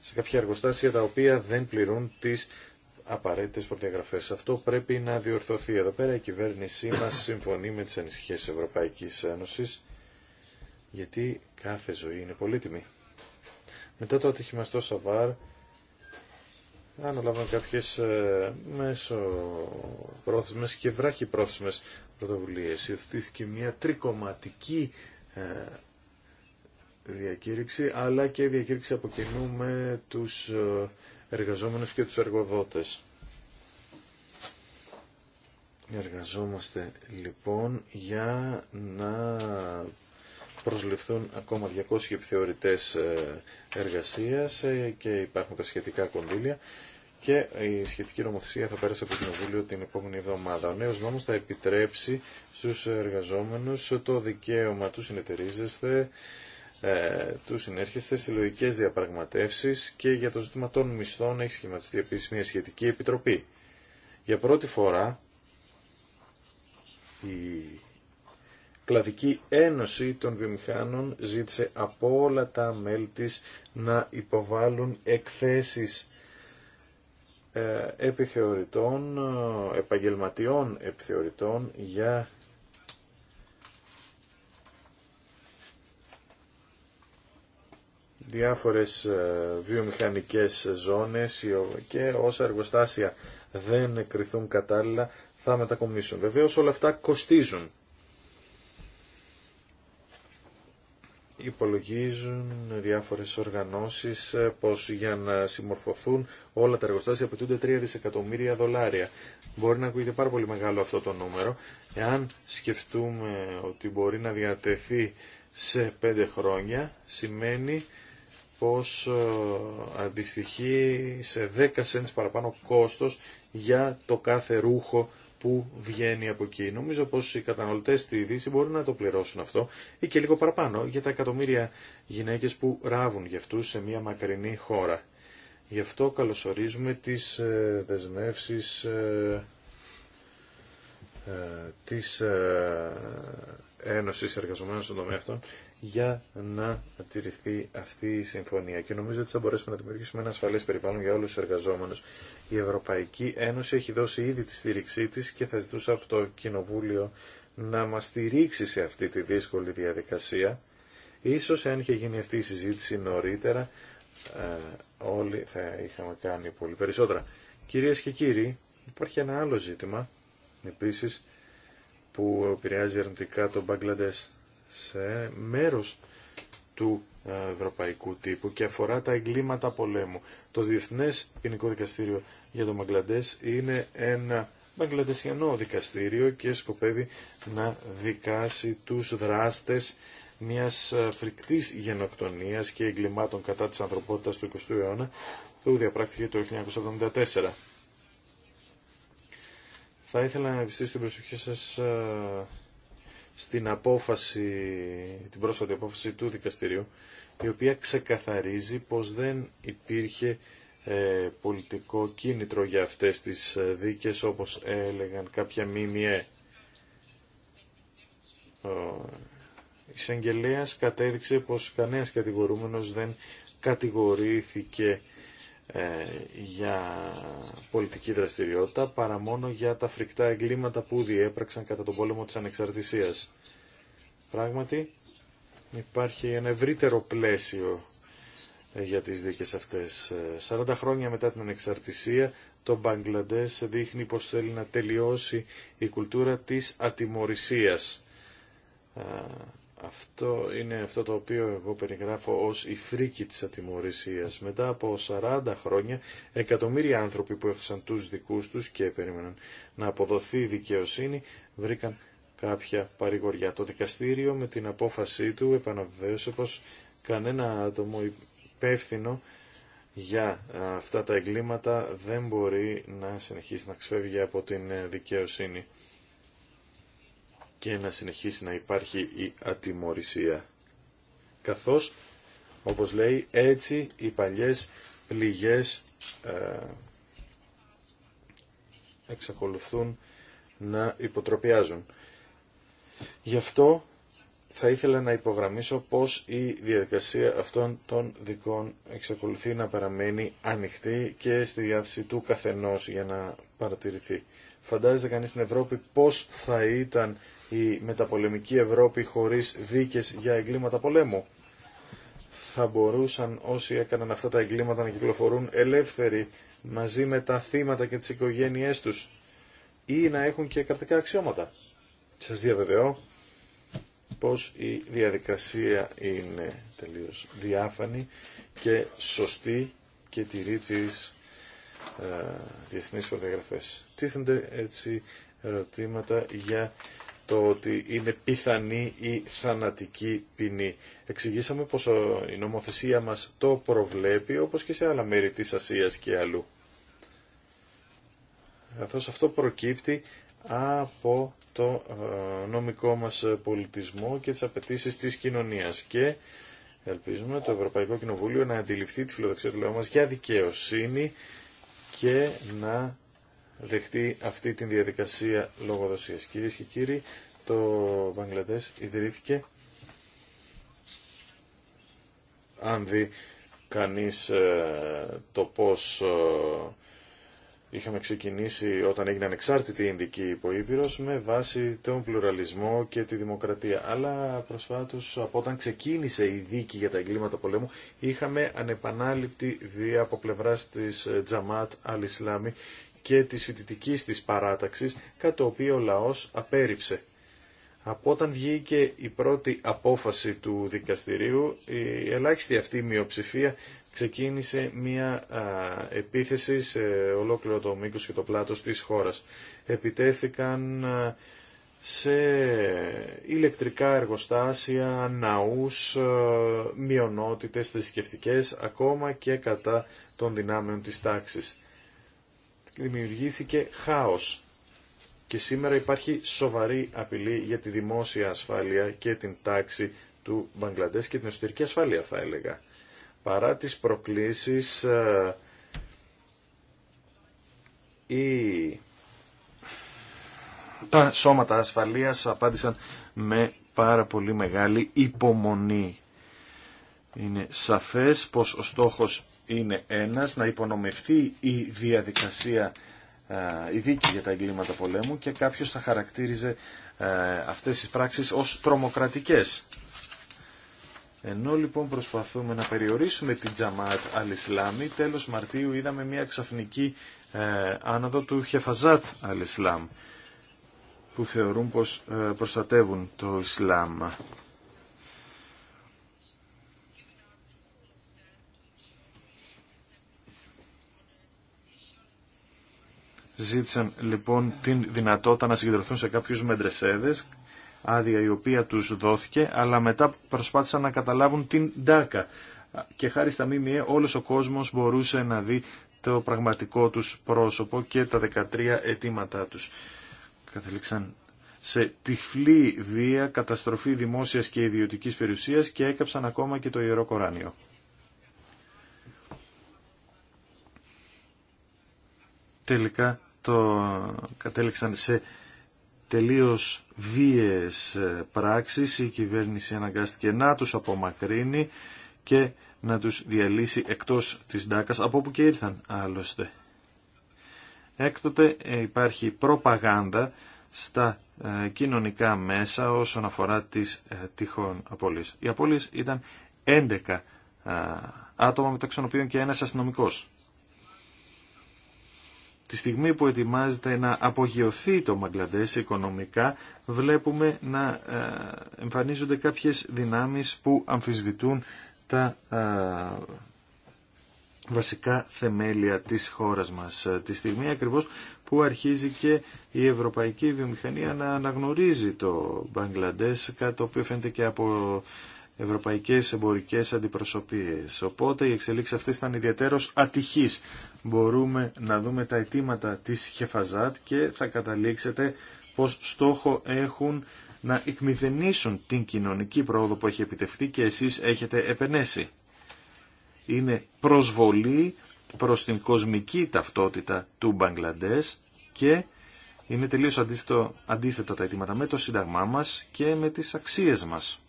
σε κάποια εργοστάσια τα οποία δεν πληρούν τις απαραίτητες προδιαγραφές. Αυτό πρέπει να διορθωθεί. Εδώ πέρα η κυβέρνησή μας συμφωνεί με τις ανησυχίες της Ευρωπαϊκής Ένωσης, γιατί κάθε ζωή είναι πολύτιμη. Μετά το ατυχημα στο Σαβάρ, αναλάβαμε κάποιες ε, μέσο και βράχοι πρόθεσμες πρωτοβουλίες. Υιοθετήθηκε μια τρικοματική ε, διακήρυξη, αλλά και διακήρυξη από κοινού με τους ε, εργαζόμενους και τους εργοδότες. Εργαζόμαστε λοιπόν για να προσληφθούν ακόμα 200 επιθεωρητές ε, εργασίας ε, και υπάρχουν τα σχετικά κονδύλια και η σχετική νομοθεσία θα πέρασε από το Κοινοβούλιο την επόμενη εβδομάδα. Ο νέος νόμος θα επιτρέψει στους εργαζόμενους το δικαίωμα του συνεταιρίζεστε ε, του συνέρχεστε σε λογικές διαπραγματεύσεις και για το ζήτημα των μισθών έχει σχηματιστεί επίσης μια σχετική επιτροπή. Για πρώτη φορά η Κλαδική Ένωση των Βιομηχάνων ζήτησε από όλα τα μέλη της να υποβάλουν εκθέσεις ε, επιθεωρητών, ε, επαγγελματιών επιθεωρητών για διάφορες ε, βιομηχανικές ζώνες και όσα εργοστάσια δεν κρυθούν κατάλληλα θα μετακομίσουν. Βεβαίως όλα αυτά κοστίζουν. Υπολογίζουν διάφορες οργανώσεις ε, πως για να συμμορφωθούν όλα τα εργοστάσια απαιτούνται 3 δισεκατομμύρια δολάρια. Μπορεί να ακούγεται πάρα πολύ μεγάλο αυτό το νούμερο. Εάν σκεφτούμε ότι μπορεί να διατεθεί σε 5 χρόνια, σημαίνει πως ε, αντιστοιχεί σε 10 cents παραπάνω κόστος για το κάθε ρούχο που βγαίνει από εκεί. Νομίζω πως οι καταναλωτές στη Δύση μπορούν να το πληρώσουν αυτό ή και λίγο παραπάνω για τα εκατομμύρια γυναίκες που ράβουν για αυτούς σε μια μακρινή χώρα. Γι' αυτό καλωσορίζουμε τις ε, δεσμεύσεις ε, της Ένωσης Εργαζομένων στον τομέα αυτών για να τηρηθεί αυτή η συμφωνία. Και νομίζω ότι θα μπορέσουμε να δημιουργήσουμε ένα ασφαλές περιβάλλον για όλους τους εργαζόμενους. Η Ευρωπαϊκή Ένωση έχει δώσει ήδη τη στήριξή της και θα ζητούσα από το Κοινοβούλιο να μας στηρίξει σε αυτή τη δύσκολη διαδικασία. Ίσως αν είχε γίνει αυτή η συζήτηση νωρίτερα, ε, όλοι θα είχαμε κάνει πολύ περισσότερα. Κυρίε και κύριοι, υπάρχει ένα άλλο ζήτημα, επίσης, που επηρεάζει αρνητικά τον Μπαγκλαντές σε μέρος του ε, ευρωπαϊκού τύπου και αφορά τα εγκλήματα πολέμου. Το Διεθνές Ποινικό Δικαστήριο για το Μαγκλαντές είναι ένα μαγκλαντεσιανό δικαστήριο και σκοπεύει να δικάσει τους δράστες μιας ε, φρικτής γενοκτονίας και εγκλημάτων κατά της ανθρωπότητας του 20ου αιώνα που διαπράκτηκε το 1974. Θα ήθελα να επιστήσω την προσοχή σας ε, στην απόφαση, την πρόσφατη απόφαση του δικαστηρίου, η οποία ξεκαθαρίζει πως δεν υπήρχε ε, πολιτικό κίνητρο για αυτές τις ε, δίκες, όπως έλεγαν κάποια μήμιε. Ο εισαγγελέας κατέδειξε πως κανένας κατηγορούμενος δεν κατηγορήθηκε ε, για πολιτική δραστηριότητα παρά μόνο για τα φρικτά εγκλήματα που διέπραξαν κατά τον πόλεμο της ανεξαρτησίας. Πράγματι υπάρχει ένα ευρύτερο πλαίσιο ε, για τις δίκες αυτές. 40 ε, χρόνια μετά την ανεξαρτησία το Μπαγκλαντές δείχνει πως θέλει να τελειώσει η κουλτούρα της ατιμορρησίας αυτό είναι αυτό το οποίο εγώ περιγράφω ως η φρίκη της ατιμορρησίας. Μετά από 40 χρόνια, εκατομμύρια άνθρωποι που έχασαν τους δικούς τους και περίμεναν να αποδοθεί δικαιοσύνη, βρήκαν κάποια παρηγοριά. Το δικαστήριο με την απόφασή του επαναβεβαίωσε πως κανένα άτομο υπεύθυνο για αυτά τα εγκλήματα δεν μπορεί να συνεχίσει να ξεφεύγει από την ε, δικαιοσύνη και να συνεχίσει να υπάρχει η ατιμορρησία. Καθώς, όπως λέει, έτσι οι παλιές πληγές ε, εξακολουθούν να υποτροπιάζουν. Γι' αυτό θα ήθελα να υπογραμμίσω πως η διαδικασία αυτών των δικών εξακολουθεί να παραμένει ανοιχτή και στη διάθεση του καθενός για να παρατηρηθεί. Φαντάζεται κανείς στην Ευρώπη πως θα ήταν η μεταπολεμική Ευρώπη χωρίς δίκες για εγκλήματα πολέμου. Θα μπορούσαν όσοι έκαναν αυτά τα εγκλήματα να κυκλοφορούν ελεύθεροι μαζί με τα θύματα και τις οικογένειές τους ή να έχουν και καρτικά αξιώματα. Σας διαβεβαιώ πως η διαδικασία είναι τελείως διάφανη και σωστή και τη τις ε, διεθνείς προδιαγραφές. Τίθενται έτσι ερωτήματα για το ότι είναι πιθανή η θανατική ποινή. Εξηγήσαμε πως η νομοθεσία μας το προβλέπει όπως και σε άλλα μέρη της Ασίας και αλλού. Καθώς αυτό προκύπτει από το ε, νομικό μας πολιτισμό και τις απαιτήσει της κοινωνίας και ελπίζουμε το Ευρωπαϊκό Κοινοβούλιο να αντιληφθεί τη φιλοδοξία του λαού μας για δικαιοσύνη και να δεχτεί αυτή την διαδικασία λογοδοσίας. Κυρίες και κύριοι, το Μπαγκλαντέ ιδρύθηκε αν δει κανείς ε, το πώς ε, είχαμε ξεκινήσει όταν έγινε ανεξάρτητη η Ινδική Υποήπειρος με βάση τον πλουραλισμό και τη δημοκρατία. Αλλά προσφάτως από όταν ξεκίνησε η δίκη για τα εγκλήματα πολέμου είχαμε ανεπανάληπτη βία από πλευράς της ε, Τζαμάτ Αλ-Ισλάμι και της φοιτητική της παράταξης, κατά το οποίο ο λαός απέρριψε. Από όταν βγήκε η πρώτη απόφαση του δικαστηρίου, η ελάχιστη αυτή μειοψηφία ξεκίνησε μια επίθεση σε ολόκληρο το μήκος και το πλάτος της χώρας. Επιτέθηκαν σε ηλεκτρικά εργοστάσια, ναούς, α, μειονότητες θρησκευτικέ, ακόμα και κατά των δυνάμεων της τάξης δημιουργήθηκε χάος και σήμερα υπάρχει σοβαρή απειλή για τη δημόσια ασφάλεια και την τάξη του Μπαγκλαντές και την εσωτερική ασφάλεια θα έλεγα. Παρά τις προκλήσεις η... Ε, τα σώματα ασφαλείας απάντησαν με πάρα πολύ μεγάλη υπομονή. Είναι σαφές πως ο στόχος είναι ένας, να υπονομευτεί η διαδικασία, η δίκη για τα εγκλήματα πολέμου και κάποιος θα χαρακτήριζε αυτές τις πράξεις ως τρομοκρατικές. Ενώ λοιπόν προσπαθούμε να περιορίσουμε την Τζαμάτ Αλισλάμι, τέλος Μαρτίου είδαμε μια ξαφνική ε, άνοδο του Χεφαζάτ Αλισλάμ που θεωρούν πως ε, προστατεύουν το Ισλάμ Ζήτησαν λοιπόν την δυνατότητα να συγκεντρωθούν σε κάποιους μεντρεσέδες, άδεια η οποία τους δόθηκε, αλλά μετά προσπάθησαν να καταλάβουν την ντάκα. Και χάρη στα ΜΜΕ όλος ο κόσμος μπορούσε να δει το πραγματικό τους πρόσωπο και τα 13 αιτήματά τους. Κατέληξαν σε τυφλή βία, καταστροφή δημόσιας και ιδιωτικής περιουσίας και έκαψαν ακόμα και το Ιερό Κοράνιο. Τελικά αυτό κατέληξαν σε τελείως βίες ε, πράξεις. Η κυβέρνηση αναγκάστηκε να τους απομακρύνει και να τους διαλύσει εκτός της Ντάκας, από όπου και ήρθαν άλλωστε. Έκτοτε ε, υπάρχει προπαγάνδα στα ε, κοινωνικά μέσα όσον αφορά τις τυχόν απώλειες. Οι απώλειες ήταν 11 άτομα μεταξύ των οποίων και ένας αστυνομικός. Τη στιγμή που ετοιμάζεται να απογειωθεί το Μαγκλαντές οικονομικά, βλέπουμε να ε, εμφανίζονται κάποιες δυνάμεις που αμφισβητούν τα ε, βασικά θεμέλια της χώρας μας. Ε, τη στιγμή ακριβώς που αρχίζει και η ευρωπαϊκή βιομηχανία να αναγνωρίζει το Μπαγκλαντές, κάτι το οποίο φαίνεται και από ευρωπαϊκές εμπορικές αντιπροσωπείες. Οπότε οι εξελιξει αυτή ήταν ιδιαίτερως ατυχείς. Μπορούμε να δούμε τα αιτήματα της Χεφαζάτ και θα καταλήξετε πως στόχο έχουν να εκμηδενήσουν την κοινωνική πρόοδο που έχει επιτευχθεί και εσείς έχετε επενέσει. Είναι προσβολή προς την κοσμική ταυτότητα του Μπαγκλαντές και είναι τελείως αντίθετα τα αιτήματα με το Σύνταγμά μας και με τις αξίες μας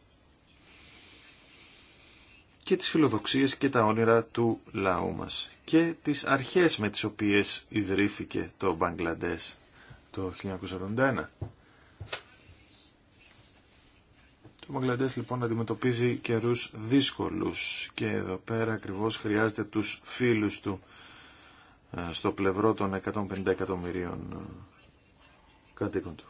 και τις φιλοδοξίες και τα όνειρα του λαού μας και τις αρχές με τις οποίες ιδρύθηκε το Μπαγκλαντές το 1971. Το Μπαγκλαντές λοιπόν αντιμετωπίζει καιρούς δύσκολους και εδώ πέρα ακριβώς χρειάζεται τους φίλους του ε, στο πλευρό των 150 εκατομμυρίων κατοίκων του.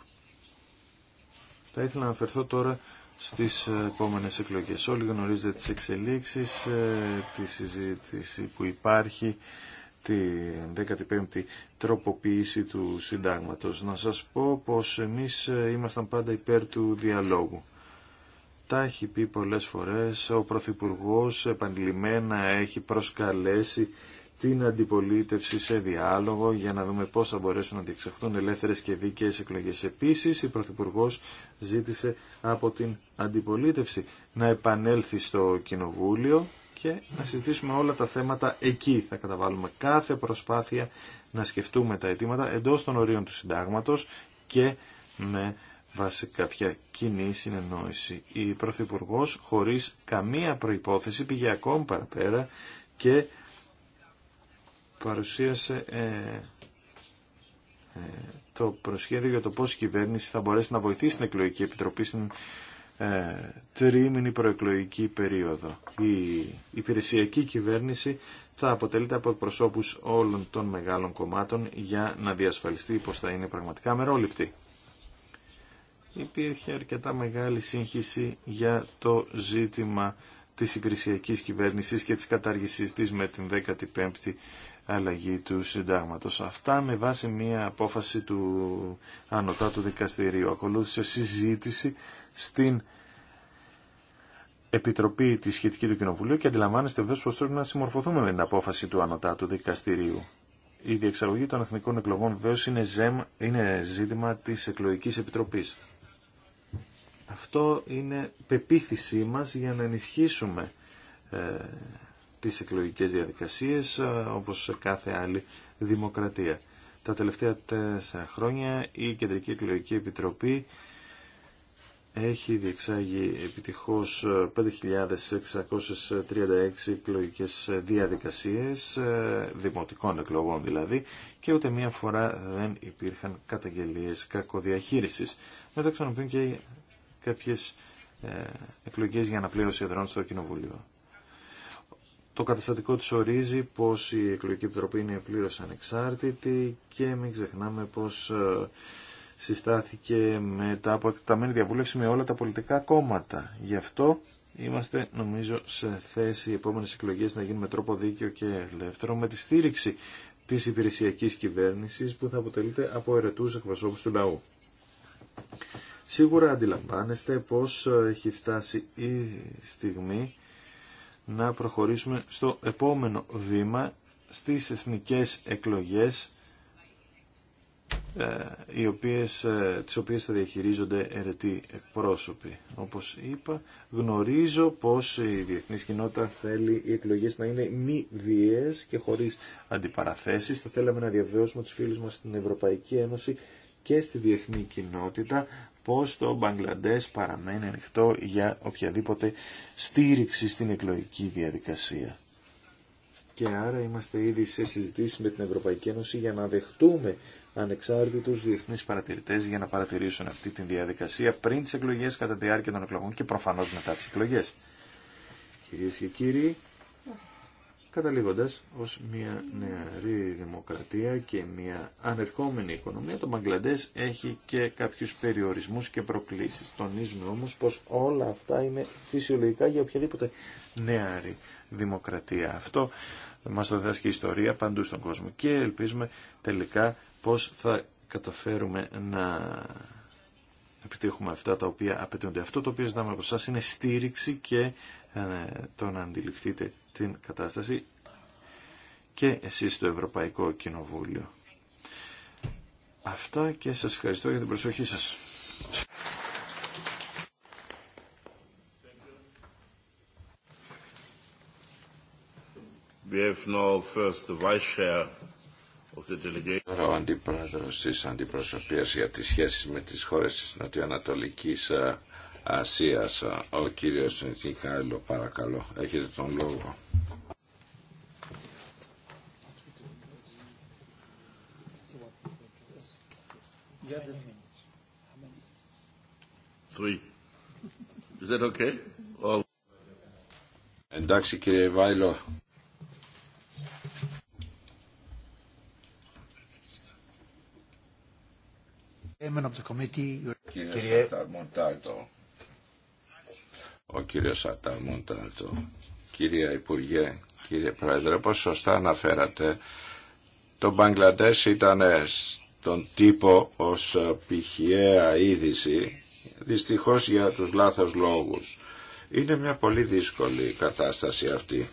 Θα ήθελα να αναφερθώ τώρα στις ε, επόμενες εκλογές. Όλοι γνωρίζετε τις εξελίξεις, ε, τη συζήτηση που υπάρχει, τη 15η τροποποίηση του συντάγματος. Να σας πω πως εμείς ε, ήμασταν πάντα υπέρ του διαλόγου. Τα έχει πει πολλές φορές, ο Πρωθυπουργός επανειλημμένα έχει προσκαλέσει την αντιπολίτευση σε διάλογο για να δούμε πώς θα μπορέσουν να διεξαχθούν ελεύθερες και δίκαιες εκλογές. Επίσης, η Πρωθυπουργό ζήτησε από την αντιπολίτευση να επανέλθει στο Κοινοβούλιο και να συζητήσουμε όλα τα θέματα εκεί. Θα καταβάλουμε κάθε προσπάθεια να σκεφτούμε τα αιτήματα εντός των ορίων του συντάγματος και με βάση κάποια κοινή συνεννόηση. Η Πρωθυπουργό χωρίς καμία προϋπόθεση πήγε ακόμη παραπέρα και παρουσίασε ε, ε, το προσχέδιο για το πώς η κυβέρνηση θα μπορέσει να βοηθήσει την εκλογική επιτροπή στην ε, τρίμηνη προεκλογική περίοδο. Η υπηρεσιακή κυβέρνηση θα αποτελείται από προσώπους όλων των μεγάλων κομμάτων για να διασφαλιστεί πως θα είναι πραγματικά μερόληπτη. Υπήρχε αρκετά μεγάλη σύγχυση για το ζήτημα της υπηρεσιακής κυβέρνησης και της κατάργησης της με την 15η αλλαγή του συντάγματος. Αυτά με βάση μια απόφαση του Ανωτάτου Δικαστηρίου. Ακολούθησε συζήτηση στην Επιτροπή τη σχετική του Κοινοβουλίου και αντιλαμβάνεστε βέβαια πως πρέπει να συμμορφωθούμε με την απόφαση του Ανωτάτου Δικαστηρίου. Η διεξαγωγή των εθνικών εκλογών βεβαίως είναι, είναι ζήτημα της εκλογικής επιτροπής. Αυτό είναι πεποίθησή μα για να ενισχύσουμε ε, τις εκλογικές διαδικασίες ε, όπως σε κάθε άλλη δημοκρατία. Τα τελευταία τέσσερα χρόνια η Κεντρική Εκλογική Επιτροπή έχει διεξάγει επιτυχώς 5.636 ε, εκλογικές διαδικασίες, ε, δημοτικών εκλογών δηλαδή, και ούτε μία φορά δεν υπήρχαν καταγγελίες κακοδιαχείρισης, μεταξύ των οποίων και κάποιες εκλογές για αναπλήρωση εδρών στο Κοινοβουλίο το καταστατικό τη ορίζει πως η εκλογική επιτροπή είναι πλήρως ανεξάρτητη και μην ξεχνάμε πως ε, συστάθηκε μετά από τα διαβούλευση με όλα τα πολιτικά κόμματα. Γι' αυτό είμαστε νομίζω σε θέση οι επόμενες εκλογές να γίνουν με τρόπο δίκαιο και ελεύθερο με τη στήριξη της υπηρεσιακής κυβέρνησης που θα αποτελείται από ερετούς εκπροσώπους του λαού. Σίγουρα αντιλαμβάνεστε πως ε, έχει φτάσει η στιγμή να προχωρήσουμε στο επόμενο βήμα στις εθνικές εκλογές ε, οι οποίες, ε, τις οποίες θα διαχειρίζονται ερετοί εκπρόσωποι. Όπως είπα, γνωρίζω πως η διεθνής κοινότητα θέλει οι εκλογές να είναι μη βίαιες και χωρίς αντιπαραθέσεις. Θα θέλαμε να διαβεβαιώσουμε τους φίλους μας στην Ευρωπαϊκή Ένωση και στη διεθνή κοινότητα πως το Μπαγκλαντές παραμένει ανοιχτό για οποιαδήποτε στήριξη στην εκλογική διαδικασία. Και άρα είμαστε ήδη σε συζητήσεις με την Ευρωπαϊκή Ένωση για να δεχτούμε ανεξάρτητους διεθνείς παρατηρητές για να παρατηρήσουν αυτή τη διαδικασία πριν τις εκλογές, κατά τη διάρκεια των εκλογών και προφανώς μετά τις εκλογές. Κυρίες και κύριοι, καταλήγοντας ως μια νεαρή δημοκρατία και μια ανερχόμενη οικονομία, το Μαγκλαντές έχει και κάποιους περιορισμούς και προκλήσεις. Τονίζουμε όμως πως όλα αυτά είναι φυσιολογικά για οποιαδήποτε νεαρή δημοκρατία. Αυτό μας το διδάσκει η ιστορία παντού στον κόσμο και ελπίζουμε τελικά πως θα καταφέρουμε να επιτύχουμε αυτά τα οποία απαιτούνται. Αυτό το οποίο ζητάμε από εσά είναι στήριξη και ε, το να αντιληφθείτε την κατάσταση και εσείς στο Ευρωπαϊκό Κοινοβούλιο. Αυτά και σας ευχαριστώ για την προσοχή σας. We have now first the vice chair of the Ο αντιπρόεδρος της αντιπροσωπείας για τις σχέσεις με τις χώρες της Νοτιοανατολικής ε, Ασίας. Ο κύριος Μιχάηλο, παρακαλώ, έχετε τον λόγο. Is that okay? Or... Εντάξει κύριε Βάιλο. Κύριε Σταρμοντάρτο, ο κύριος Αταμούνταλτο. Κύριε Υπουργέ, κύριε Πρόεδρε, πώς σωστά αναφέρατε, το Μπαγκλαντές ήταν στον τύπο ως πηχιαία είδηση, δυστυχώς για τους λάθος λόγους. Είναι μια πολύ δύσκολη κατάσταση αυτή,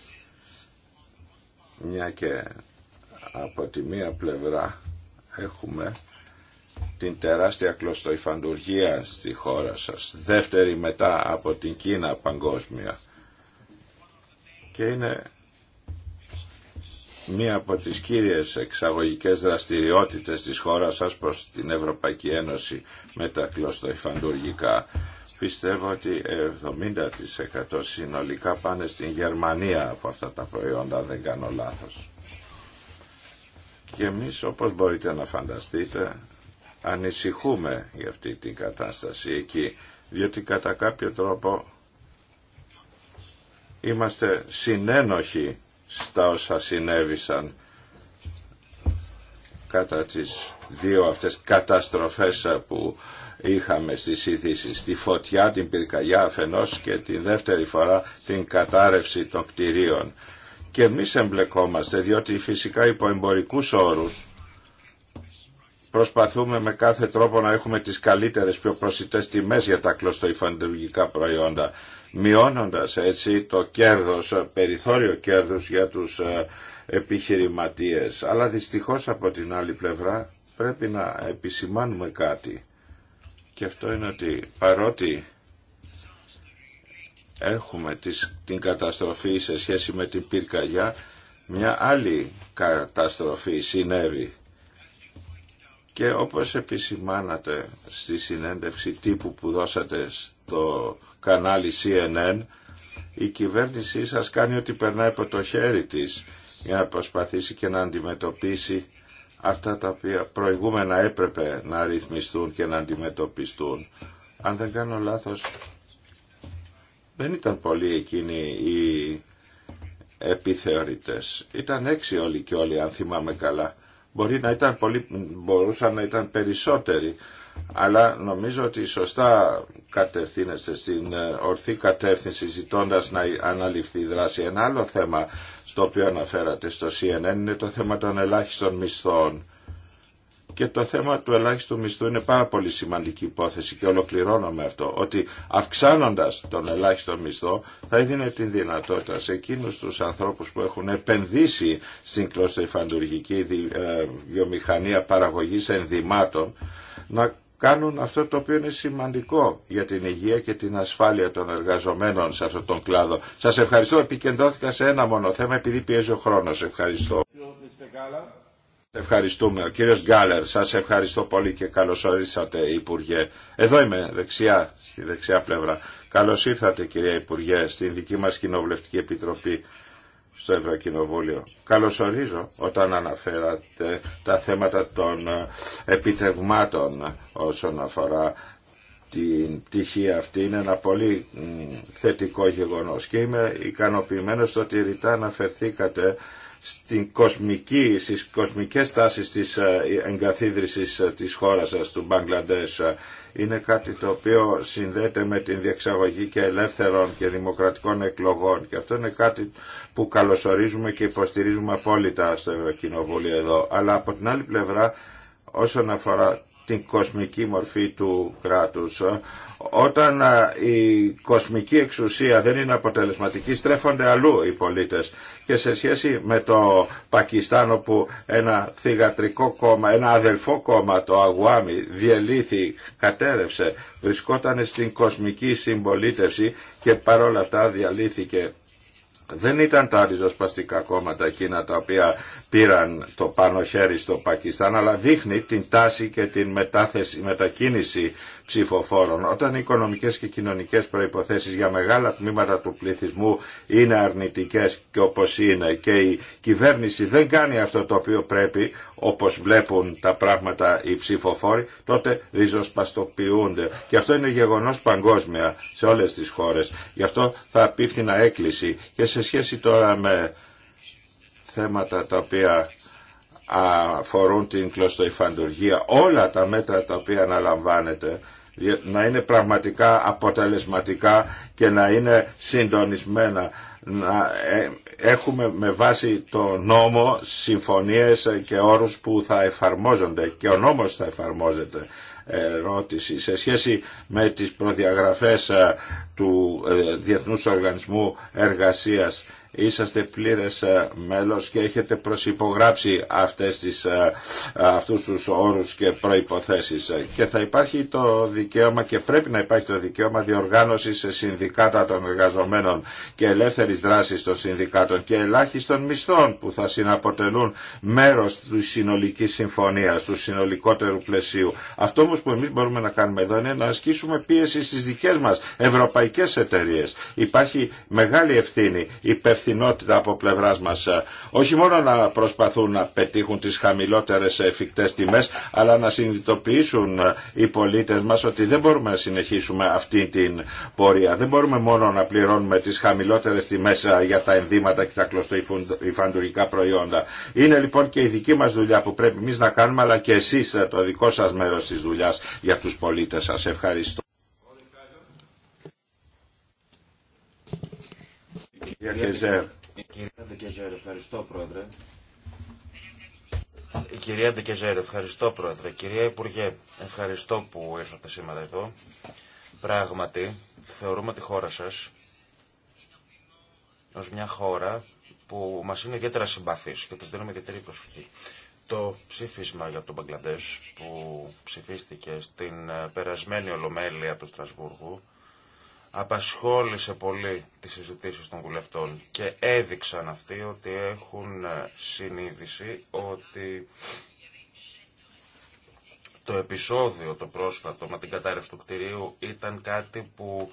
μια και από τη μία πλευρά έχουμε την τεράστια κλωστοϊφαντουργία στη χώρα σας, δεύτερη μετά από την Κίνα παγκόσμια. Και είναι μία από τις κύριες εξαγωγικές δραστηριότητες της χώρας σας προς την Ευρωπαϊκή Ένωση με τα κλωστοϊφαντουργικά. Πιστεύω ότι 70% συνολικά πάνε στην Γερμανία από αυτά τα προϊόντα, δεν κάνω λάθος. Και εμείς όπως μπορείτε να φανταστείτε ανησυχούμε για αυτή την κατάσταση εκεί, διότι κατά κάποιο τρόπο είμαστε συνένοχοι στα όσα συνέβησαν κατά τις δύο αυτές καταστροφές που είχαμε στις ειδήσει τη φωτιά, την πυρκαγιά αφενός και τη δεύτερη φορά την κατάρρευση των κτηρίων. Και εμείς εμπλεκόμαστε διότι φυσικά υπό εμπορικούς όρους προσπαθούμε με κάθε τρόπο να έχουμε τις καλύτερες πιο προσιτές τιμές για τα κλωστοϊφαντουργικά προϊόντα, μειώνοντας έτσι το κέρδος, περιθώριο κέρδους για τους ε, επιχειρηματίες. Αλλά δυστυχώς από την άλλη πλευρά πρέπει να επισημάνουμε κάτι. Και αυτό είναι ότι παρότι έχουμε την καταστροφή σε σχέση με την πυρκαγιά, μια άλλη καταστροφή συνέβη και όπως επισημάνατε στη συνέντευξη τύπου που δώσατε στο κανάλι CNN, η κυβέρνησή σας κάνει ότι περνάει από το χέρι της για να προσπαθήσει και να αντιμετωπίσει αυτά τα οποία προηγούμενα έπρεπε να ρυθμιστούν και να αντιμετωπιστούν. Αν δεν κάνω λάθος, δεν ήταν πολύ εκείνοι οι επιθεωρητές. Ήταν έξι όλοι και όλοι, αν θυμάμαι καλά. Μπορεί να ήταν πολύ, μπορούσαν να ήταν περισσότεροι, αλλά νομίζω ότι σωστά κατευθύνεστε στην ε, ορθή κατεύθυνση ζητώντα να αναλυφθεί η δράση. Ένα άλλο θέμα στο οποίο αναφέρατε στο CNN είναι το θέμα των ελάχιστων μισθών και το θέμα του ελάχιστου μισθού είναι πάρα πολύ σημαντική υπόθεση και ολοκληρώνω με αυτό ότι αυξάνοντας τον ελάχιστο μισθό θα έδινε την δυνατότητα σε εκείνους τους ανθρώπους που έχουν επενδύσει στην κλωστοϊφαντουργική ε, βιομηχανία παραγωγής ενδυμάτων να κάνουν αυτό το οποίο είναι σημαντικό για την υγεία και την ασφάλεια των εργαζομένων σε αυτόν τον κλάδο. Σας ευχαριστώ. Επικεντρώθηκα σε ένα μόνο θέμα επειδή πιέζει ο χρόνος. Ευχαριστώ. Ευχαριστούμε. Ο κύριος Γκάλερ, σας ευχαριστώ πολύ και καλώς ορίσατε Υπουργέ. Εδώ είμαι, δεξιά, στη δεξιά πλευρά. Καλώς ήρθατε κυρία Υπουργέ στην δική μας Κοινοβουλευτική Επιτροπή στο Ευρωκοινοβούλιο. Καλωσορίζω όταν αναφέρατε τα θέματα των επιτευγμάτων όσον αφορά την πτυχή αυτή είναι ένα πολύ θετικό γεγονός και είμαι ικανοποιημένος στο ότι ρητά αναφερθήκατε στην κοσμική, στις κοσμικές τάσεις της ε, εγκαθίδρυσης ε, της χώρας σας, ε, του Μπαγκλαντές, είναι κάτι το οποίο συνδέεται με την διεξαγωγή και ελεύθερων και δημοκρατικών εκλογών και αυτό είναι κάτι που καλωσορίζουμε και υποστηρίζουμε απόλυτα στο Ευρωκοινοβούλιο εδώ. Αλλά από την άλλη πλευρά όσον αφορά την κοσμική μορφή του κράτους όταν η κοσμική εξουσία δεν είναι αποτελεσματική στρέφονται αλλού οι πολίτες και σε σχέση με το Πακιστάν όπου ένα θυγατρικό κόμμα, ένα αδελφό κόμμα το Αγουάμι διελήθη, κατέρευσε, βρισκόταν στην κοσμική συμπολίτευση και παρόλα αυτά διαλύθηκε. Δεν ήταν τα ριζοσπαστικά κόμματα εκείνα τα οποία πήραν το πάνω χέρι στο Πακιστάν, αλλά δείχνει την τάση και την μετάθεση, μετακίνηση ψηφοφόρων. Όταν οι οικονομικές και κοινωνικές προϋποθέσεις για μεγάλα τμήματα του πληθυσμού είναι αρνητικές και όπως είναι και η κυβέρνηση δεν κάνει αυτό το οποίο πρέπει, όπως βλέπουν τα πράγματα οι ψηφοφόροι, τότε ριζοσπαστοποιούνται. Και αυτό είναι γεγονός παγκόσμια σε όλες τις χώρες. Γι' αυτό θα απίφθηνα έκκληση και σε σχέση τώρα με θέματα τα οποία αφορούν την κλωστοϊφαντουργία, όλα τα μέτρα τα οποία αναλαμβάνεται, να είναι πραγματικά αποτελεσματικά και να είναι συντονισμένα. Να ε, έχουμε με βάση το νόμο συμφωνίες και όρους που θα εφαρμόζονται και ο νόμος θα εφαρμόζεται. Ερώτηση. Σε σχέση με τις προδιαγραφές ε, του ε, Διεθνούς Οργανισμού Εργασίας είσαστε πλήρες ε, μέλος και έχετε προσυπογράψει αυτές τις, ε, ε, αυτούς τους όρους και προϋποθέσεις και θα υπάρχει το δικαίωμα και πρέπει να υπάρχει το δικαίωμα διοργάνωσης σε συνδικάτα των εργαζομένων και ελεύθερης δράσης των συνδικάτων και ελάχιστων μισθών που θα συναποτελούν μέρος του συνολικής συμφωνίας, του συνολικότερου πλαισίου. Αυτό όμως που εμείς μπορούμε να κάνουμε εδώ είναι να ασκήσουμε πίεση στις δικές μας ευρωπαϊκές εταιρείες. Υπάρχει μεγάλη ευθύνη, υπευθύνη υπευθυνότητα από πλευρά μα. Ε, όχι μόνο να προσπαθούν να πετύχουν τι χαμηλότερε εφικτέ τιμέ, αλλά να συνειδητοποιήσουν ε, οι πολίτε μα ότι δεν μπορούμε να συνεχίσουμε αυτή την πορεία. Δεν μπορούμε μόνο να πληρώνουμε τι χαμηλότερε τιμέ ε, για τα ενδύματα και τα κλωστοϊφαντουργικά προϊόντα. Είναι λοιπόν και η δική μα δουλειά που πρέπει εμεί να κάνουμε, αλλά και εσεί το δικό σα μέρο τη δουλειά για του πολίτε σα. Ευχαριστώ. Κυρία Κυρία Ντεκεζέρ, ευχαριστώ πρόεδρε. Η κυρία Ντεκεζέρ, ευχαριστώ πρόεδρε. Κυρία Υπουργέ, ευχαριστώ που ήρθατε σήμερα εδώ. Πράγματι, θεωρούμε τη χώρα σας ως μια χώρα που μας είναι ιδιαίτερα συμπαθής και της δίνουμε ιδιαίτερη προσοχή. Το ψήφισμα για τον Μπαγκλαντές που ψηφίστηκε στην ε, περασμένη Ολομέλεια του Στρασβούργου απασχόλησε πολύ τις συζητήσεις των βουλευτών και έδειξαν αυτοί ότι έχουν ε, συνείδηση ότι το επεισόδιο το πρόσφατο με την κατάρρευση του κτηρίου ήταν κάτι που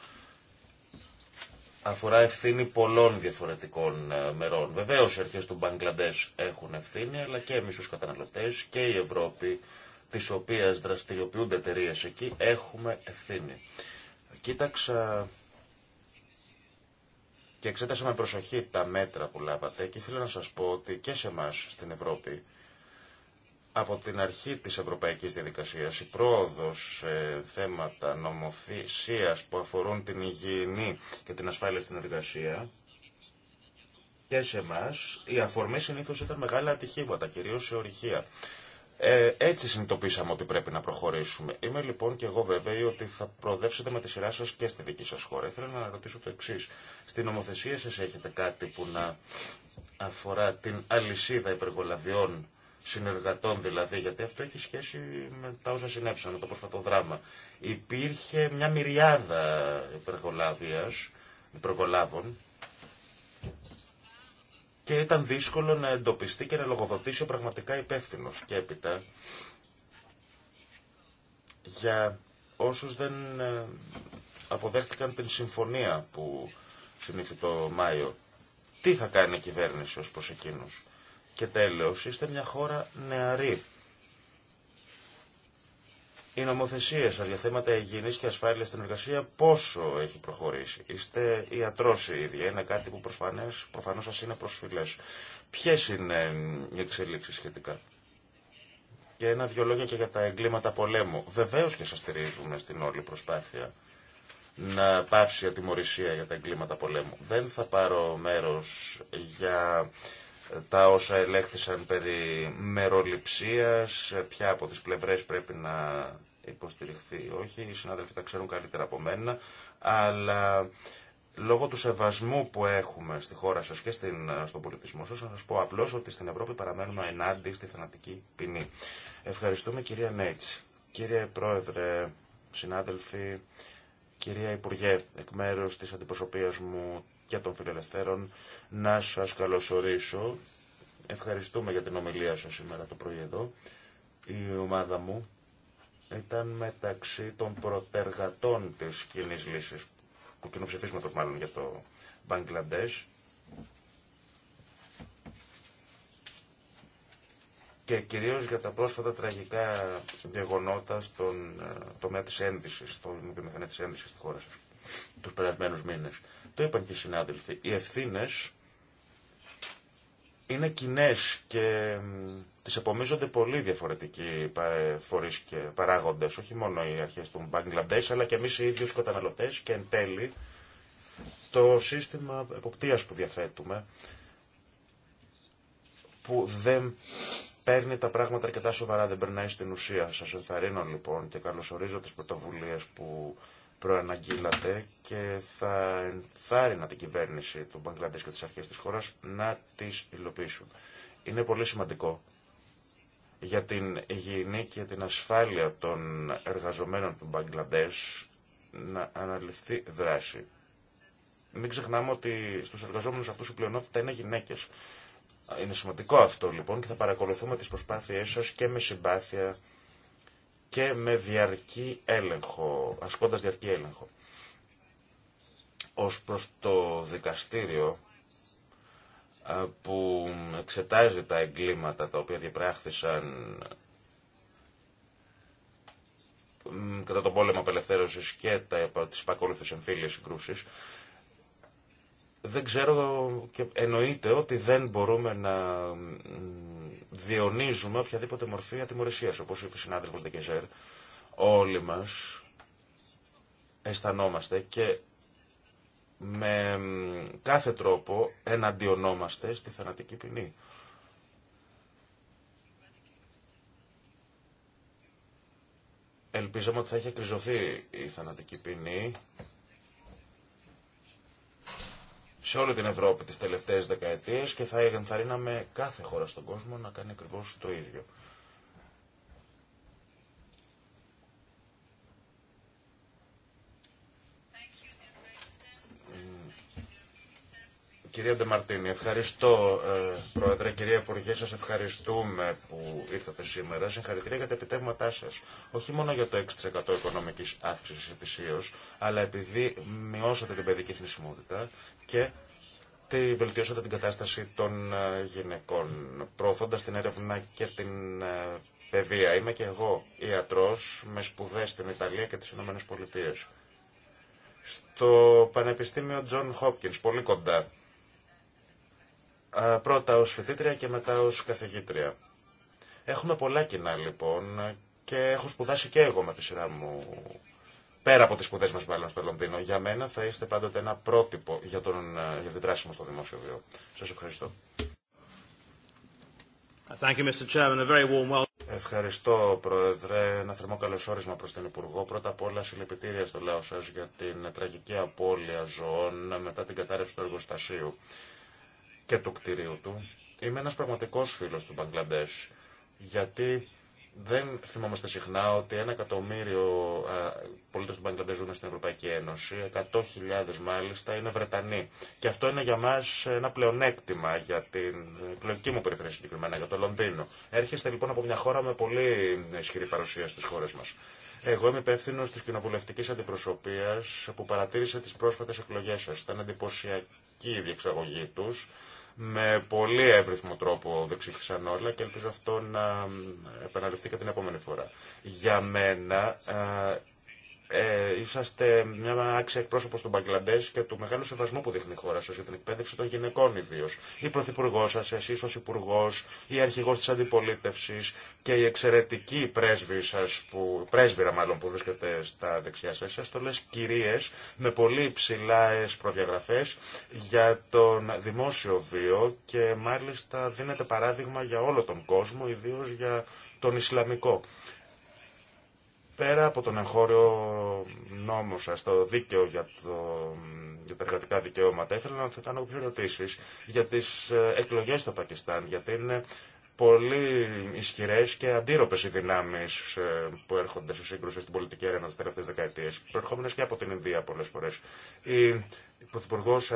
αφορά ευθύνη πολλών διαφορετικών ε, μερών. Βεβαίω οι αρχέ του Μπαγκλαντέ έχουν ευθύνη, αλλά και εμεί ω καταναλωτέ και η Ευρώπη, τη οποία δραστηριοποιούνται εταιρείε εκεί, έχουμε ευθύνη. Κοίταξα και εξέτασα με προσοχή τα μέτρα που λάβατε και θέλω να σας πω ότι και σε εμά στην Ευρώπη από την αρχή της ευρωπαϊκής διαδικασίας η πρόοδος σε θέματα νομοθεσίας που αφορούν την υγιεινή και την ασφάλεια στην εργασία και σε εμά η αφορμή συνήθως ήταν μεγάλα ατυχήματα, κυρίως σε ορυχεία. Ε, έτσι συνειδητοποίησαμε ότι πρέπει να προχωρήσουμε. Είμαι λοιπόν και εγώ βέβαιη ότι θα προοδεύσετε με τη σειρά σα και στη δική σα χώρα. Θέλω να ρωτήσω το εξή. Στην νομοθεσία σα έχετε κάτι που να αφορά την αλυσίδα υπεργολαβιών συνεργατών δηλαδή, γιατί αυτό έχει σχέση με τα όσα συνέβησαν, με το πρόσφατο δράμα. Υπήρχε μια μυριάδα υπεργολάβων και ήταν δύσκολο να εντοπιστεί και να λογοδοτήσει ο πραγματικά υπεύθυνο. Και έπειτα, για όσους δεν ε, αποδέχτηκαν την συμφωνία που συνήθι το Μάιο, τι θα κάνει η κυβέρνηση ως προς εκείνους. Και τέλος, είστε μια χώρα νεαρή η νομοθεσία σα για θέματα υγιεινής και ασφάλεια στην εργασία πόσο έχει προχωρήσει. Είστε ιατρός ήδη, ε? είναι κάτι που προφανώ προφανώς είναι προσφυλέ. Ποιε είναι ε, οι εξελίξεις σχετικά. Και ένα-δυο λόγια και για τα εγκλήματα πολέμου. Βεβαίω και σα στηρίζουμε στην όλη προσπάθεια να πάυσει η ατιμορρησία για τα εγκλήματα πολέμου. Δεν θα πάρω μέρο για τα όσα ελέγχθησαν περί μεροληψίας, ποια από τις πλευρές πρέπει να υποστηριχθεί όχι, οι συνάδελφοι τα ξέρουν καλύτερα από μένα, αλλά λόγω του σεβασμού που έχουμε στη χώρα σας και στην, στον πολιτισμό σας, να σας πω απλώς ότι στην Ευρώπη παραμένουμε ενάντια στη θανατική ποινή. Ευχαριστούμε κυρία Νέιτς. Κύριε Πρόεδρε, συνάδελφοι, κυρία Υπουργέ, εκ μέρους της αντιπροσωπείας μου και των φιλελευθέρων να σας καλωσορίσω. Ευχαριστούμε για την ομιλία σας σήμερα το πρωί εδώ. Η ομάδα μου ήταν μεταξύ των προτεργατών της κοινή λύση, του κοινού μάλλον για το Μπαγκλαντές. και κυρίως για τα πρόσφατα τραγικά γεγονότα στον ε, τομέα της ένδυσης, στον βιομηχανία της ένδυσης χώρα τους περασμένους το είπαν και οι συνάδελφοι. Οι ευθύνε είναι κοινέ και τι επομίζονται πολύ διαφορετικοί φορεί και παράγοντε. Όχι μόνο οι αρχέ του Μπαγκλαντέ, αλλά και εμεί οι ίδιου καταναλωτέ και εν τέλει το σύστημα εποπτεία που διαθέτουμε που δεν παίρνει τα πράγματα αρκετά σοβαρά, δεν περνάει στην ουσία. Σας ενθαρρύνω λοιπόν και καλωσορίζω τις πρωτοβουλίες που προαναγγείλατε και θα ενθάρρυνα την κυβέρνηση του Μπαγκλαντές και τι αρχέ της χώρας να τις υλοποιήσουν. Είναι πολύ σημαντικό για την υγιεινή και την ασφάλεια των εργαζομένων του Μπαγκλαντέ να αναλυφθεί δράση. Μην ξεχνάμε ότι στους εργαζόμενους αυτούς η πλειονότητα είναι γυναίκες. Είναι σημαντικό αυτό λοιπόν και θα παρακολουθούμε τι προσπάθειε σα και με συμπάθεια και με διαρκή έλεγχο, ασκώντας διαρκή έλεγχο. Ως προς το δικαστήριο ε, που εξετάζει τα εγκλήματα τα οποία διαπράχθησαν κατά τον πόλεμο απελευθέρωσης και τις επακολούθες εμφύλιες συγκρούσεις, δεν ξέρω και εννοείται ότι δεν μπορούμε να διονύζουμε οποιαδήποτε μορφή ατιμορρησίας, όπως είπε ο συνάδελφος Ντεκεζέρ. Όλοι μας αισθανόμαστε και με κάθε τρόπο εναντιονόμαστε στη θανατική ποινή. Ελπίζαμε ότι θα είχε κρυζωθεί η θανατική ποινή σε όλη την Ευρώπη τις τελευταίες δεκαετίες και θα ενθαρρύναμε κάθε χώρα στον κόσμο να κάνει ακριβώς το ίδιο. Κυρία Ντεμαρτίνη, ευχαριστώ ε, Πρόεδρε, κυρία Υπουργέ, σα ευχαριστούμε που ήρθατε σήμερα. Συγχαρητήρια για τα επιτεύγματά σα. Όχι μόνο για το 6% οικονομικής αύξησης ετησίω, αλλά επειδή μειώσατε την παιδική χρησιμότητα και τη βελτιώσατε την κατάσταση των ε, γυναικών, προωθώντα την έρευνα και την ε, παιδεία. Είμαι και εγώ ιατρό με σπουδέ στην Ιταλία και τι Ηνωμένες Πολιτείες στο Πανεπιστήμιο Τζον Χόπκινς, πολύ κοντά Πρώτα ως φοιτήτρια και μετά ως καθηγήτρια. Έχουμε πολλά κοινά λοιπόν και έχω σπουδάσει και εγώ με τη σειρά μου πέρα από τις σπουδές μας μάλλον στο Λονδίνο. Για μένα θα είστε πάντοτε ένα πρότυπο για, τον, ε, για την δράση μου στο δημόσιο βίο. Σας ευχαριστώ. Thank you, Mr. Chairman. A very warm welcome. Ευχαριστώ, Πρόεδρε. Ένα θερμό καλωσόρισμα προ τον Υπουργό. Πρώτα απ' όλα, συλληπιτήρια στο λαό σα για την τραγική απώλεια ζωών μετά την κατάρρευση του εργοστασίου και του κτηρίου του. Είμαι ένας πραγματικός φίλος του Μπαγκλαντές, γιατί δεν θυμόμαστε συχνά ότι ένα εκατομμύριο ε, πολίτες του Μπαγκλαντές ζουν στην Ευρωπαϊκή Ένωση, 100.000 μάλιστα είναι Βρετανοί. Και αυτό είναι για μας ένα πλεονέκτημα για την εκλογική μου περιφέρεια συγκεκριμένα, για το Λονδίνο. Έρχεστε λοιπόν από μια χώρα με πολύ ισχυρή παρουσία στις χώρες μας. Εγώ είμαι υπεύθυνο τη κοινοβουλευτική αντιπροσωπεία που παρατήρησε τι πρόσφατε εκλογέ σα. Ήταν εντυπωσιακή η διεξαγωγή του με πολύ εύρυθμο τρόπο δεξίχθησαν όλα και ελπίζω αυτό να ε, επαναληφθεί και την επόμενη φορά. Για μένα ε, ε, είσαστε μια άξια εκπρόσωπο των Μπαγκλαντέ και του μεγάλου σεβασμού που δείχνει η χώρα σα για την εκπαίδευση των γυναικών ιδίω. Η πρωθυπουργό σα, εσεί ω υπουργό, η αρχηγό τη αντιπολίτευση και η εξαιρετική πρέσβη σας που, πρέσβυρα μάλλον που βρίσκεται στα δεξιά σα, σα το λε κυρίε με πολύ υψηλά προδιαγραφέ για τον δημόσιο βίο και μάλιστα δίνετε παράδειγμα για όλο τον κόσμο, ιδίω για τον Ισλαμικό. Πέρα από τον εγχώριο νόμο σας, το δίκαιο για, το, για τα εργατικά δικαιώματα, ήθελα να κάνω κάποιες ερωτήσει για τις ε, εκλογές στο Πακιστάν, γιατί είναι πολύ ισχυρές και αντίρροπες οι δυνάμεις ε, που έρχονται σε σύγκρουση στην πολιτική αρένα τις τελευταίες δεκαετίες, προερχόμενες και από την Ινδία πολλές φορές. Η Πρωθυπουργός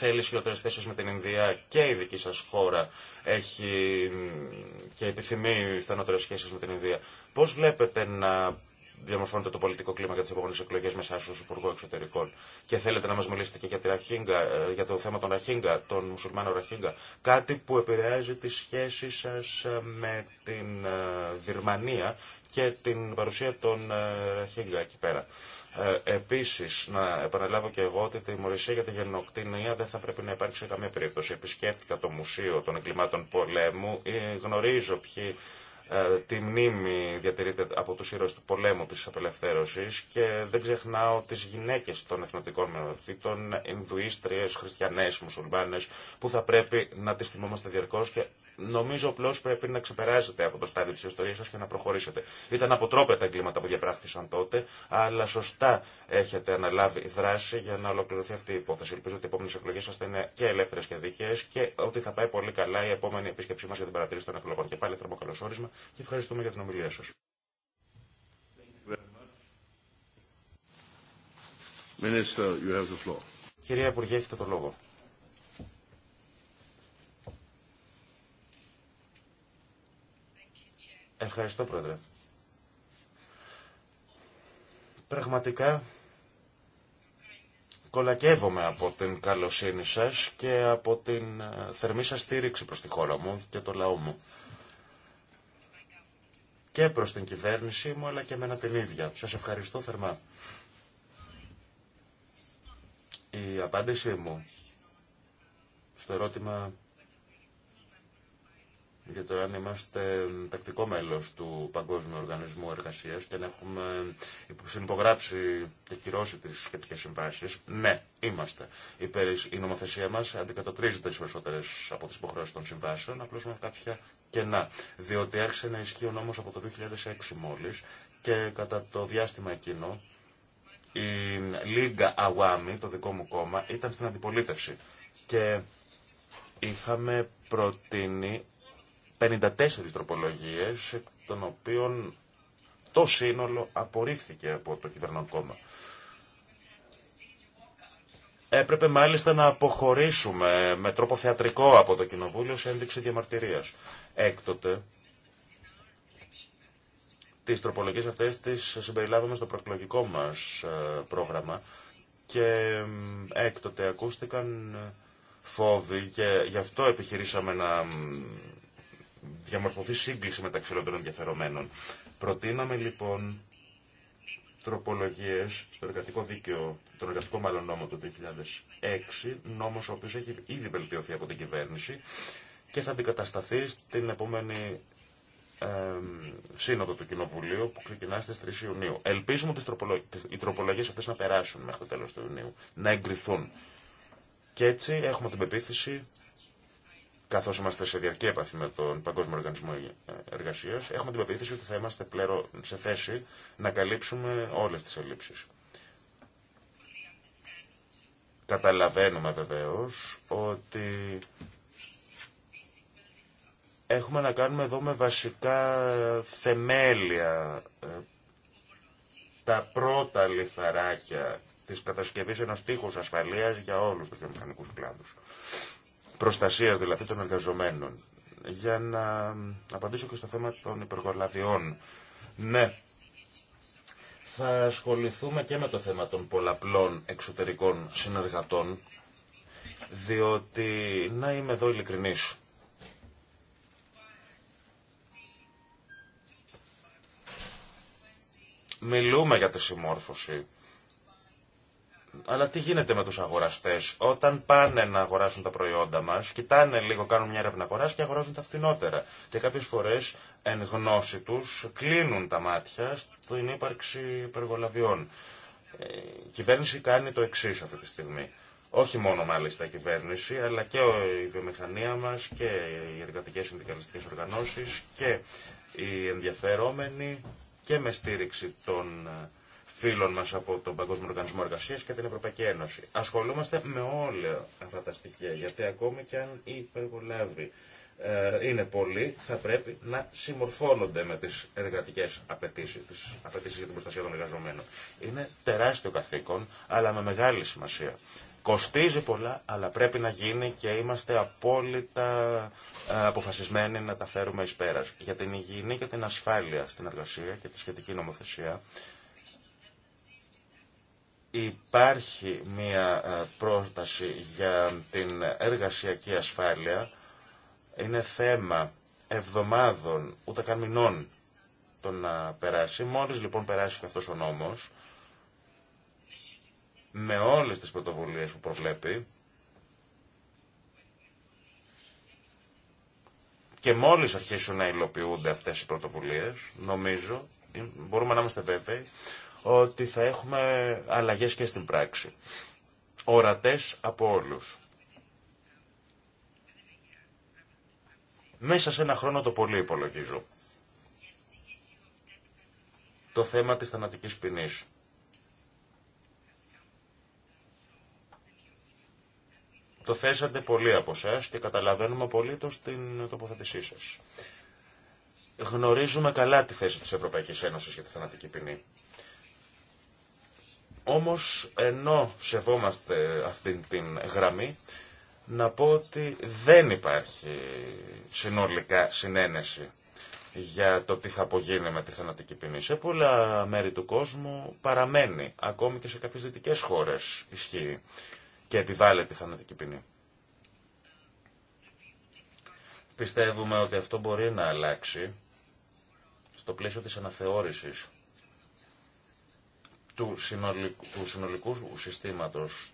θέλει χειρότερε θέσει με την Ινδία και η δική σα χώρα έχει και επιθυμεί στενότερε σχέσει με την Ινδία. Πώ βλέπετε να διαμορφώνεται το πολιτικό κλίμα για τι επόμενε εκλογέ μέσα ω Υπουργό Εξωτερικών. Και θέλετε να μα μιλήσετε και για, τη Ραχίγκα, ε, για το θέμα των Ραχίνγκα, των μουσουλμάνων Ραχίνγκα. Κάτι που επηρεάζει τι σχέσει σα ε, με την Βυρμανία ε, και την παρουσία των Ραχίνγκα εκεί πέρα. Ε, Επίση, να επαναλάβω και εγώ ότι τη τιμωρησία για τη γενοκτηνία δεν θα πρέπει να υπάρξει σε καμία περίπτωση. Επισκέφτηκα το Μουσείο των Εγκλημάτων Πολέμου, ε, γνωρίζω ποιοι ε, τη μνήμη διατηρείται από τους ήρωες του πολέμου της απελευθέρωσης και δεν ξεχνάω τις γυναίκες των εθνοτικών μειονοτήτων, Ινδουίστριες, Χριστιανές, Μουσουλμάνες που θα πρέπει να τις θυμόμαστε διαρκώς και Νομίζω απλώ πρέπει να ξεπεράσετε από το στάδιο τη ιστορία σα και να προχωρήσετε. Ήταν αποτρόπαια τα εγκλήματα που διαπράχθησαν τότε, αλλά σωστά έχετε αναλάβει δράση για να ολοκληρωθεί αυτή η υπόθεση. Ελπίζω ότι οι επόμενε εκλογέ σα θα είναι και ελεύθερε και δίκαιε και ότι θα πάει πολύ καλά η επόμενη επίσκεψή μα για την παρατήρηση των εκλογών. Και πάλι θερμό όρισμα και ευχαριστούμε για την ομιλία σα. Κυρία Υπουργέ, έχετε το λόγο. Ευχαριστώ, Πρόεδρε. Πραγματικά κολακεύομαι από την καλοσύνη σας και από την ε, θερμή σας στήριξη προς τη χώρα μου και το λαό μου. Και προς την κυβέρνησή μου, αλλά και εμένα την ίδια. Σας ευχαριστώ θερμά. Η απάντησή μου στο ερώτημα για το αν είμαστε τακτικό μέλος του Παγκόσμιου Οργανισμού Εργασίας και αν έχουμε συνυπογράψει και κυρώσει τις σχετικές συμβάσεις. Ναι, είμαστε. Η νομοθεσία μας αντικατοπτρίζεται στις περισσότερε από τις υποχρεώσεις των συμβάσεων, απλώς με κάποια κενά. Διότι άρχισε να ισχύει ο νόμος από το 2006 μόλις και κατά το διάστημα εκείνο η Λίγκα Αουάμι, το δικό μου κόμμα, ήταν στην αντιπολίτευση. Και είχαμε προτείνει 54 τροπολογίες, των οποίων το σύνολο απορρίφθηκε από το κυβερνόν κόμμα. Έπρεπε μάλιστα να αποχωρήσουμε με τρόπο θεατρικό από το Κοινοβούλιο σε ένδειξη διαμαρτυρίας. Έκτοτε, τις τροπολογίες αυτές τις συμπεριλάβουμε στο προεκλογικό μας ε, πρόγραμμα και έκτοτε ακούστηκαν φόβοι και γι' αυτό επιχειρήσαμε να διαμορφωθεί σύγκληση μεταξύ των ενδιαφερομένων. Προτείναμε λοιπόν τροπολογίε στο εργατικό δίκαιο, τον εργατικό μάλλον νόμο του 2006, νόμος ο οποίο έχει ήδη βελτιωθεί από την κυβέρνηση και θα αντικατασταθεί στην επόμενη ε, σύνοδο του Κοινοβουλίου που ξεκινά στι 3 Ιουνίου. Ελπίζουμε ότι οι τροπολογίες αυτές να περάσουν μέχρι το τέλο του Ιουνίου, να εγκριθούν. Και έτσι έχουμε την πεποίθηση καθώς είμαστε σε διαρκή επαφή με τον Παγκόσμιο Οργανισμό Εργασίας, έχουμε την πεποίθηση ότι θα είμαστε πλέον σε θέση να καλύψουμε όλες τις ελλείψεις. Καταλαβαίνουμε βεβαίως ότι έχουμε να κάνουμε εδώ με βασικά θεμέλια, ε, τα πρώτα λιθαράκια της κατασκευής ενός τείχους ασφαλείας για όλους τους βιομηχανικούς κλάδους προστασίας δηλαδή των εργαζομένων. Για να απαντήσω και στο θέμα των υπεργολαβιών. Ναι, θα ασχοληθούμε και με το θέμα των πολλαπλών εξωτερικών συνεργατών, διότι, να είμαι εδώ ειλικρινής, μιλούμε για τη συμμόρφωση αλλά τι γίνεται με τους αγοραστές. Όταν πάνε να αγοράσουν τα προϊόντα μας, κοιτάνε λίγο, κάνουν μια έρευνα αγοράς και αγοράζουν τα φθηνότερα. Και κάποιες φορές, εν γνώση τους, κλείνουν τα μάτια στην ύπαρξη υπεργολαβιών. Ε, η κυβέρνηση κάνει το εξή αυτή τη στιγμή. Όχι μόνο μάλιστα η κυβέρνηση, αλλά και η βιομηχανία μας και οι εργατικές συνδικαλιστικές οργανώσεις και οι ενδιαφερόμενοι και με στήριξη των ε, φίλων μας από τον Παγκόσμιο Οργανισμό Εργασίας και την Ευρωπαϊκή Ένωση. Ασχολούμαστε με όλα αυτά τα στοιχεία, γιατί ακόμη και αν οι ε, είναι πολλοί, θα πρέπει να συμμορφώνονται με τις εργατικές απαιτήσεις, τις απαιτήσεις για την προστασία των εργαζομένων. Είναι τεράστιο καθήκον, αλλά με μεγάλη σημασία. Κοστίζει πολλά, αλλά πρέπει να γίνει και είμαστε απόλυτα ε, αποφασισμένοι να τα φέρουμε εις πέρας. Για την υγιεινή και την ασφάλεια στην εργασία και τη σχετική νομοθεσία, Υπάρχει μία ε, πρόταση για την εργασιακή ασφάλεια. Είναι θέμα εβδομάδων, ούτε καν μηνών το να περάσει. Μόλις λοιπόν περάσει και αυτός ο νόμος, με όλες τις πρωτοβουλίες που προβλέπει, και μόλις αρχίσουν να υλοποιούνται αυτές οι πρωτοβουλίες, νομίζω, μπορούμε να είμαστε βέβαιοι, ότι θα έχουμε αλλαγές και στην πράξη. Ορατές από όλους. Μέσα σε ένα χρόνο το πολύ υπολογίζω. Το θέμα της θανατικής ποινής. Το θέσατε πολλοί από εσά και καταλαβαίνουμε το την τοποθέτησή σα. Γνωρίζουμε καλά τη θέση τη Ευρωπαϊκή Ένωση για τη θανατική ποινή. Όμως ενώ σεβόμαστε αυτήν την γραμμή, να πω ότι δεν υπάρχει συνολικά συνένεση για το τι θα απογίνει με τη θανατική ποινή. Σε πολλά μέρη του κόσμου παραμένει, ακόμη και σε κάποιες δυτικές χώρες ισχύει και επιβάλλεται η θανατική ποινή. Πιστεύουμε ότι αυτό μπορεί να αλλάξει στο πλαίσιο της αναθεώρησης του συνολικού, του συνολικού συστήματος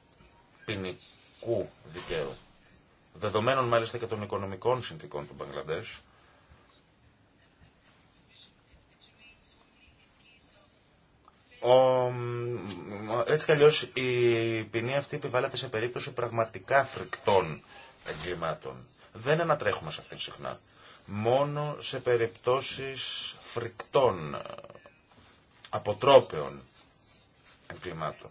ποινικού δικαίου, δεδομένων μάλιστα και των οικονομικών συνθήκων του Μπαγκλαντές, έτσι κι η ποινή αυτή επιβάλλεται σε περίπτωση πραγματικά φρικτών εγκλημάτων. Δεν ανατρέχουμε σε αυτήν συχνά. Μόνο σε περιπτώσεις φρικτών, ε, αποτρόπαιων εγκλημάτων.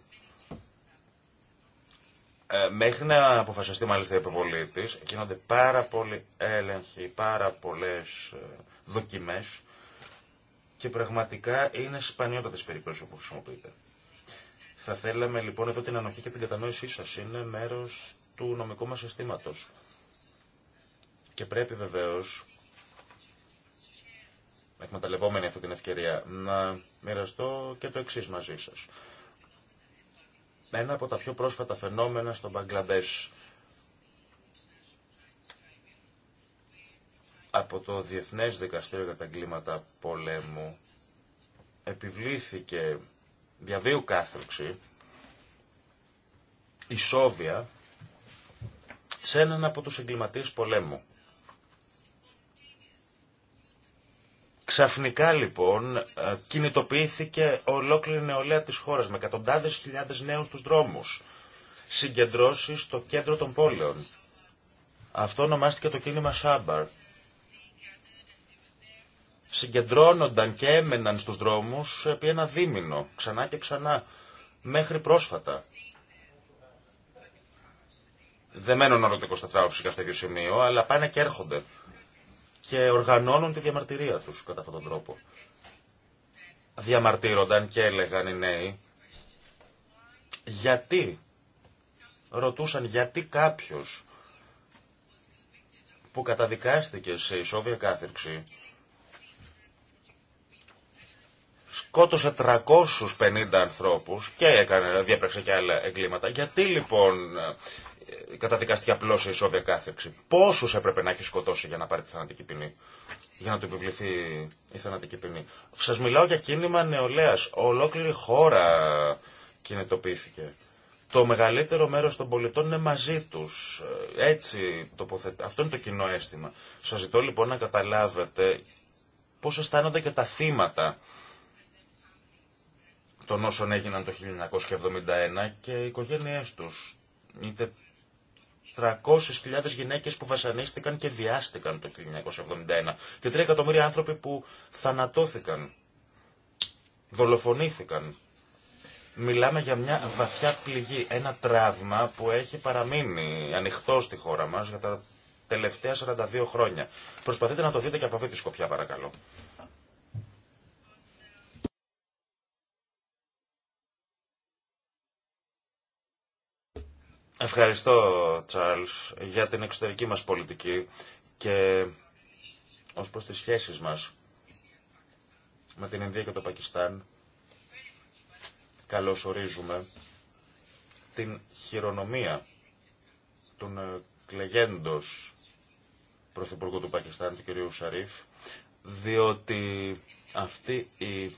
Ε, μέχρι να αποφασιστεί μάλιστα η επιβολή τη, γίνονται πάρα πολλοί έλεγχοι, πάρα πολλέ ε, δοκιμέ και πραγματικά είναι σπανιότατε περιπτώσει όπου χρησιμοποιείται. Θα θέλαμε λοιπόν εδώ την ανοχή και την κατανόησή σα. Είναι μέρο του νομικού μα συστήματο. Και πρέπει βεβαίω, εκμεταλλευόμενοι αυτή την ευκαιρία, να μοιραστώ και το εξή μαζί σα. Ένα από τα πιο πρόσφατα φαινόμενα στο Μπαγκλαντές. Από το Διεθνές Δικαστήριο για τα Εγκλήματα Πολέμου επιβλήθηκε διαβίου κάθριξη ισόβια σε έναν από τους εγκληματίες πολέμου. Ξαφνικά λοιπόν ε, κινητοποιήθηκε ολόκληρη η νεολαία της χώρας με εκατοντάδες χιλιάδες νέους στους δρόμους. Συγκεντρώσεις στο κέντρο των πόλεων. Αυτό ονομάστηκε το κίνημα Σάμπαρ. Συγκεντρώνονταν και έμεναν στους δρόμους επί ένα δίμηνο, ξανά και ξανά, μέχρι πρόσφατα. Δεν μένουν όλο το 24 φυσικά στο ίδιο σημείο, αλλά πάνε και έρχονται και οργανώνουν τη διαμαρτυρία τους κατά αυτόν τον τρόπο. Διαμαρτύρονταν και έλεγαν οι νέοι γιατί, ρωτούσαν γιατί κάποιος που καταδικάστηκε σε ισόβια κάθερξη σκότωσε 350 ανθρώπους και έκανε, διέπραξε και άλλα εγκλήματα. Γιατί λοιπόν καταδικαστεί απλώ σε ισόβια κάθεξη. Πόσου έπρεπε να έχει σκοτώσει για να πάρει τη θανατική ποινή, για να του επιβληθεί η θανατική ποινή. Σα μιλάω για κίνημα νεολαία. Ολόκληρη χώρα κινητοποιήθηκε. Το μεγαλύτερο μέρο των πολιτών είναι μαζί του. Έτσι τοποθετεί. Αυτό είναι το κοινό αίσθημα. Σα ζητώ λοιπόν να καταλάβετε πώ αισθάνονται και τα θύματα των όσων έγιναν το 1971 και οι οικογένειές τους, είτε 300.000 γυναίκες που βασανίστηκαν και διάστηκαν το 1971 και 3 εκατομμύρια άνθρωποι που θανατώθηκαν, δολοφονήθηκαν. Μιλάμε για μια βαθιά πληγή, ένα τραύμα που έχει παραμείνει ανοιχτό στη χώρα μας για τα τελευταία 42 χρόνια. Προσπαθείτε να το δείτε και από αυτή τη σκοπιά παρακαλώ. Ευχαριστώ, Τσάρλς, για την εξωτερική μας πολιτική και ως προς τις σχέσεις μας με την Ινδία και το Πακιστάν. καλωσορίζουμε την χειρονομία των ε, κλεγέντος Πρωθυπουργού του Πακιστάν, του κυρίου Σαρίφ, διότι αυτή η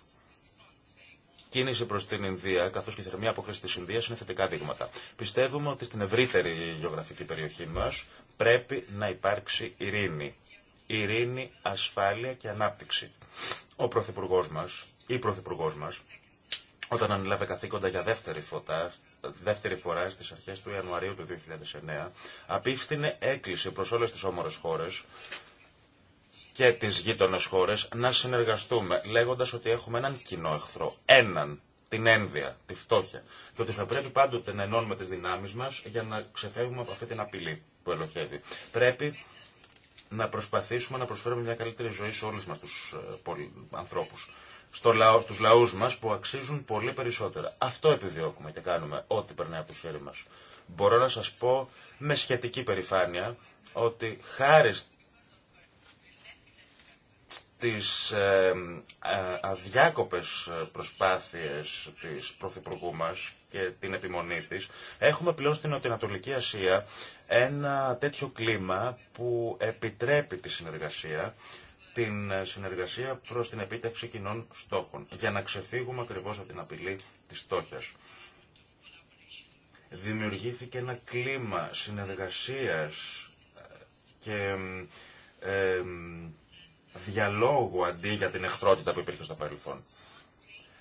κίνηση προ την Ινδία, καθώ και η θερμή απόκριση τη Ινδία είναι θετικά δείγματα. Πιστεύουμε ότι στην ευρύτερη γεωγραφική περιοχή μα πρέπει να υπάρξει ειρήνη. Ειρήνη, ασφάλεια και ανάπτυξη. Ο Πρωθυπουργό μα, ή Πρωθυπουργό μα, όταν ανέλαβε καθήκοντα για δεύτερη φορά, δεύτερη φορά στις αρχές του Ιανουαρίου του 2009, απίφθινε έκκληση προς όλες τις όμορες χώρες και τις γείτονες χώρες να συνεργαστούμε λέγοντας ότι έχουμε έναν κοινό εχθρό, έναν, την ένδια, τη φτώχεια και ότι θα πρέπει πάντοτε να ενώνουμε τις δυνάμεις μας για να ξεφεύγουμε από αυτή την απειλή που ελοχεύει. Πρέπει να προσπαθήσουμε να προσφέρουμε μια καλύτερη ζωή σε όλους μας τους ε, ανθρώπους στο λαό, στους λαούς μας που αξίζουν πολύ περισσότερα. Αυτό επιδιώκουμε και κάνουμε ό,τι περνάει από το χέρι μας. Μπορώ να σας πω με σχετική περηφάνεια ότι χάρη τις ε, ε, αδιάκοπες προσπάθειες της Πρωθυπουργού μας και την επιμονή της, έχουμε πλέον στην Νοτιοανατολική Ασία ένα τέτοιο κλίμα που επιτρέπει τη συνεργασία, την συνεργασία προς την επίτευξη κοινών στόχων, για να ξεφύγουμε ακριβώς από την απειλή της στόχιας. Δημιουργήθηκε ένα κλίμα συνεργασίας ε, και διαλόγου αντί για την εχθρότητα που υπήρχε στο παρελθόν.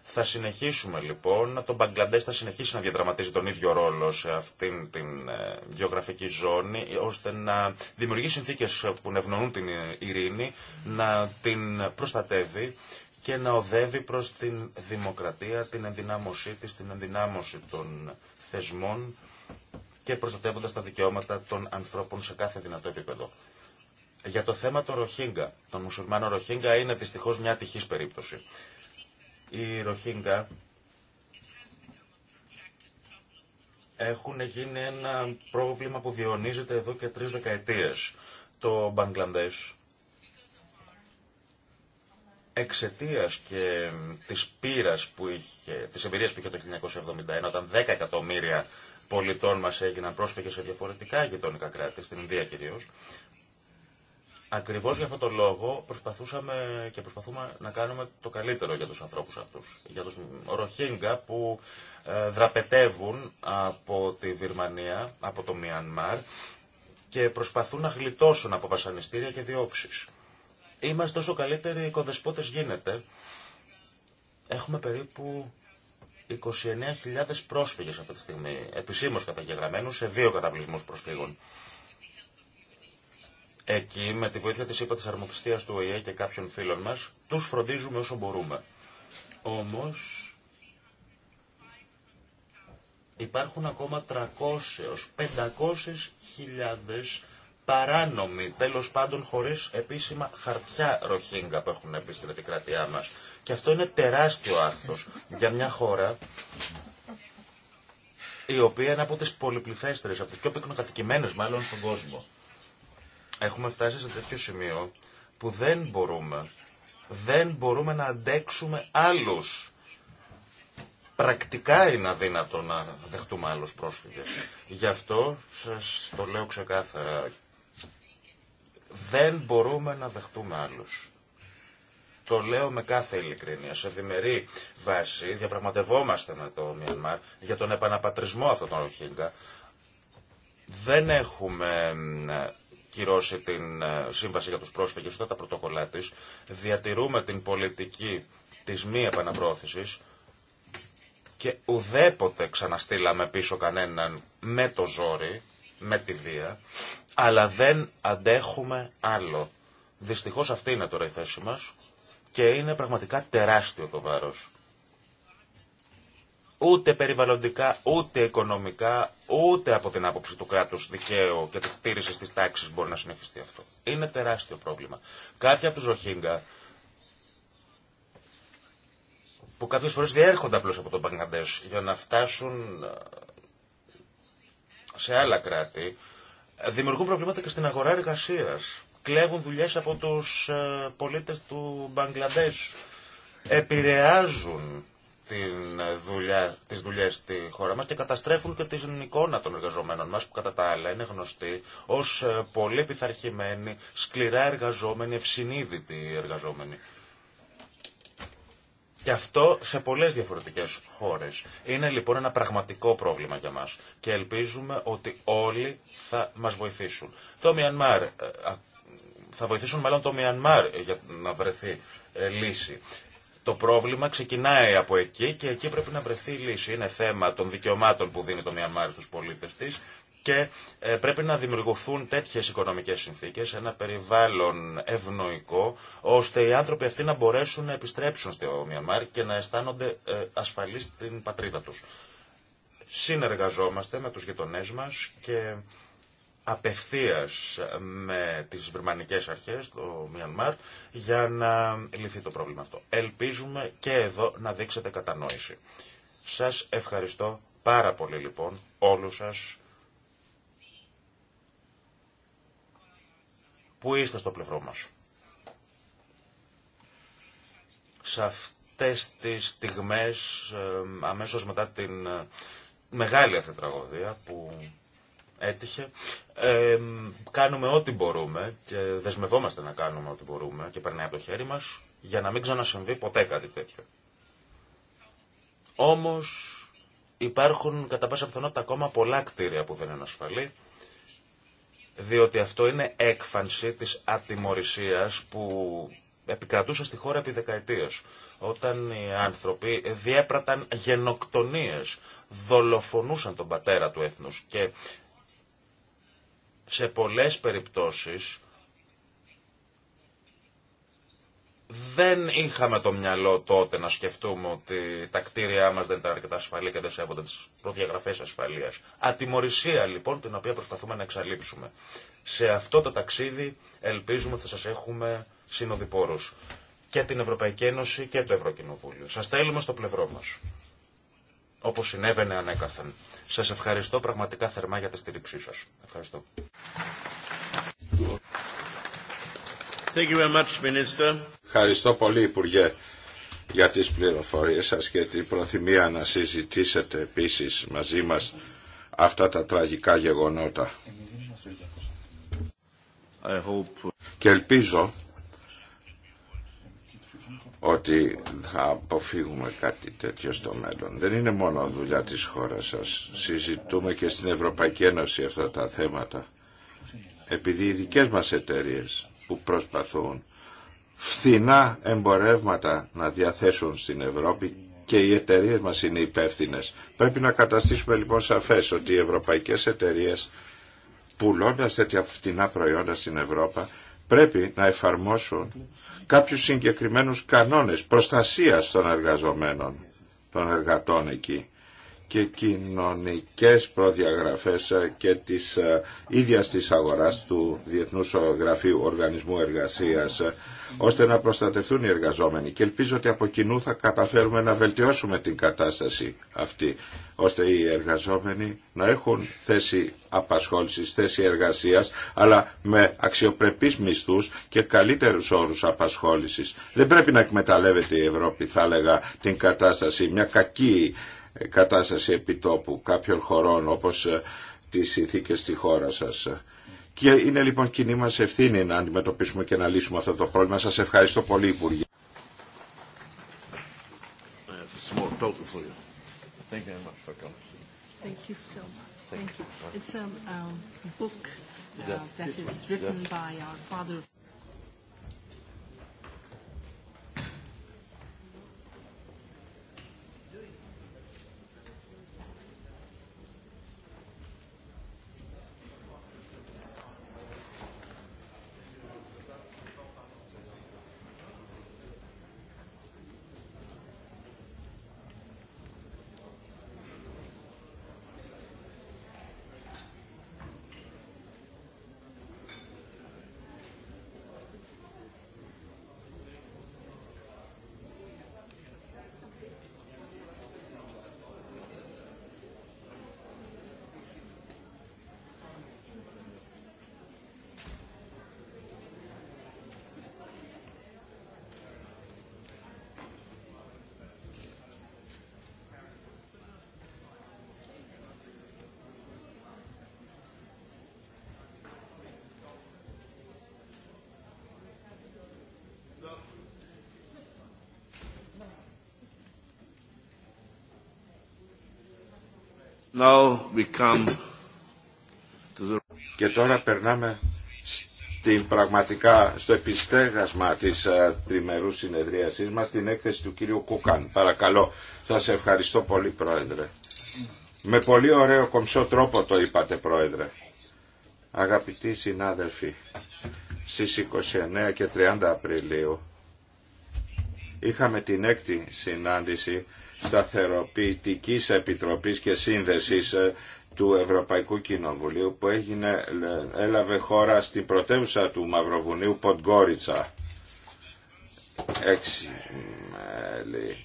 Θα συνεχίσουμε λοιπόν, το Μπαγκλαντές θα συνεχίσει να διαδραματίζει τον ίδιο ρόλο σε αυτήν την ε, γεωγραφική ζώνη, ώστε να δημιουργεί συνθήκες που νευνονούν την ειρήνη, να την προστατεύει και να οδεύει προς την δημοκρατία, την ενδυνάμωσή της, την ενδυνάμωση των θεσμών και προστατεύοντας τα δικαιώματα των ανθρώπων σε κάθε δυνατό επίπεδο. Για το θέμα των Ροχίνγκα, των μουσουλμάνων Ροχίνγκα, είναι δυστυχώ μια τυχή περίπτωση. Οι Ροχίνγκα έχουν γίνει ένα πρόβλημα που διονύζεται εδώ και τρεις δεκαετίες. Το Μπαγκλαντές Εξαιτία και τη πείρας που είχε, της εμπειρίας που είχε το 1971, όταν 10 εκατομμύρια πολιτών μας έγιναν πρόσφυγε σε διαφορετικά γειτονικά κράτη, στην Ινδία κυρίω. Ακριβώ για αυτόν τον λόγο προσπαθούσαμε και προσπαθούμε να κάνουμε το καλύτερο για του ανθρώπου αυτού. Για του Ροχίνγκα που ε, δραπετεύουν από τη Βυρμανία, από το Μιανμάρ και προσπαθούν να γλιτώσουν από βασανιστήρια και διώξει. Είμαστε όσο καλύτεροι οικοδεσπότε γίνεται. Έχουμε περίπου 29.000 πρόσφυγε αυτή τη στιγμή, επισήμω καταγεγραμμένου σε δύο καταβλισμού προσφύγων. Εκεί, με τη βοήθεια της ΥΠΑ της Αρμοπιστία του ΟΗΕ και κάποιων φίλων μας, τους φροντίζουμε όσο μπορούμε. Όμως, υπάρχουν ακόμα 300-500 χιλιάδες παράνομοι, τέλος πάντων χωρίς επίσημα χαρτιά ροχίνγκα που έχουν μπει στην επικρατειά μας. Και αυτό είναι τεράστιο άρθρος για μια χώρα η οποία είναι από τις πολυπληθέστερες, από τις πιο πυκνοκατοικημένες μάλλον στον κόσμο. Έχουμε φτάσει σε τέτοιο σημείο που δεν μπορούμε, δεν μπορούμε να αντέξουμε άλλους. Πρακτικά είναι αδύνατο να δεχτούμε άλλους πρόσφυγες. Γι' αυτό σας το λέω ξεκάθαρα. Δεν μπορούμε να δεχτούμε άλλους. Το λέω με κάθε ειλικρίνεια. Σε διμερή βάση διαπραγματευόμαστε με το Μιανμάρ για τον επαναπατρισμό αυτών των Ροχίγκα. Δεν έχουμε κυρώσει την ε, Σύμβαση για τους Πρόσφυγες, ούτε τα πρωτοκολλά της. Διατηρούμε την πολιτική της μη επαναπρόθεσης και ουδέποτε ξαναστήλαμε πίσω κανέναν με το ζόρι, με τη βία, αλλά δεν αντέχουμε άλλο. Δυστυχώς αυτή είναι τώρα η θέση μας και είναι πραγματικά τεράστιο το βάρος ούτε περιβαλλοντικά, ούτε οικονομικά, ούτε από την άποψη του κράτους δικαίου και της στήριξη της τάξης μπορεί να συνεχιστεί αυτό. Είναι τεράστιο πρόβλημα. Κάποια από τους Ροχίγκα που κάποιες φορές διέρχονται απλώς από τον Παγκαντές για να φτάσουν ε, σε άλλα κράτη, δημιουργούν προβλήματα και στην αγορά εργασία. Κλέβουν δουλειές από τους ε, πολίτες του Μπαγκλαντές. Επηρεάζουν την ε, δουλειά, τις δουλειές στη χώρα μας και καταστρέφουν και την εικόνα των εργαζομένων μας που κατά τα άλλα είναι γνωστοί ως ε, πολύ πειθαρχημένοι, σκληρά εργαζόμενοι, ευσυνείδητοι εργαζόμενοι. Και αυτό σε πολλές διαφορετικές χώρες. Είναι λοιπόν ένα πραγματικό πρόβλημα για μας και ελπίζουμε ότι όλοι θα μας βοηθήσουν. Το Μιανμάρ, ε, θα βοηθήσουν μάλλον το Μιανμάρ για να βρεθεί λύση. Το πρόβλημα ξεκινάει από εκεί και εκεί πρέπει να βρεθεί λύση. Είναι θέμα των δικαιωμάτων που δίνει το Μιαμάρ στους πολίτες της και ε, πρέπει να δημιουργηθούν τέτοιες οικονομικές συνθήκες, ένα περιβάλλον ευνοϊκό, ώστε οι άνθρωποι αυτοί να μπορέσουν να επιστρέψουν στο Μιαμάρ και να αισθάνονται ε, ασφαλείς στην πατρίδα τους. Συνεργαζόμαστε με τους γειτονές μας και απευθείας με τις Βρυμανικές αρχές, το Μιανμάρ, για να λυθεί το πρόβλημα αυτό. Ελπίζουμε και εδώ να δείξετε κατανόηση. Σας ευχαριστώ πάρα πολύ λοιπόν όλους σας που είστε στο πλευρό μας. Σε αυτές τις στιγμές, ε, αμέσως μετά την ε, μεγάλη αυτή τραγωδία που έτυχε. Ε, κάνουμε ό,τι μπορούμε και δεσμευόμαστε να κάνουμε ό,τι μπορούμε και περνάει από το χέρι μας για να μην ξανασυμβεί ποτέ κάτι τέτοιο. Όμως υπάρχουν κατά πάσα πιθανότητα ακόμα πολλά κτίρια που δεν είναι ασφαλή διότι αυτό είναι έκφανση της ατιμορρησίας που επικρατούσε στη χώρα επί δεκαετίες όταν οι άνθρωποι διέπραταν γενοκτονίες, δολοφονούσαν τον πατέρα του έθνους και σε πολλές περιπτώσεις δεν είχαμε το μυαλό τότε να σκεφτούμε ότι τα κτίρια μας δεν ήταν αρκετά ασφαλή και δεν σέβονται τις προδιαγραφές ασφαλείας. Ατιμορρησία λοιπόν την οποία προσπαθούμε να εξαλείψουμε. Σε αυτό το ταξίδι ελπίζουμε ότι θα σας έχουμε συνοδοιπόρους και την Ευρωπαϊκή Ένωση και το Ευρωκοινοβούλιο. Σας θέλουμε στο πλευρό μας. Όπως συνέβαινε ανέκαθεν. Σας ευχαριστώ πραγματικά θερμά για τη στήριξή σα. Ευχαριστώ. Thank you very much, Minister. Ευχαριστώ πολύ, Υπουργέ, για τις πληροφορίες σας και την προθυμία να συζητήσετε επίσης μαζί μας αυτά τα τραγικά γεγονότα. I hope... Και ελπίζω ότι θα αποφύγουμε κάτι τέτοιο στο μέλλον. Δεν είναι μόνο δουλειά της χώρας σας. Συζητούμε και στην Ευρωπαϊκή Ένωση αυτά τα θέματα. Επειδή οι δικές μας εταιρείες που προσπαθούν φθηνά εμπορεύματα να διαθέσουν στην Ευρώπη και οι εταιρείε μας είναι υπεύθυνε. Πρέπει να καταστήσουμε λοιπόν σαφές ότι οι ευρωπαϊκές εταιρείε πουλώντας τέτοια φθηνά προϊόντα στην Ευρώπη πρέπει να εφαρμόσουν κάποιους συγκεκριμένους κανόνες προστασίας των εργαζομένων, των εργατών εκεί και κοινωνικές προδιαγραφές και της ε, ίδιας της αγοράς του Διεθνούς Γραφείου Οργανισμού Εργασίας ε, ώστε να προστατευτούν οι εργαζόμενοι και ελπίζω ότι από κοινού θα καταφέρουμε να βελτιώσουμε την κατάσταση αυτή ώστε οι εργαζόμενοι να έχουν θέση απασχόλησης, θέση εργασίας αλλά με αξιοπρεπείς μισθούς και καλύτερους όρους απασχόλησης. Δεν πρέπει να εκμεταλλεύεται η Ευρώπη θα έλεγα την κατάσταση, μια κακή κατάσταση επιτόπου κάποιων χωρών όπως ε, τις συνθήκε στη χώρα σας. Και είναι λοιπόν κοινή μας ευθύνη να αντιμετωπίσουμε και να λύσουμε αυτό το πρόβλημα. Σας ευχαριστώ πολύ Υπουργέ. Thank that is written by our father. Και τώρα περνάμε στην πραγματικά, στο επιστέγασμα της uh, τριμερούς συνεδρίασής μας, την έκθεση του κύριου Κούκαν. Παρακαλώ, σας ευχαριστώ πολύ Πρόεδρε. Με πολύ ωραίο κομψό τρόπο το είπατε Πρόεδρε. Αγαπητοί συνάδελφοι, στις 29 και 30 Απριλίου είχαμε την έκτη συνάντηση σταθεροποιητικής επιτροπής και σύνδεσης ε, του Ευρωπαϊκού Κοινοβουλίου που έγινε, έλαβε χώρα στην πρωτεύουσα του Μαυροβουνίου Ποντγκόριτσα. Έξι μέλη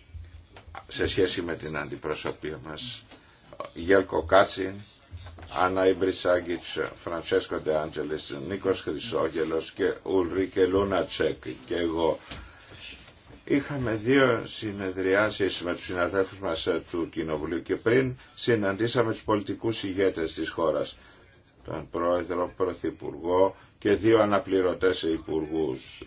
σε σχέση με την αντιπροσωπεία μας. Γιέλκο Κάτσιν, Άννα Ιμπρισάγκητς, Φραντσέσκο Ντε Άντζελες Νίκος Χρυσόγελος και Ουλρίκε Λούνατσεκ και εγώ είχαμε δύο συνεδριάσεις με τους συναδέλφους μας ε, του Κοινοβουλίου και πριν συναντήσαμε τους πολιτικούς ηγέτες της χώρας, τον πρόεδρο, πρωθυπουργό και δύο αναπληρωτές υπουργούς.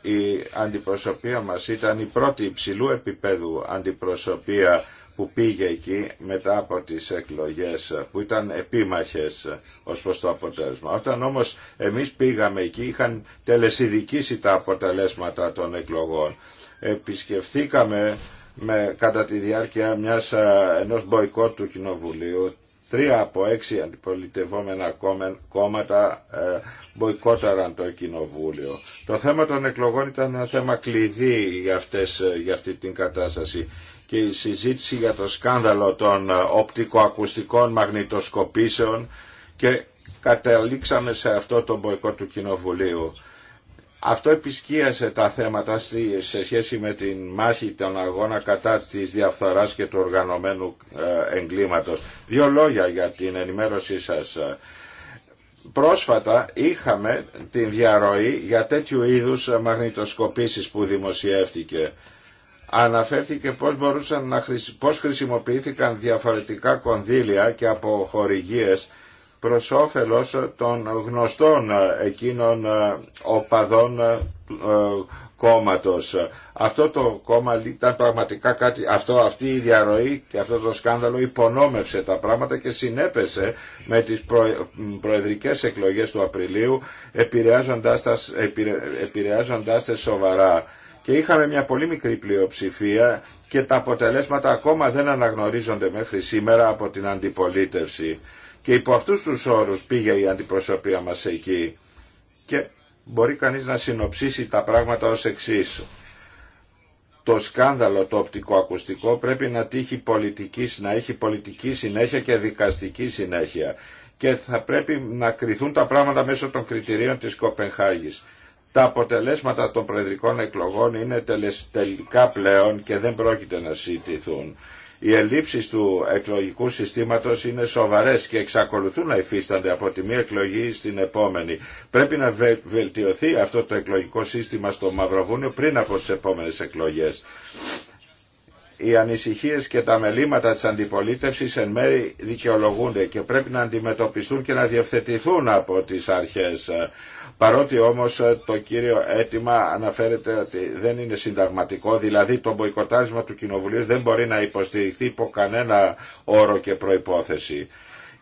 Η αντιπροσωπεία μας ήταν η πρώτη υψηλού επίπεδου αντιπροσωπεία που πήγε εκεί μετά από τις εκλογές που ήταν επίμαχες ως προς το αποτέλεσμα. Όταν όμως εμείς πήγαμε εκεί είχαν τελεσιδικήσει τα αποτελέσματα των εκλογών. Επισκεφθήκαμε με, κατά τη διάρκεια μιας, ε, ενός μποϊκότ του Κοινοβουλίου τρία από έξι αντιπολιτευόμενα κόμματα ε, μποϊκόταραν το κοινοβούλιο. Το θέμα των εκλογών ήταν ένα θέμα κλειδί για, αυτές, ε, για αυτή την κατάσταση και η συζήτηση για το σκάνδαλο των ε, οπτικοακουστικών μαγνητοσκοπήσεων και καταλήξαμε σε αυτό το μποϊκό του Κοινοβουλίου. Αυτό επισκίασε τα θέματα σε σχέση με την μάχη των αγώνα κατά της διαφθοράς και του οργανωμένου ε, εγκλήματος. Δύο λόγια για την ενημέρωσή σας. Πρόσφατα είχαμε την διαρροή για τέτοιου είδους μαγνητοσκοπήσεις που δημοσιεύτηκε αναφέρθηκε πώς, μπορούσαν να πώς χρησιμοποιήθηκαν διαφορετικά κονδύλια και από χορηγίες προς όφελος των γνωστών ε, εκείνων ε, οπαδών ε, κόμματος. Αυτό το κόμμα ήταν πραγματικά κάτι, αυτό, αυτή η διαρροή και αυτό το σκάνδαλο υπονόμευσε τα πράγματα και συνέπεσε με τις προ, προεδρικές εκλογές του Απριλίου επηρεάζοντάς, τα σοβαρά και είχαμε μια πολύ μικρή πλειοψηφία και τα αποτελέσματα ακόμα δεν αναγνωρίζονται μέχρι σήμερα από την αντιπολίτευση. Και υπό αυτούς τους όρους πήγε η αντιπροσωπεία μας εκεί. Και μπορεί κανείς να συνοψίσει τα πράγματα ως εξή. Το σκάνδαλο το οπτικοακουστικό πρέπει να, τύχει πολιτικής, να έχει πολιτική συνέχεια και δικαστική συνέχεια και θα πρέπει να κριθούν τα πράγματα μέσω των κριτηρίων της Κοπενχάγης. Τα αποτελέσματα των προεδρικών εκλογών είναι τελικά πλέον και δεν πρόκειται να συζητηθούν. Οι ελλείψεις του εκλογικού συστήματος είναι σοβαρές και εξακολουθούν να υφίστανται από τη μία εκλογή στην επόμενη. Πρέπει να βελτιωθεί αυτό το εκλογικό σύστημα στο Μαυροβούνιο πριν από τις επόμενες εκλογές οι ανησυχίες και τα μελήματα της αντιπολίτευσης εν μέρη δικαιολογούνται και πρέπει να αντιμετωπιστούν και να διευθετηθούν από τις αρχές. Παρότι όμως το κύριο αίτημα αναφέρεται ότι δεν είναι συνταγματικό, δηλαδή το μποϊκοτάρισμα του Κοινοβουλίου δεν μπορεί να υποστηριχθεί υπό κανένα όρο και προϋπόθεση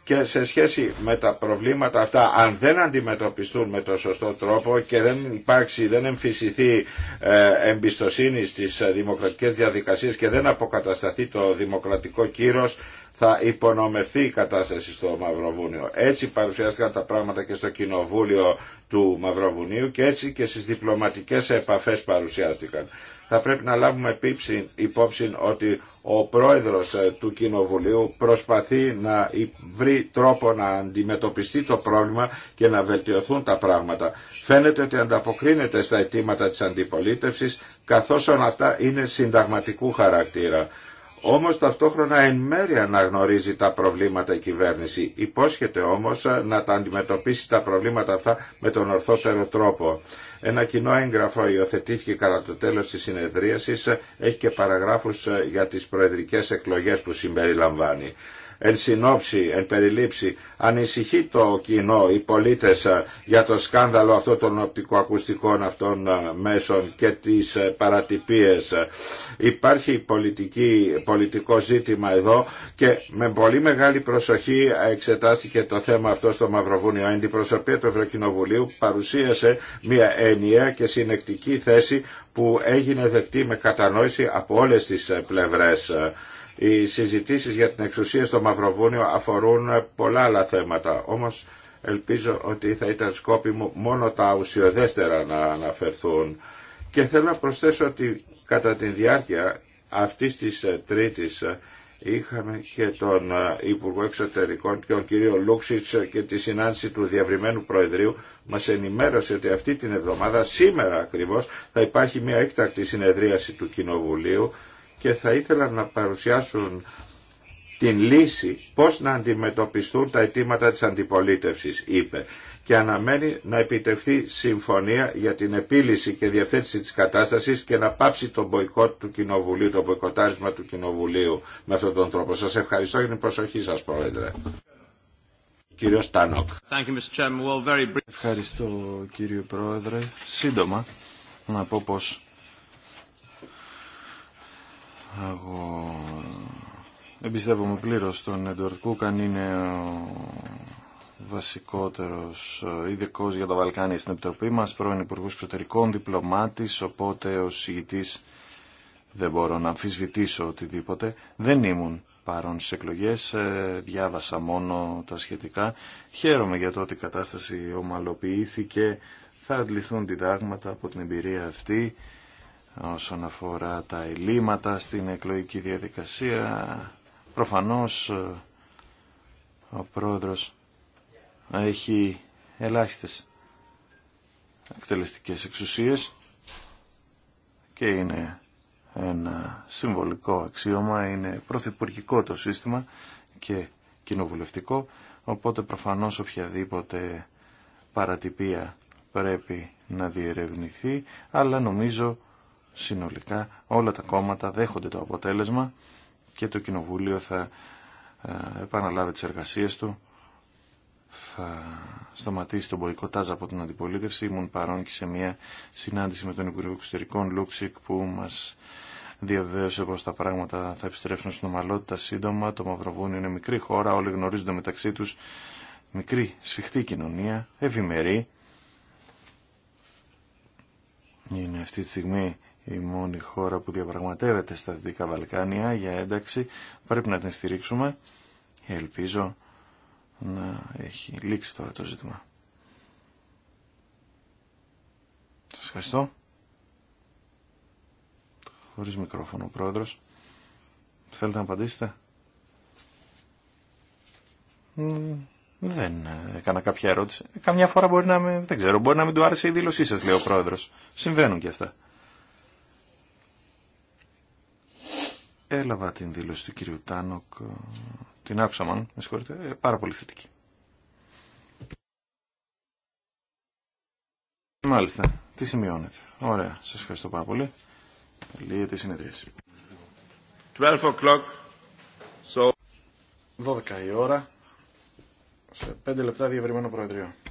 και σε σχέση με τα προβλήματα αυτά αν δεν αντιμετωπιστούν με το σωστό τρόπο και δεν υπάρξει, δεν εμφυσιθεί ε, εμπιστοσύνη στις ε, δημοκρατικές διαδικασίες και δεν αποκατασταθεί το δημοκρατικό κύρος θα υπονομευθεί η κατάσταση στο Μαυροβούνιο. Έτσι παρουσιάστηκαν τα πράγματα και στο Κοινοβούλιο του Μαυροβουνίου και έτσι και στις διπλωματικές επαφές παρουσιάστηκαν θα πρέπει να λάβουμε υπόψη ότι ο πρόεδρος ε, του Κοινοβουλίου προσπαθεί να βρει τρόπο να αντιμετωπιστεί το πρόβλημα και να βελτιωθούν τα πράγματα. Φαίνεται ότι ανταποκρίνεται στα αιτήματα της αντιπολίτευσης καθώς όλα αυτά είναι συνταγματικού χαρακτήρα. Όμως ταυτόχρονα εν μέρει αναγνωρίζει τα προβλήματα η κυβέρνηση. Υπόσχεται όμως ε, να τα αντιμετωπίσει τα προβλήματα αυτά με τον ορθότερο τρόπο. Ένα κοινό έγγραφο υιοθετήθηκε κατά το τέλος της συνεδρίασης, έχει και παραγράφους ε, για τις προεδρικές εκλογές που συμπεριλαμβάνει εν συνόψη, εν περιλήψη, ανησυχεί το κοινό, οι πολίτες ε, για το σκάνδαλο αυτό των οπτικοακουστικών αυτών ε, μέσων και τις ε, παρατυπίες. Υπάρχει πολιτική, πολιτικό ζήτημα εδώ και με πολύ μεγάλη προσοχή εξετάστηκε το θέμα αυτό στο Μαυροβούνιο. Η αντιπροσωπεία του Ευρωκοινοβουλίου παρουσίασε μια ενιαία και συνεκτική θέση που έγινε δεκτή με κατανόηση από όλες τις πλευρές. Οι συζητήσεις για την εξουσία στο Μαυροβούνιο αφορούν πολλά άλλα θέματα, όμως ελπίζω ότι θα ήταν σκόπιμο μόνο τα ουσιοδέστερα να αναφερθούν. Και θέλω να προσθέσω ότι κατά τη διάρκεια αυτής της ε, τρίτης ε, είχαμε και τον ε, Υπουργό Εξωτερικών και τον κύριο Λούξιτς και τη συνάντηση του διαβριμένου προεδρίου μας ενημέρωσε ότι αυτή την εβδομάδα, σήμερα ακριβώς, θα υπάρχει μια έκτακτη συνεδρίαση του Κοινοβουλίου και θα ήθελα να παρουσιάσουν την λύση πώς να αντιμετωπιστούν τα αιτήματα της αντιπολίτευσης, είπε και αναμένει να επιτευχθεί συμφωνία για την επίλυση και διαθέτηση της κατάστασης και να πάψει το μποϊκό του Κοινοβουλίου, το μποϊκοτάρισμα του Κοινοβουλίου με αυτόν τον τρόπο. Σας ευχαριστώ για την προσοχή σας, Πρόεδρε. Τάνοκ. Ευχαριστώ, κύριε Πρόεδρε. Σύντομα, να πω πως εγώ εμπιστεύομαι πλήρως τον Εντουαρτ Κούκαν, είναι ο βασικότερος ε, ειδικό για τα Βαλκάνια στην Επιτροπή μας, πρώην υπουργό Εξωτερικών, διπλωμάτης, οπότε ο συγητής δεν μπορώ να αμφισβητήσω οτιδήποτε. Δεν ήμουν παρόν στις εκλογές, ε, διάβασα μόνο τα σχετικά. Χαίρομαι για το ότι η κατάσταση ομαλοποιήθηκε, θα αντληθούν διδάγματα από την εμπειρία αυτή όσον αφορά τα ελλείμματα στην εκλογική διαδικασία. Προφανώς ε, ο πρόεδρος έχει ελάχιστες εκτελεστικές εξουσίες και είναι ένα συμβολικό αξίωμα, είναι πρωθυπουργικό το σύστημα και κοινοβουλευτικό, οπότε προφανώς οποιαδήποτε παρατυπία πρέπει να διερευνηθεί, αλλά νομίζω συνολικά όλα τα κόμματα δέχονται το αποτέλεσμα και το Κοινοβούλιο θα ε, επαναλάβει τις εργασίες του θα σταματήσει τον μποϊκοτάζ από την αντιπολίτευση. Ήμουν παρόν και σε μια συνάντηση με τον Υπουργό Εξωτερικών Λούξικ που μας διαβεβαίωσε πως τα πράγματα θα επιστρέψουν στην ομαλότητα σύντομα. Το Μαυροβούνιο είναι μικρή χώρα, όλοι γνωρίζονται μεταξύ τους. Μικρή, σφιχτή κοινωνία, ευημερή. Είναι αυτή τη στιγμή η μόνη χώρα που διαπραγματεύεται στα Δυτικά Βαλκάνια για ένταξη. Πρέπει να την στηρίξουμε. Ελπίζω να έχει λήξει τώρα το ζήτημα. Σας ευχαριστώ. Χωρίς μικρόφωνο, ο πρόεδρος. Θέλετε να απαντήσετε. Δεν ε, έκανα κάποια ερώτηση. Καμιά φορά μπορεί να με... Δεν ξέρω, μπορεί να μην του άρεσε η δήλωσή σας, λέει ο πρόεδρος. Συμβαίνουν και αυτά. έλαβα την δήλωση του κυρίου Τάνοκ, ε, την άκουσα μάλλον, με συγχωρείτε, ε, πάρα πολύ θετική. Μάλιστα, τι σημειώνετε. Ωραία, σας ευχαριστώ πάρα πολύ. Λύεται η συνεδρίαση. 12 o'clock, η ώρα, σε 5 λεπτά διευρυμένο προεδρείο.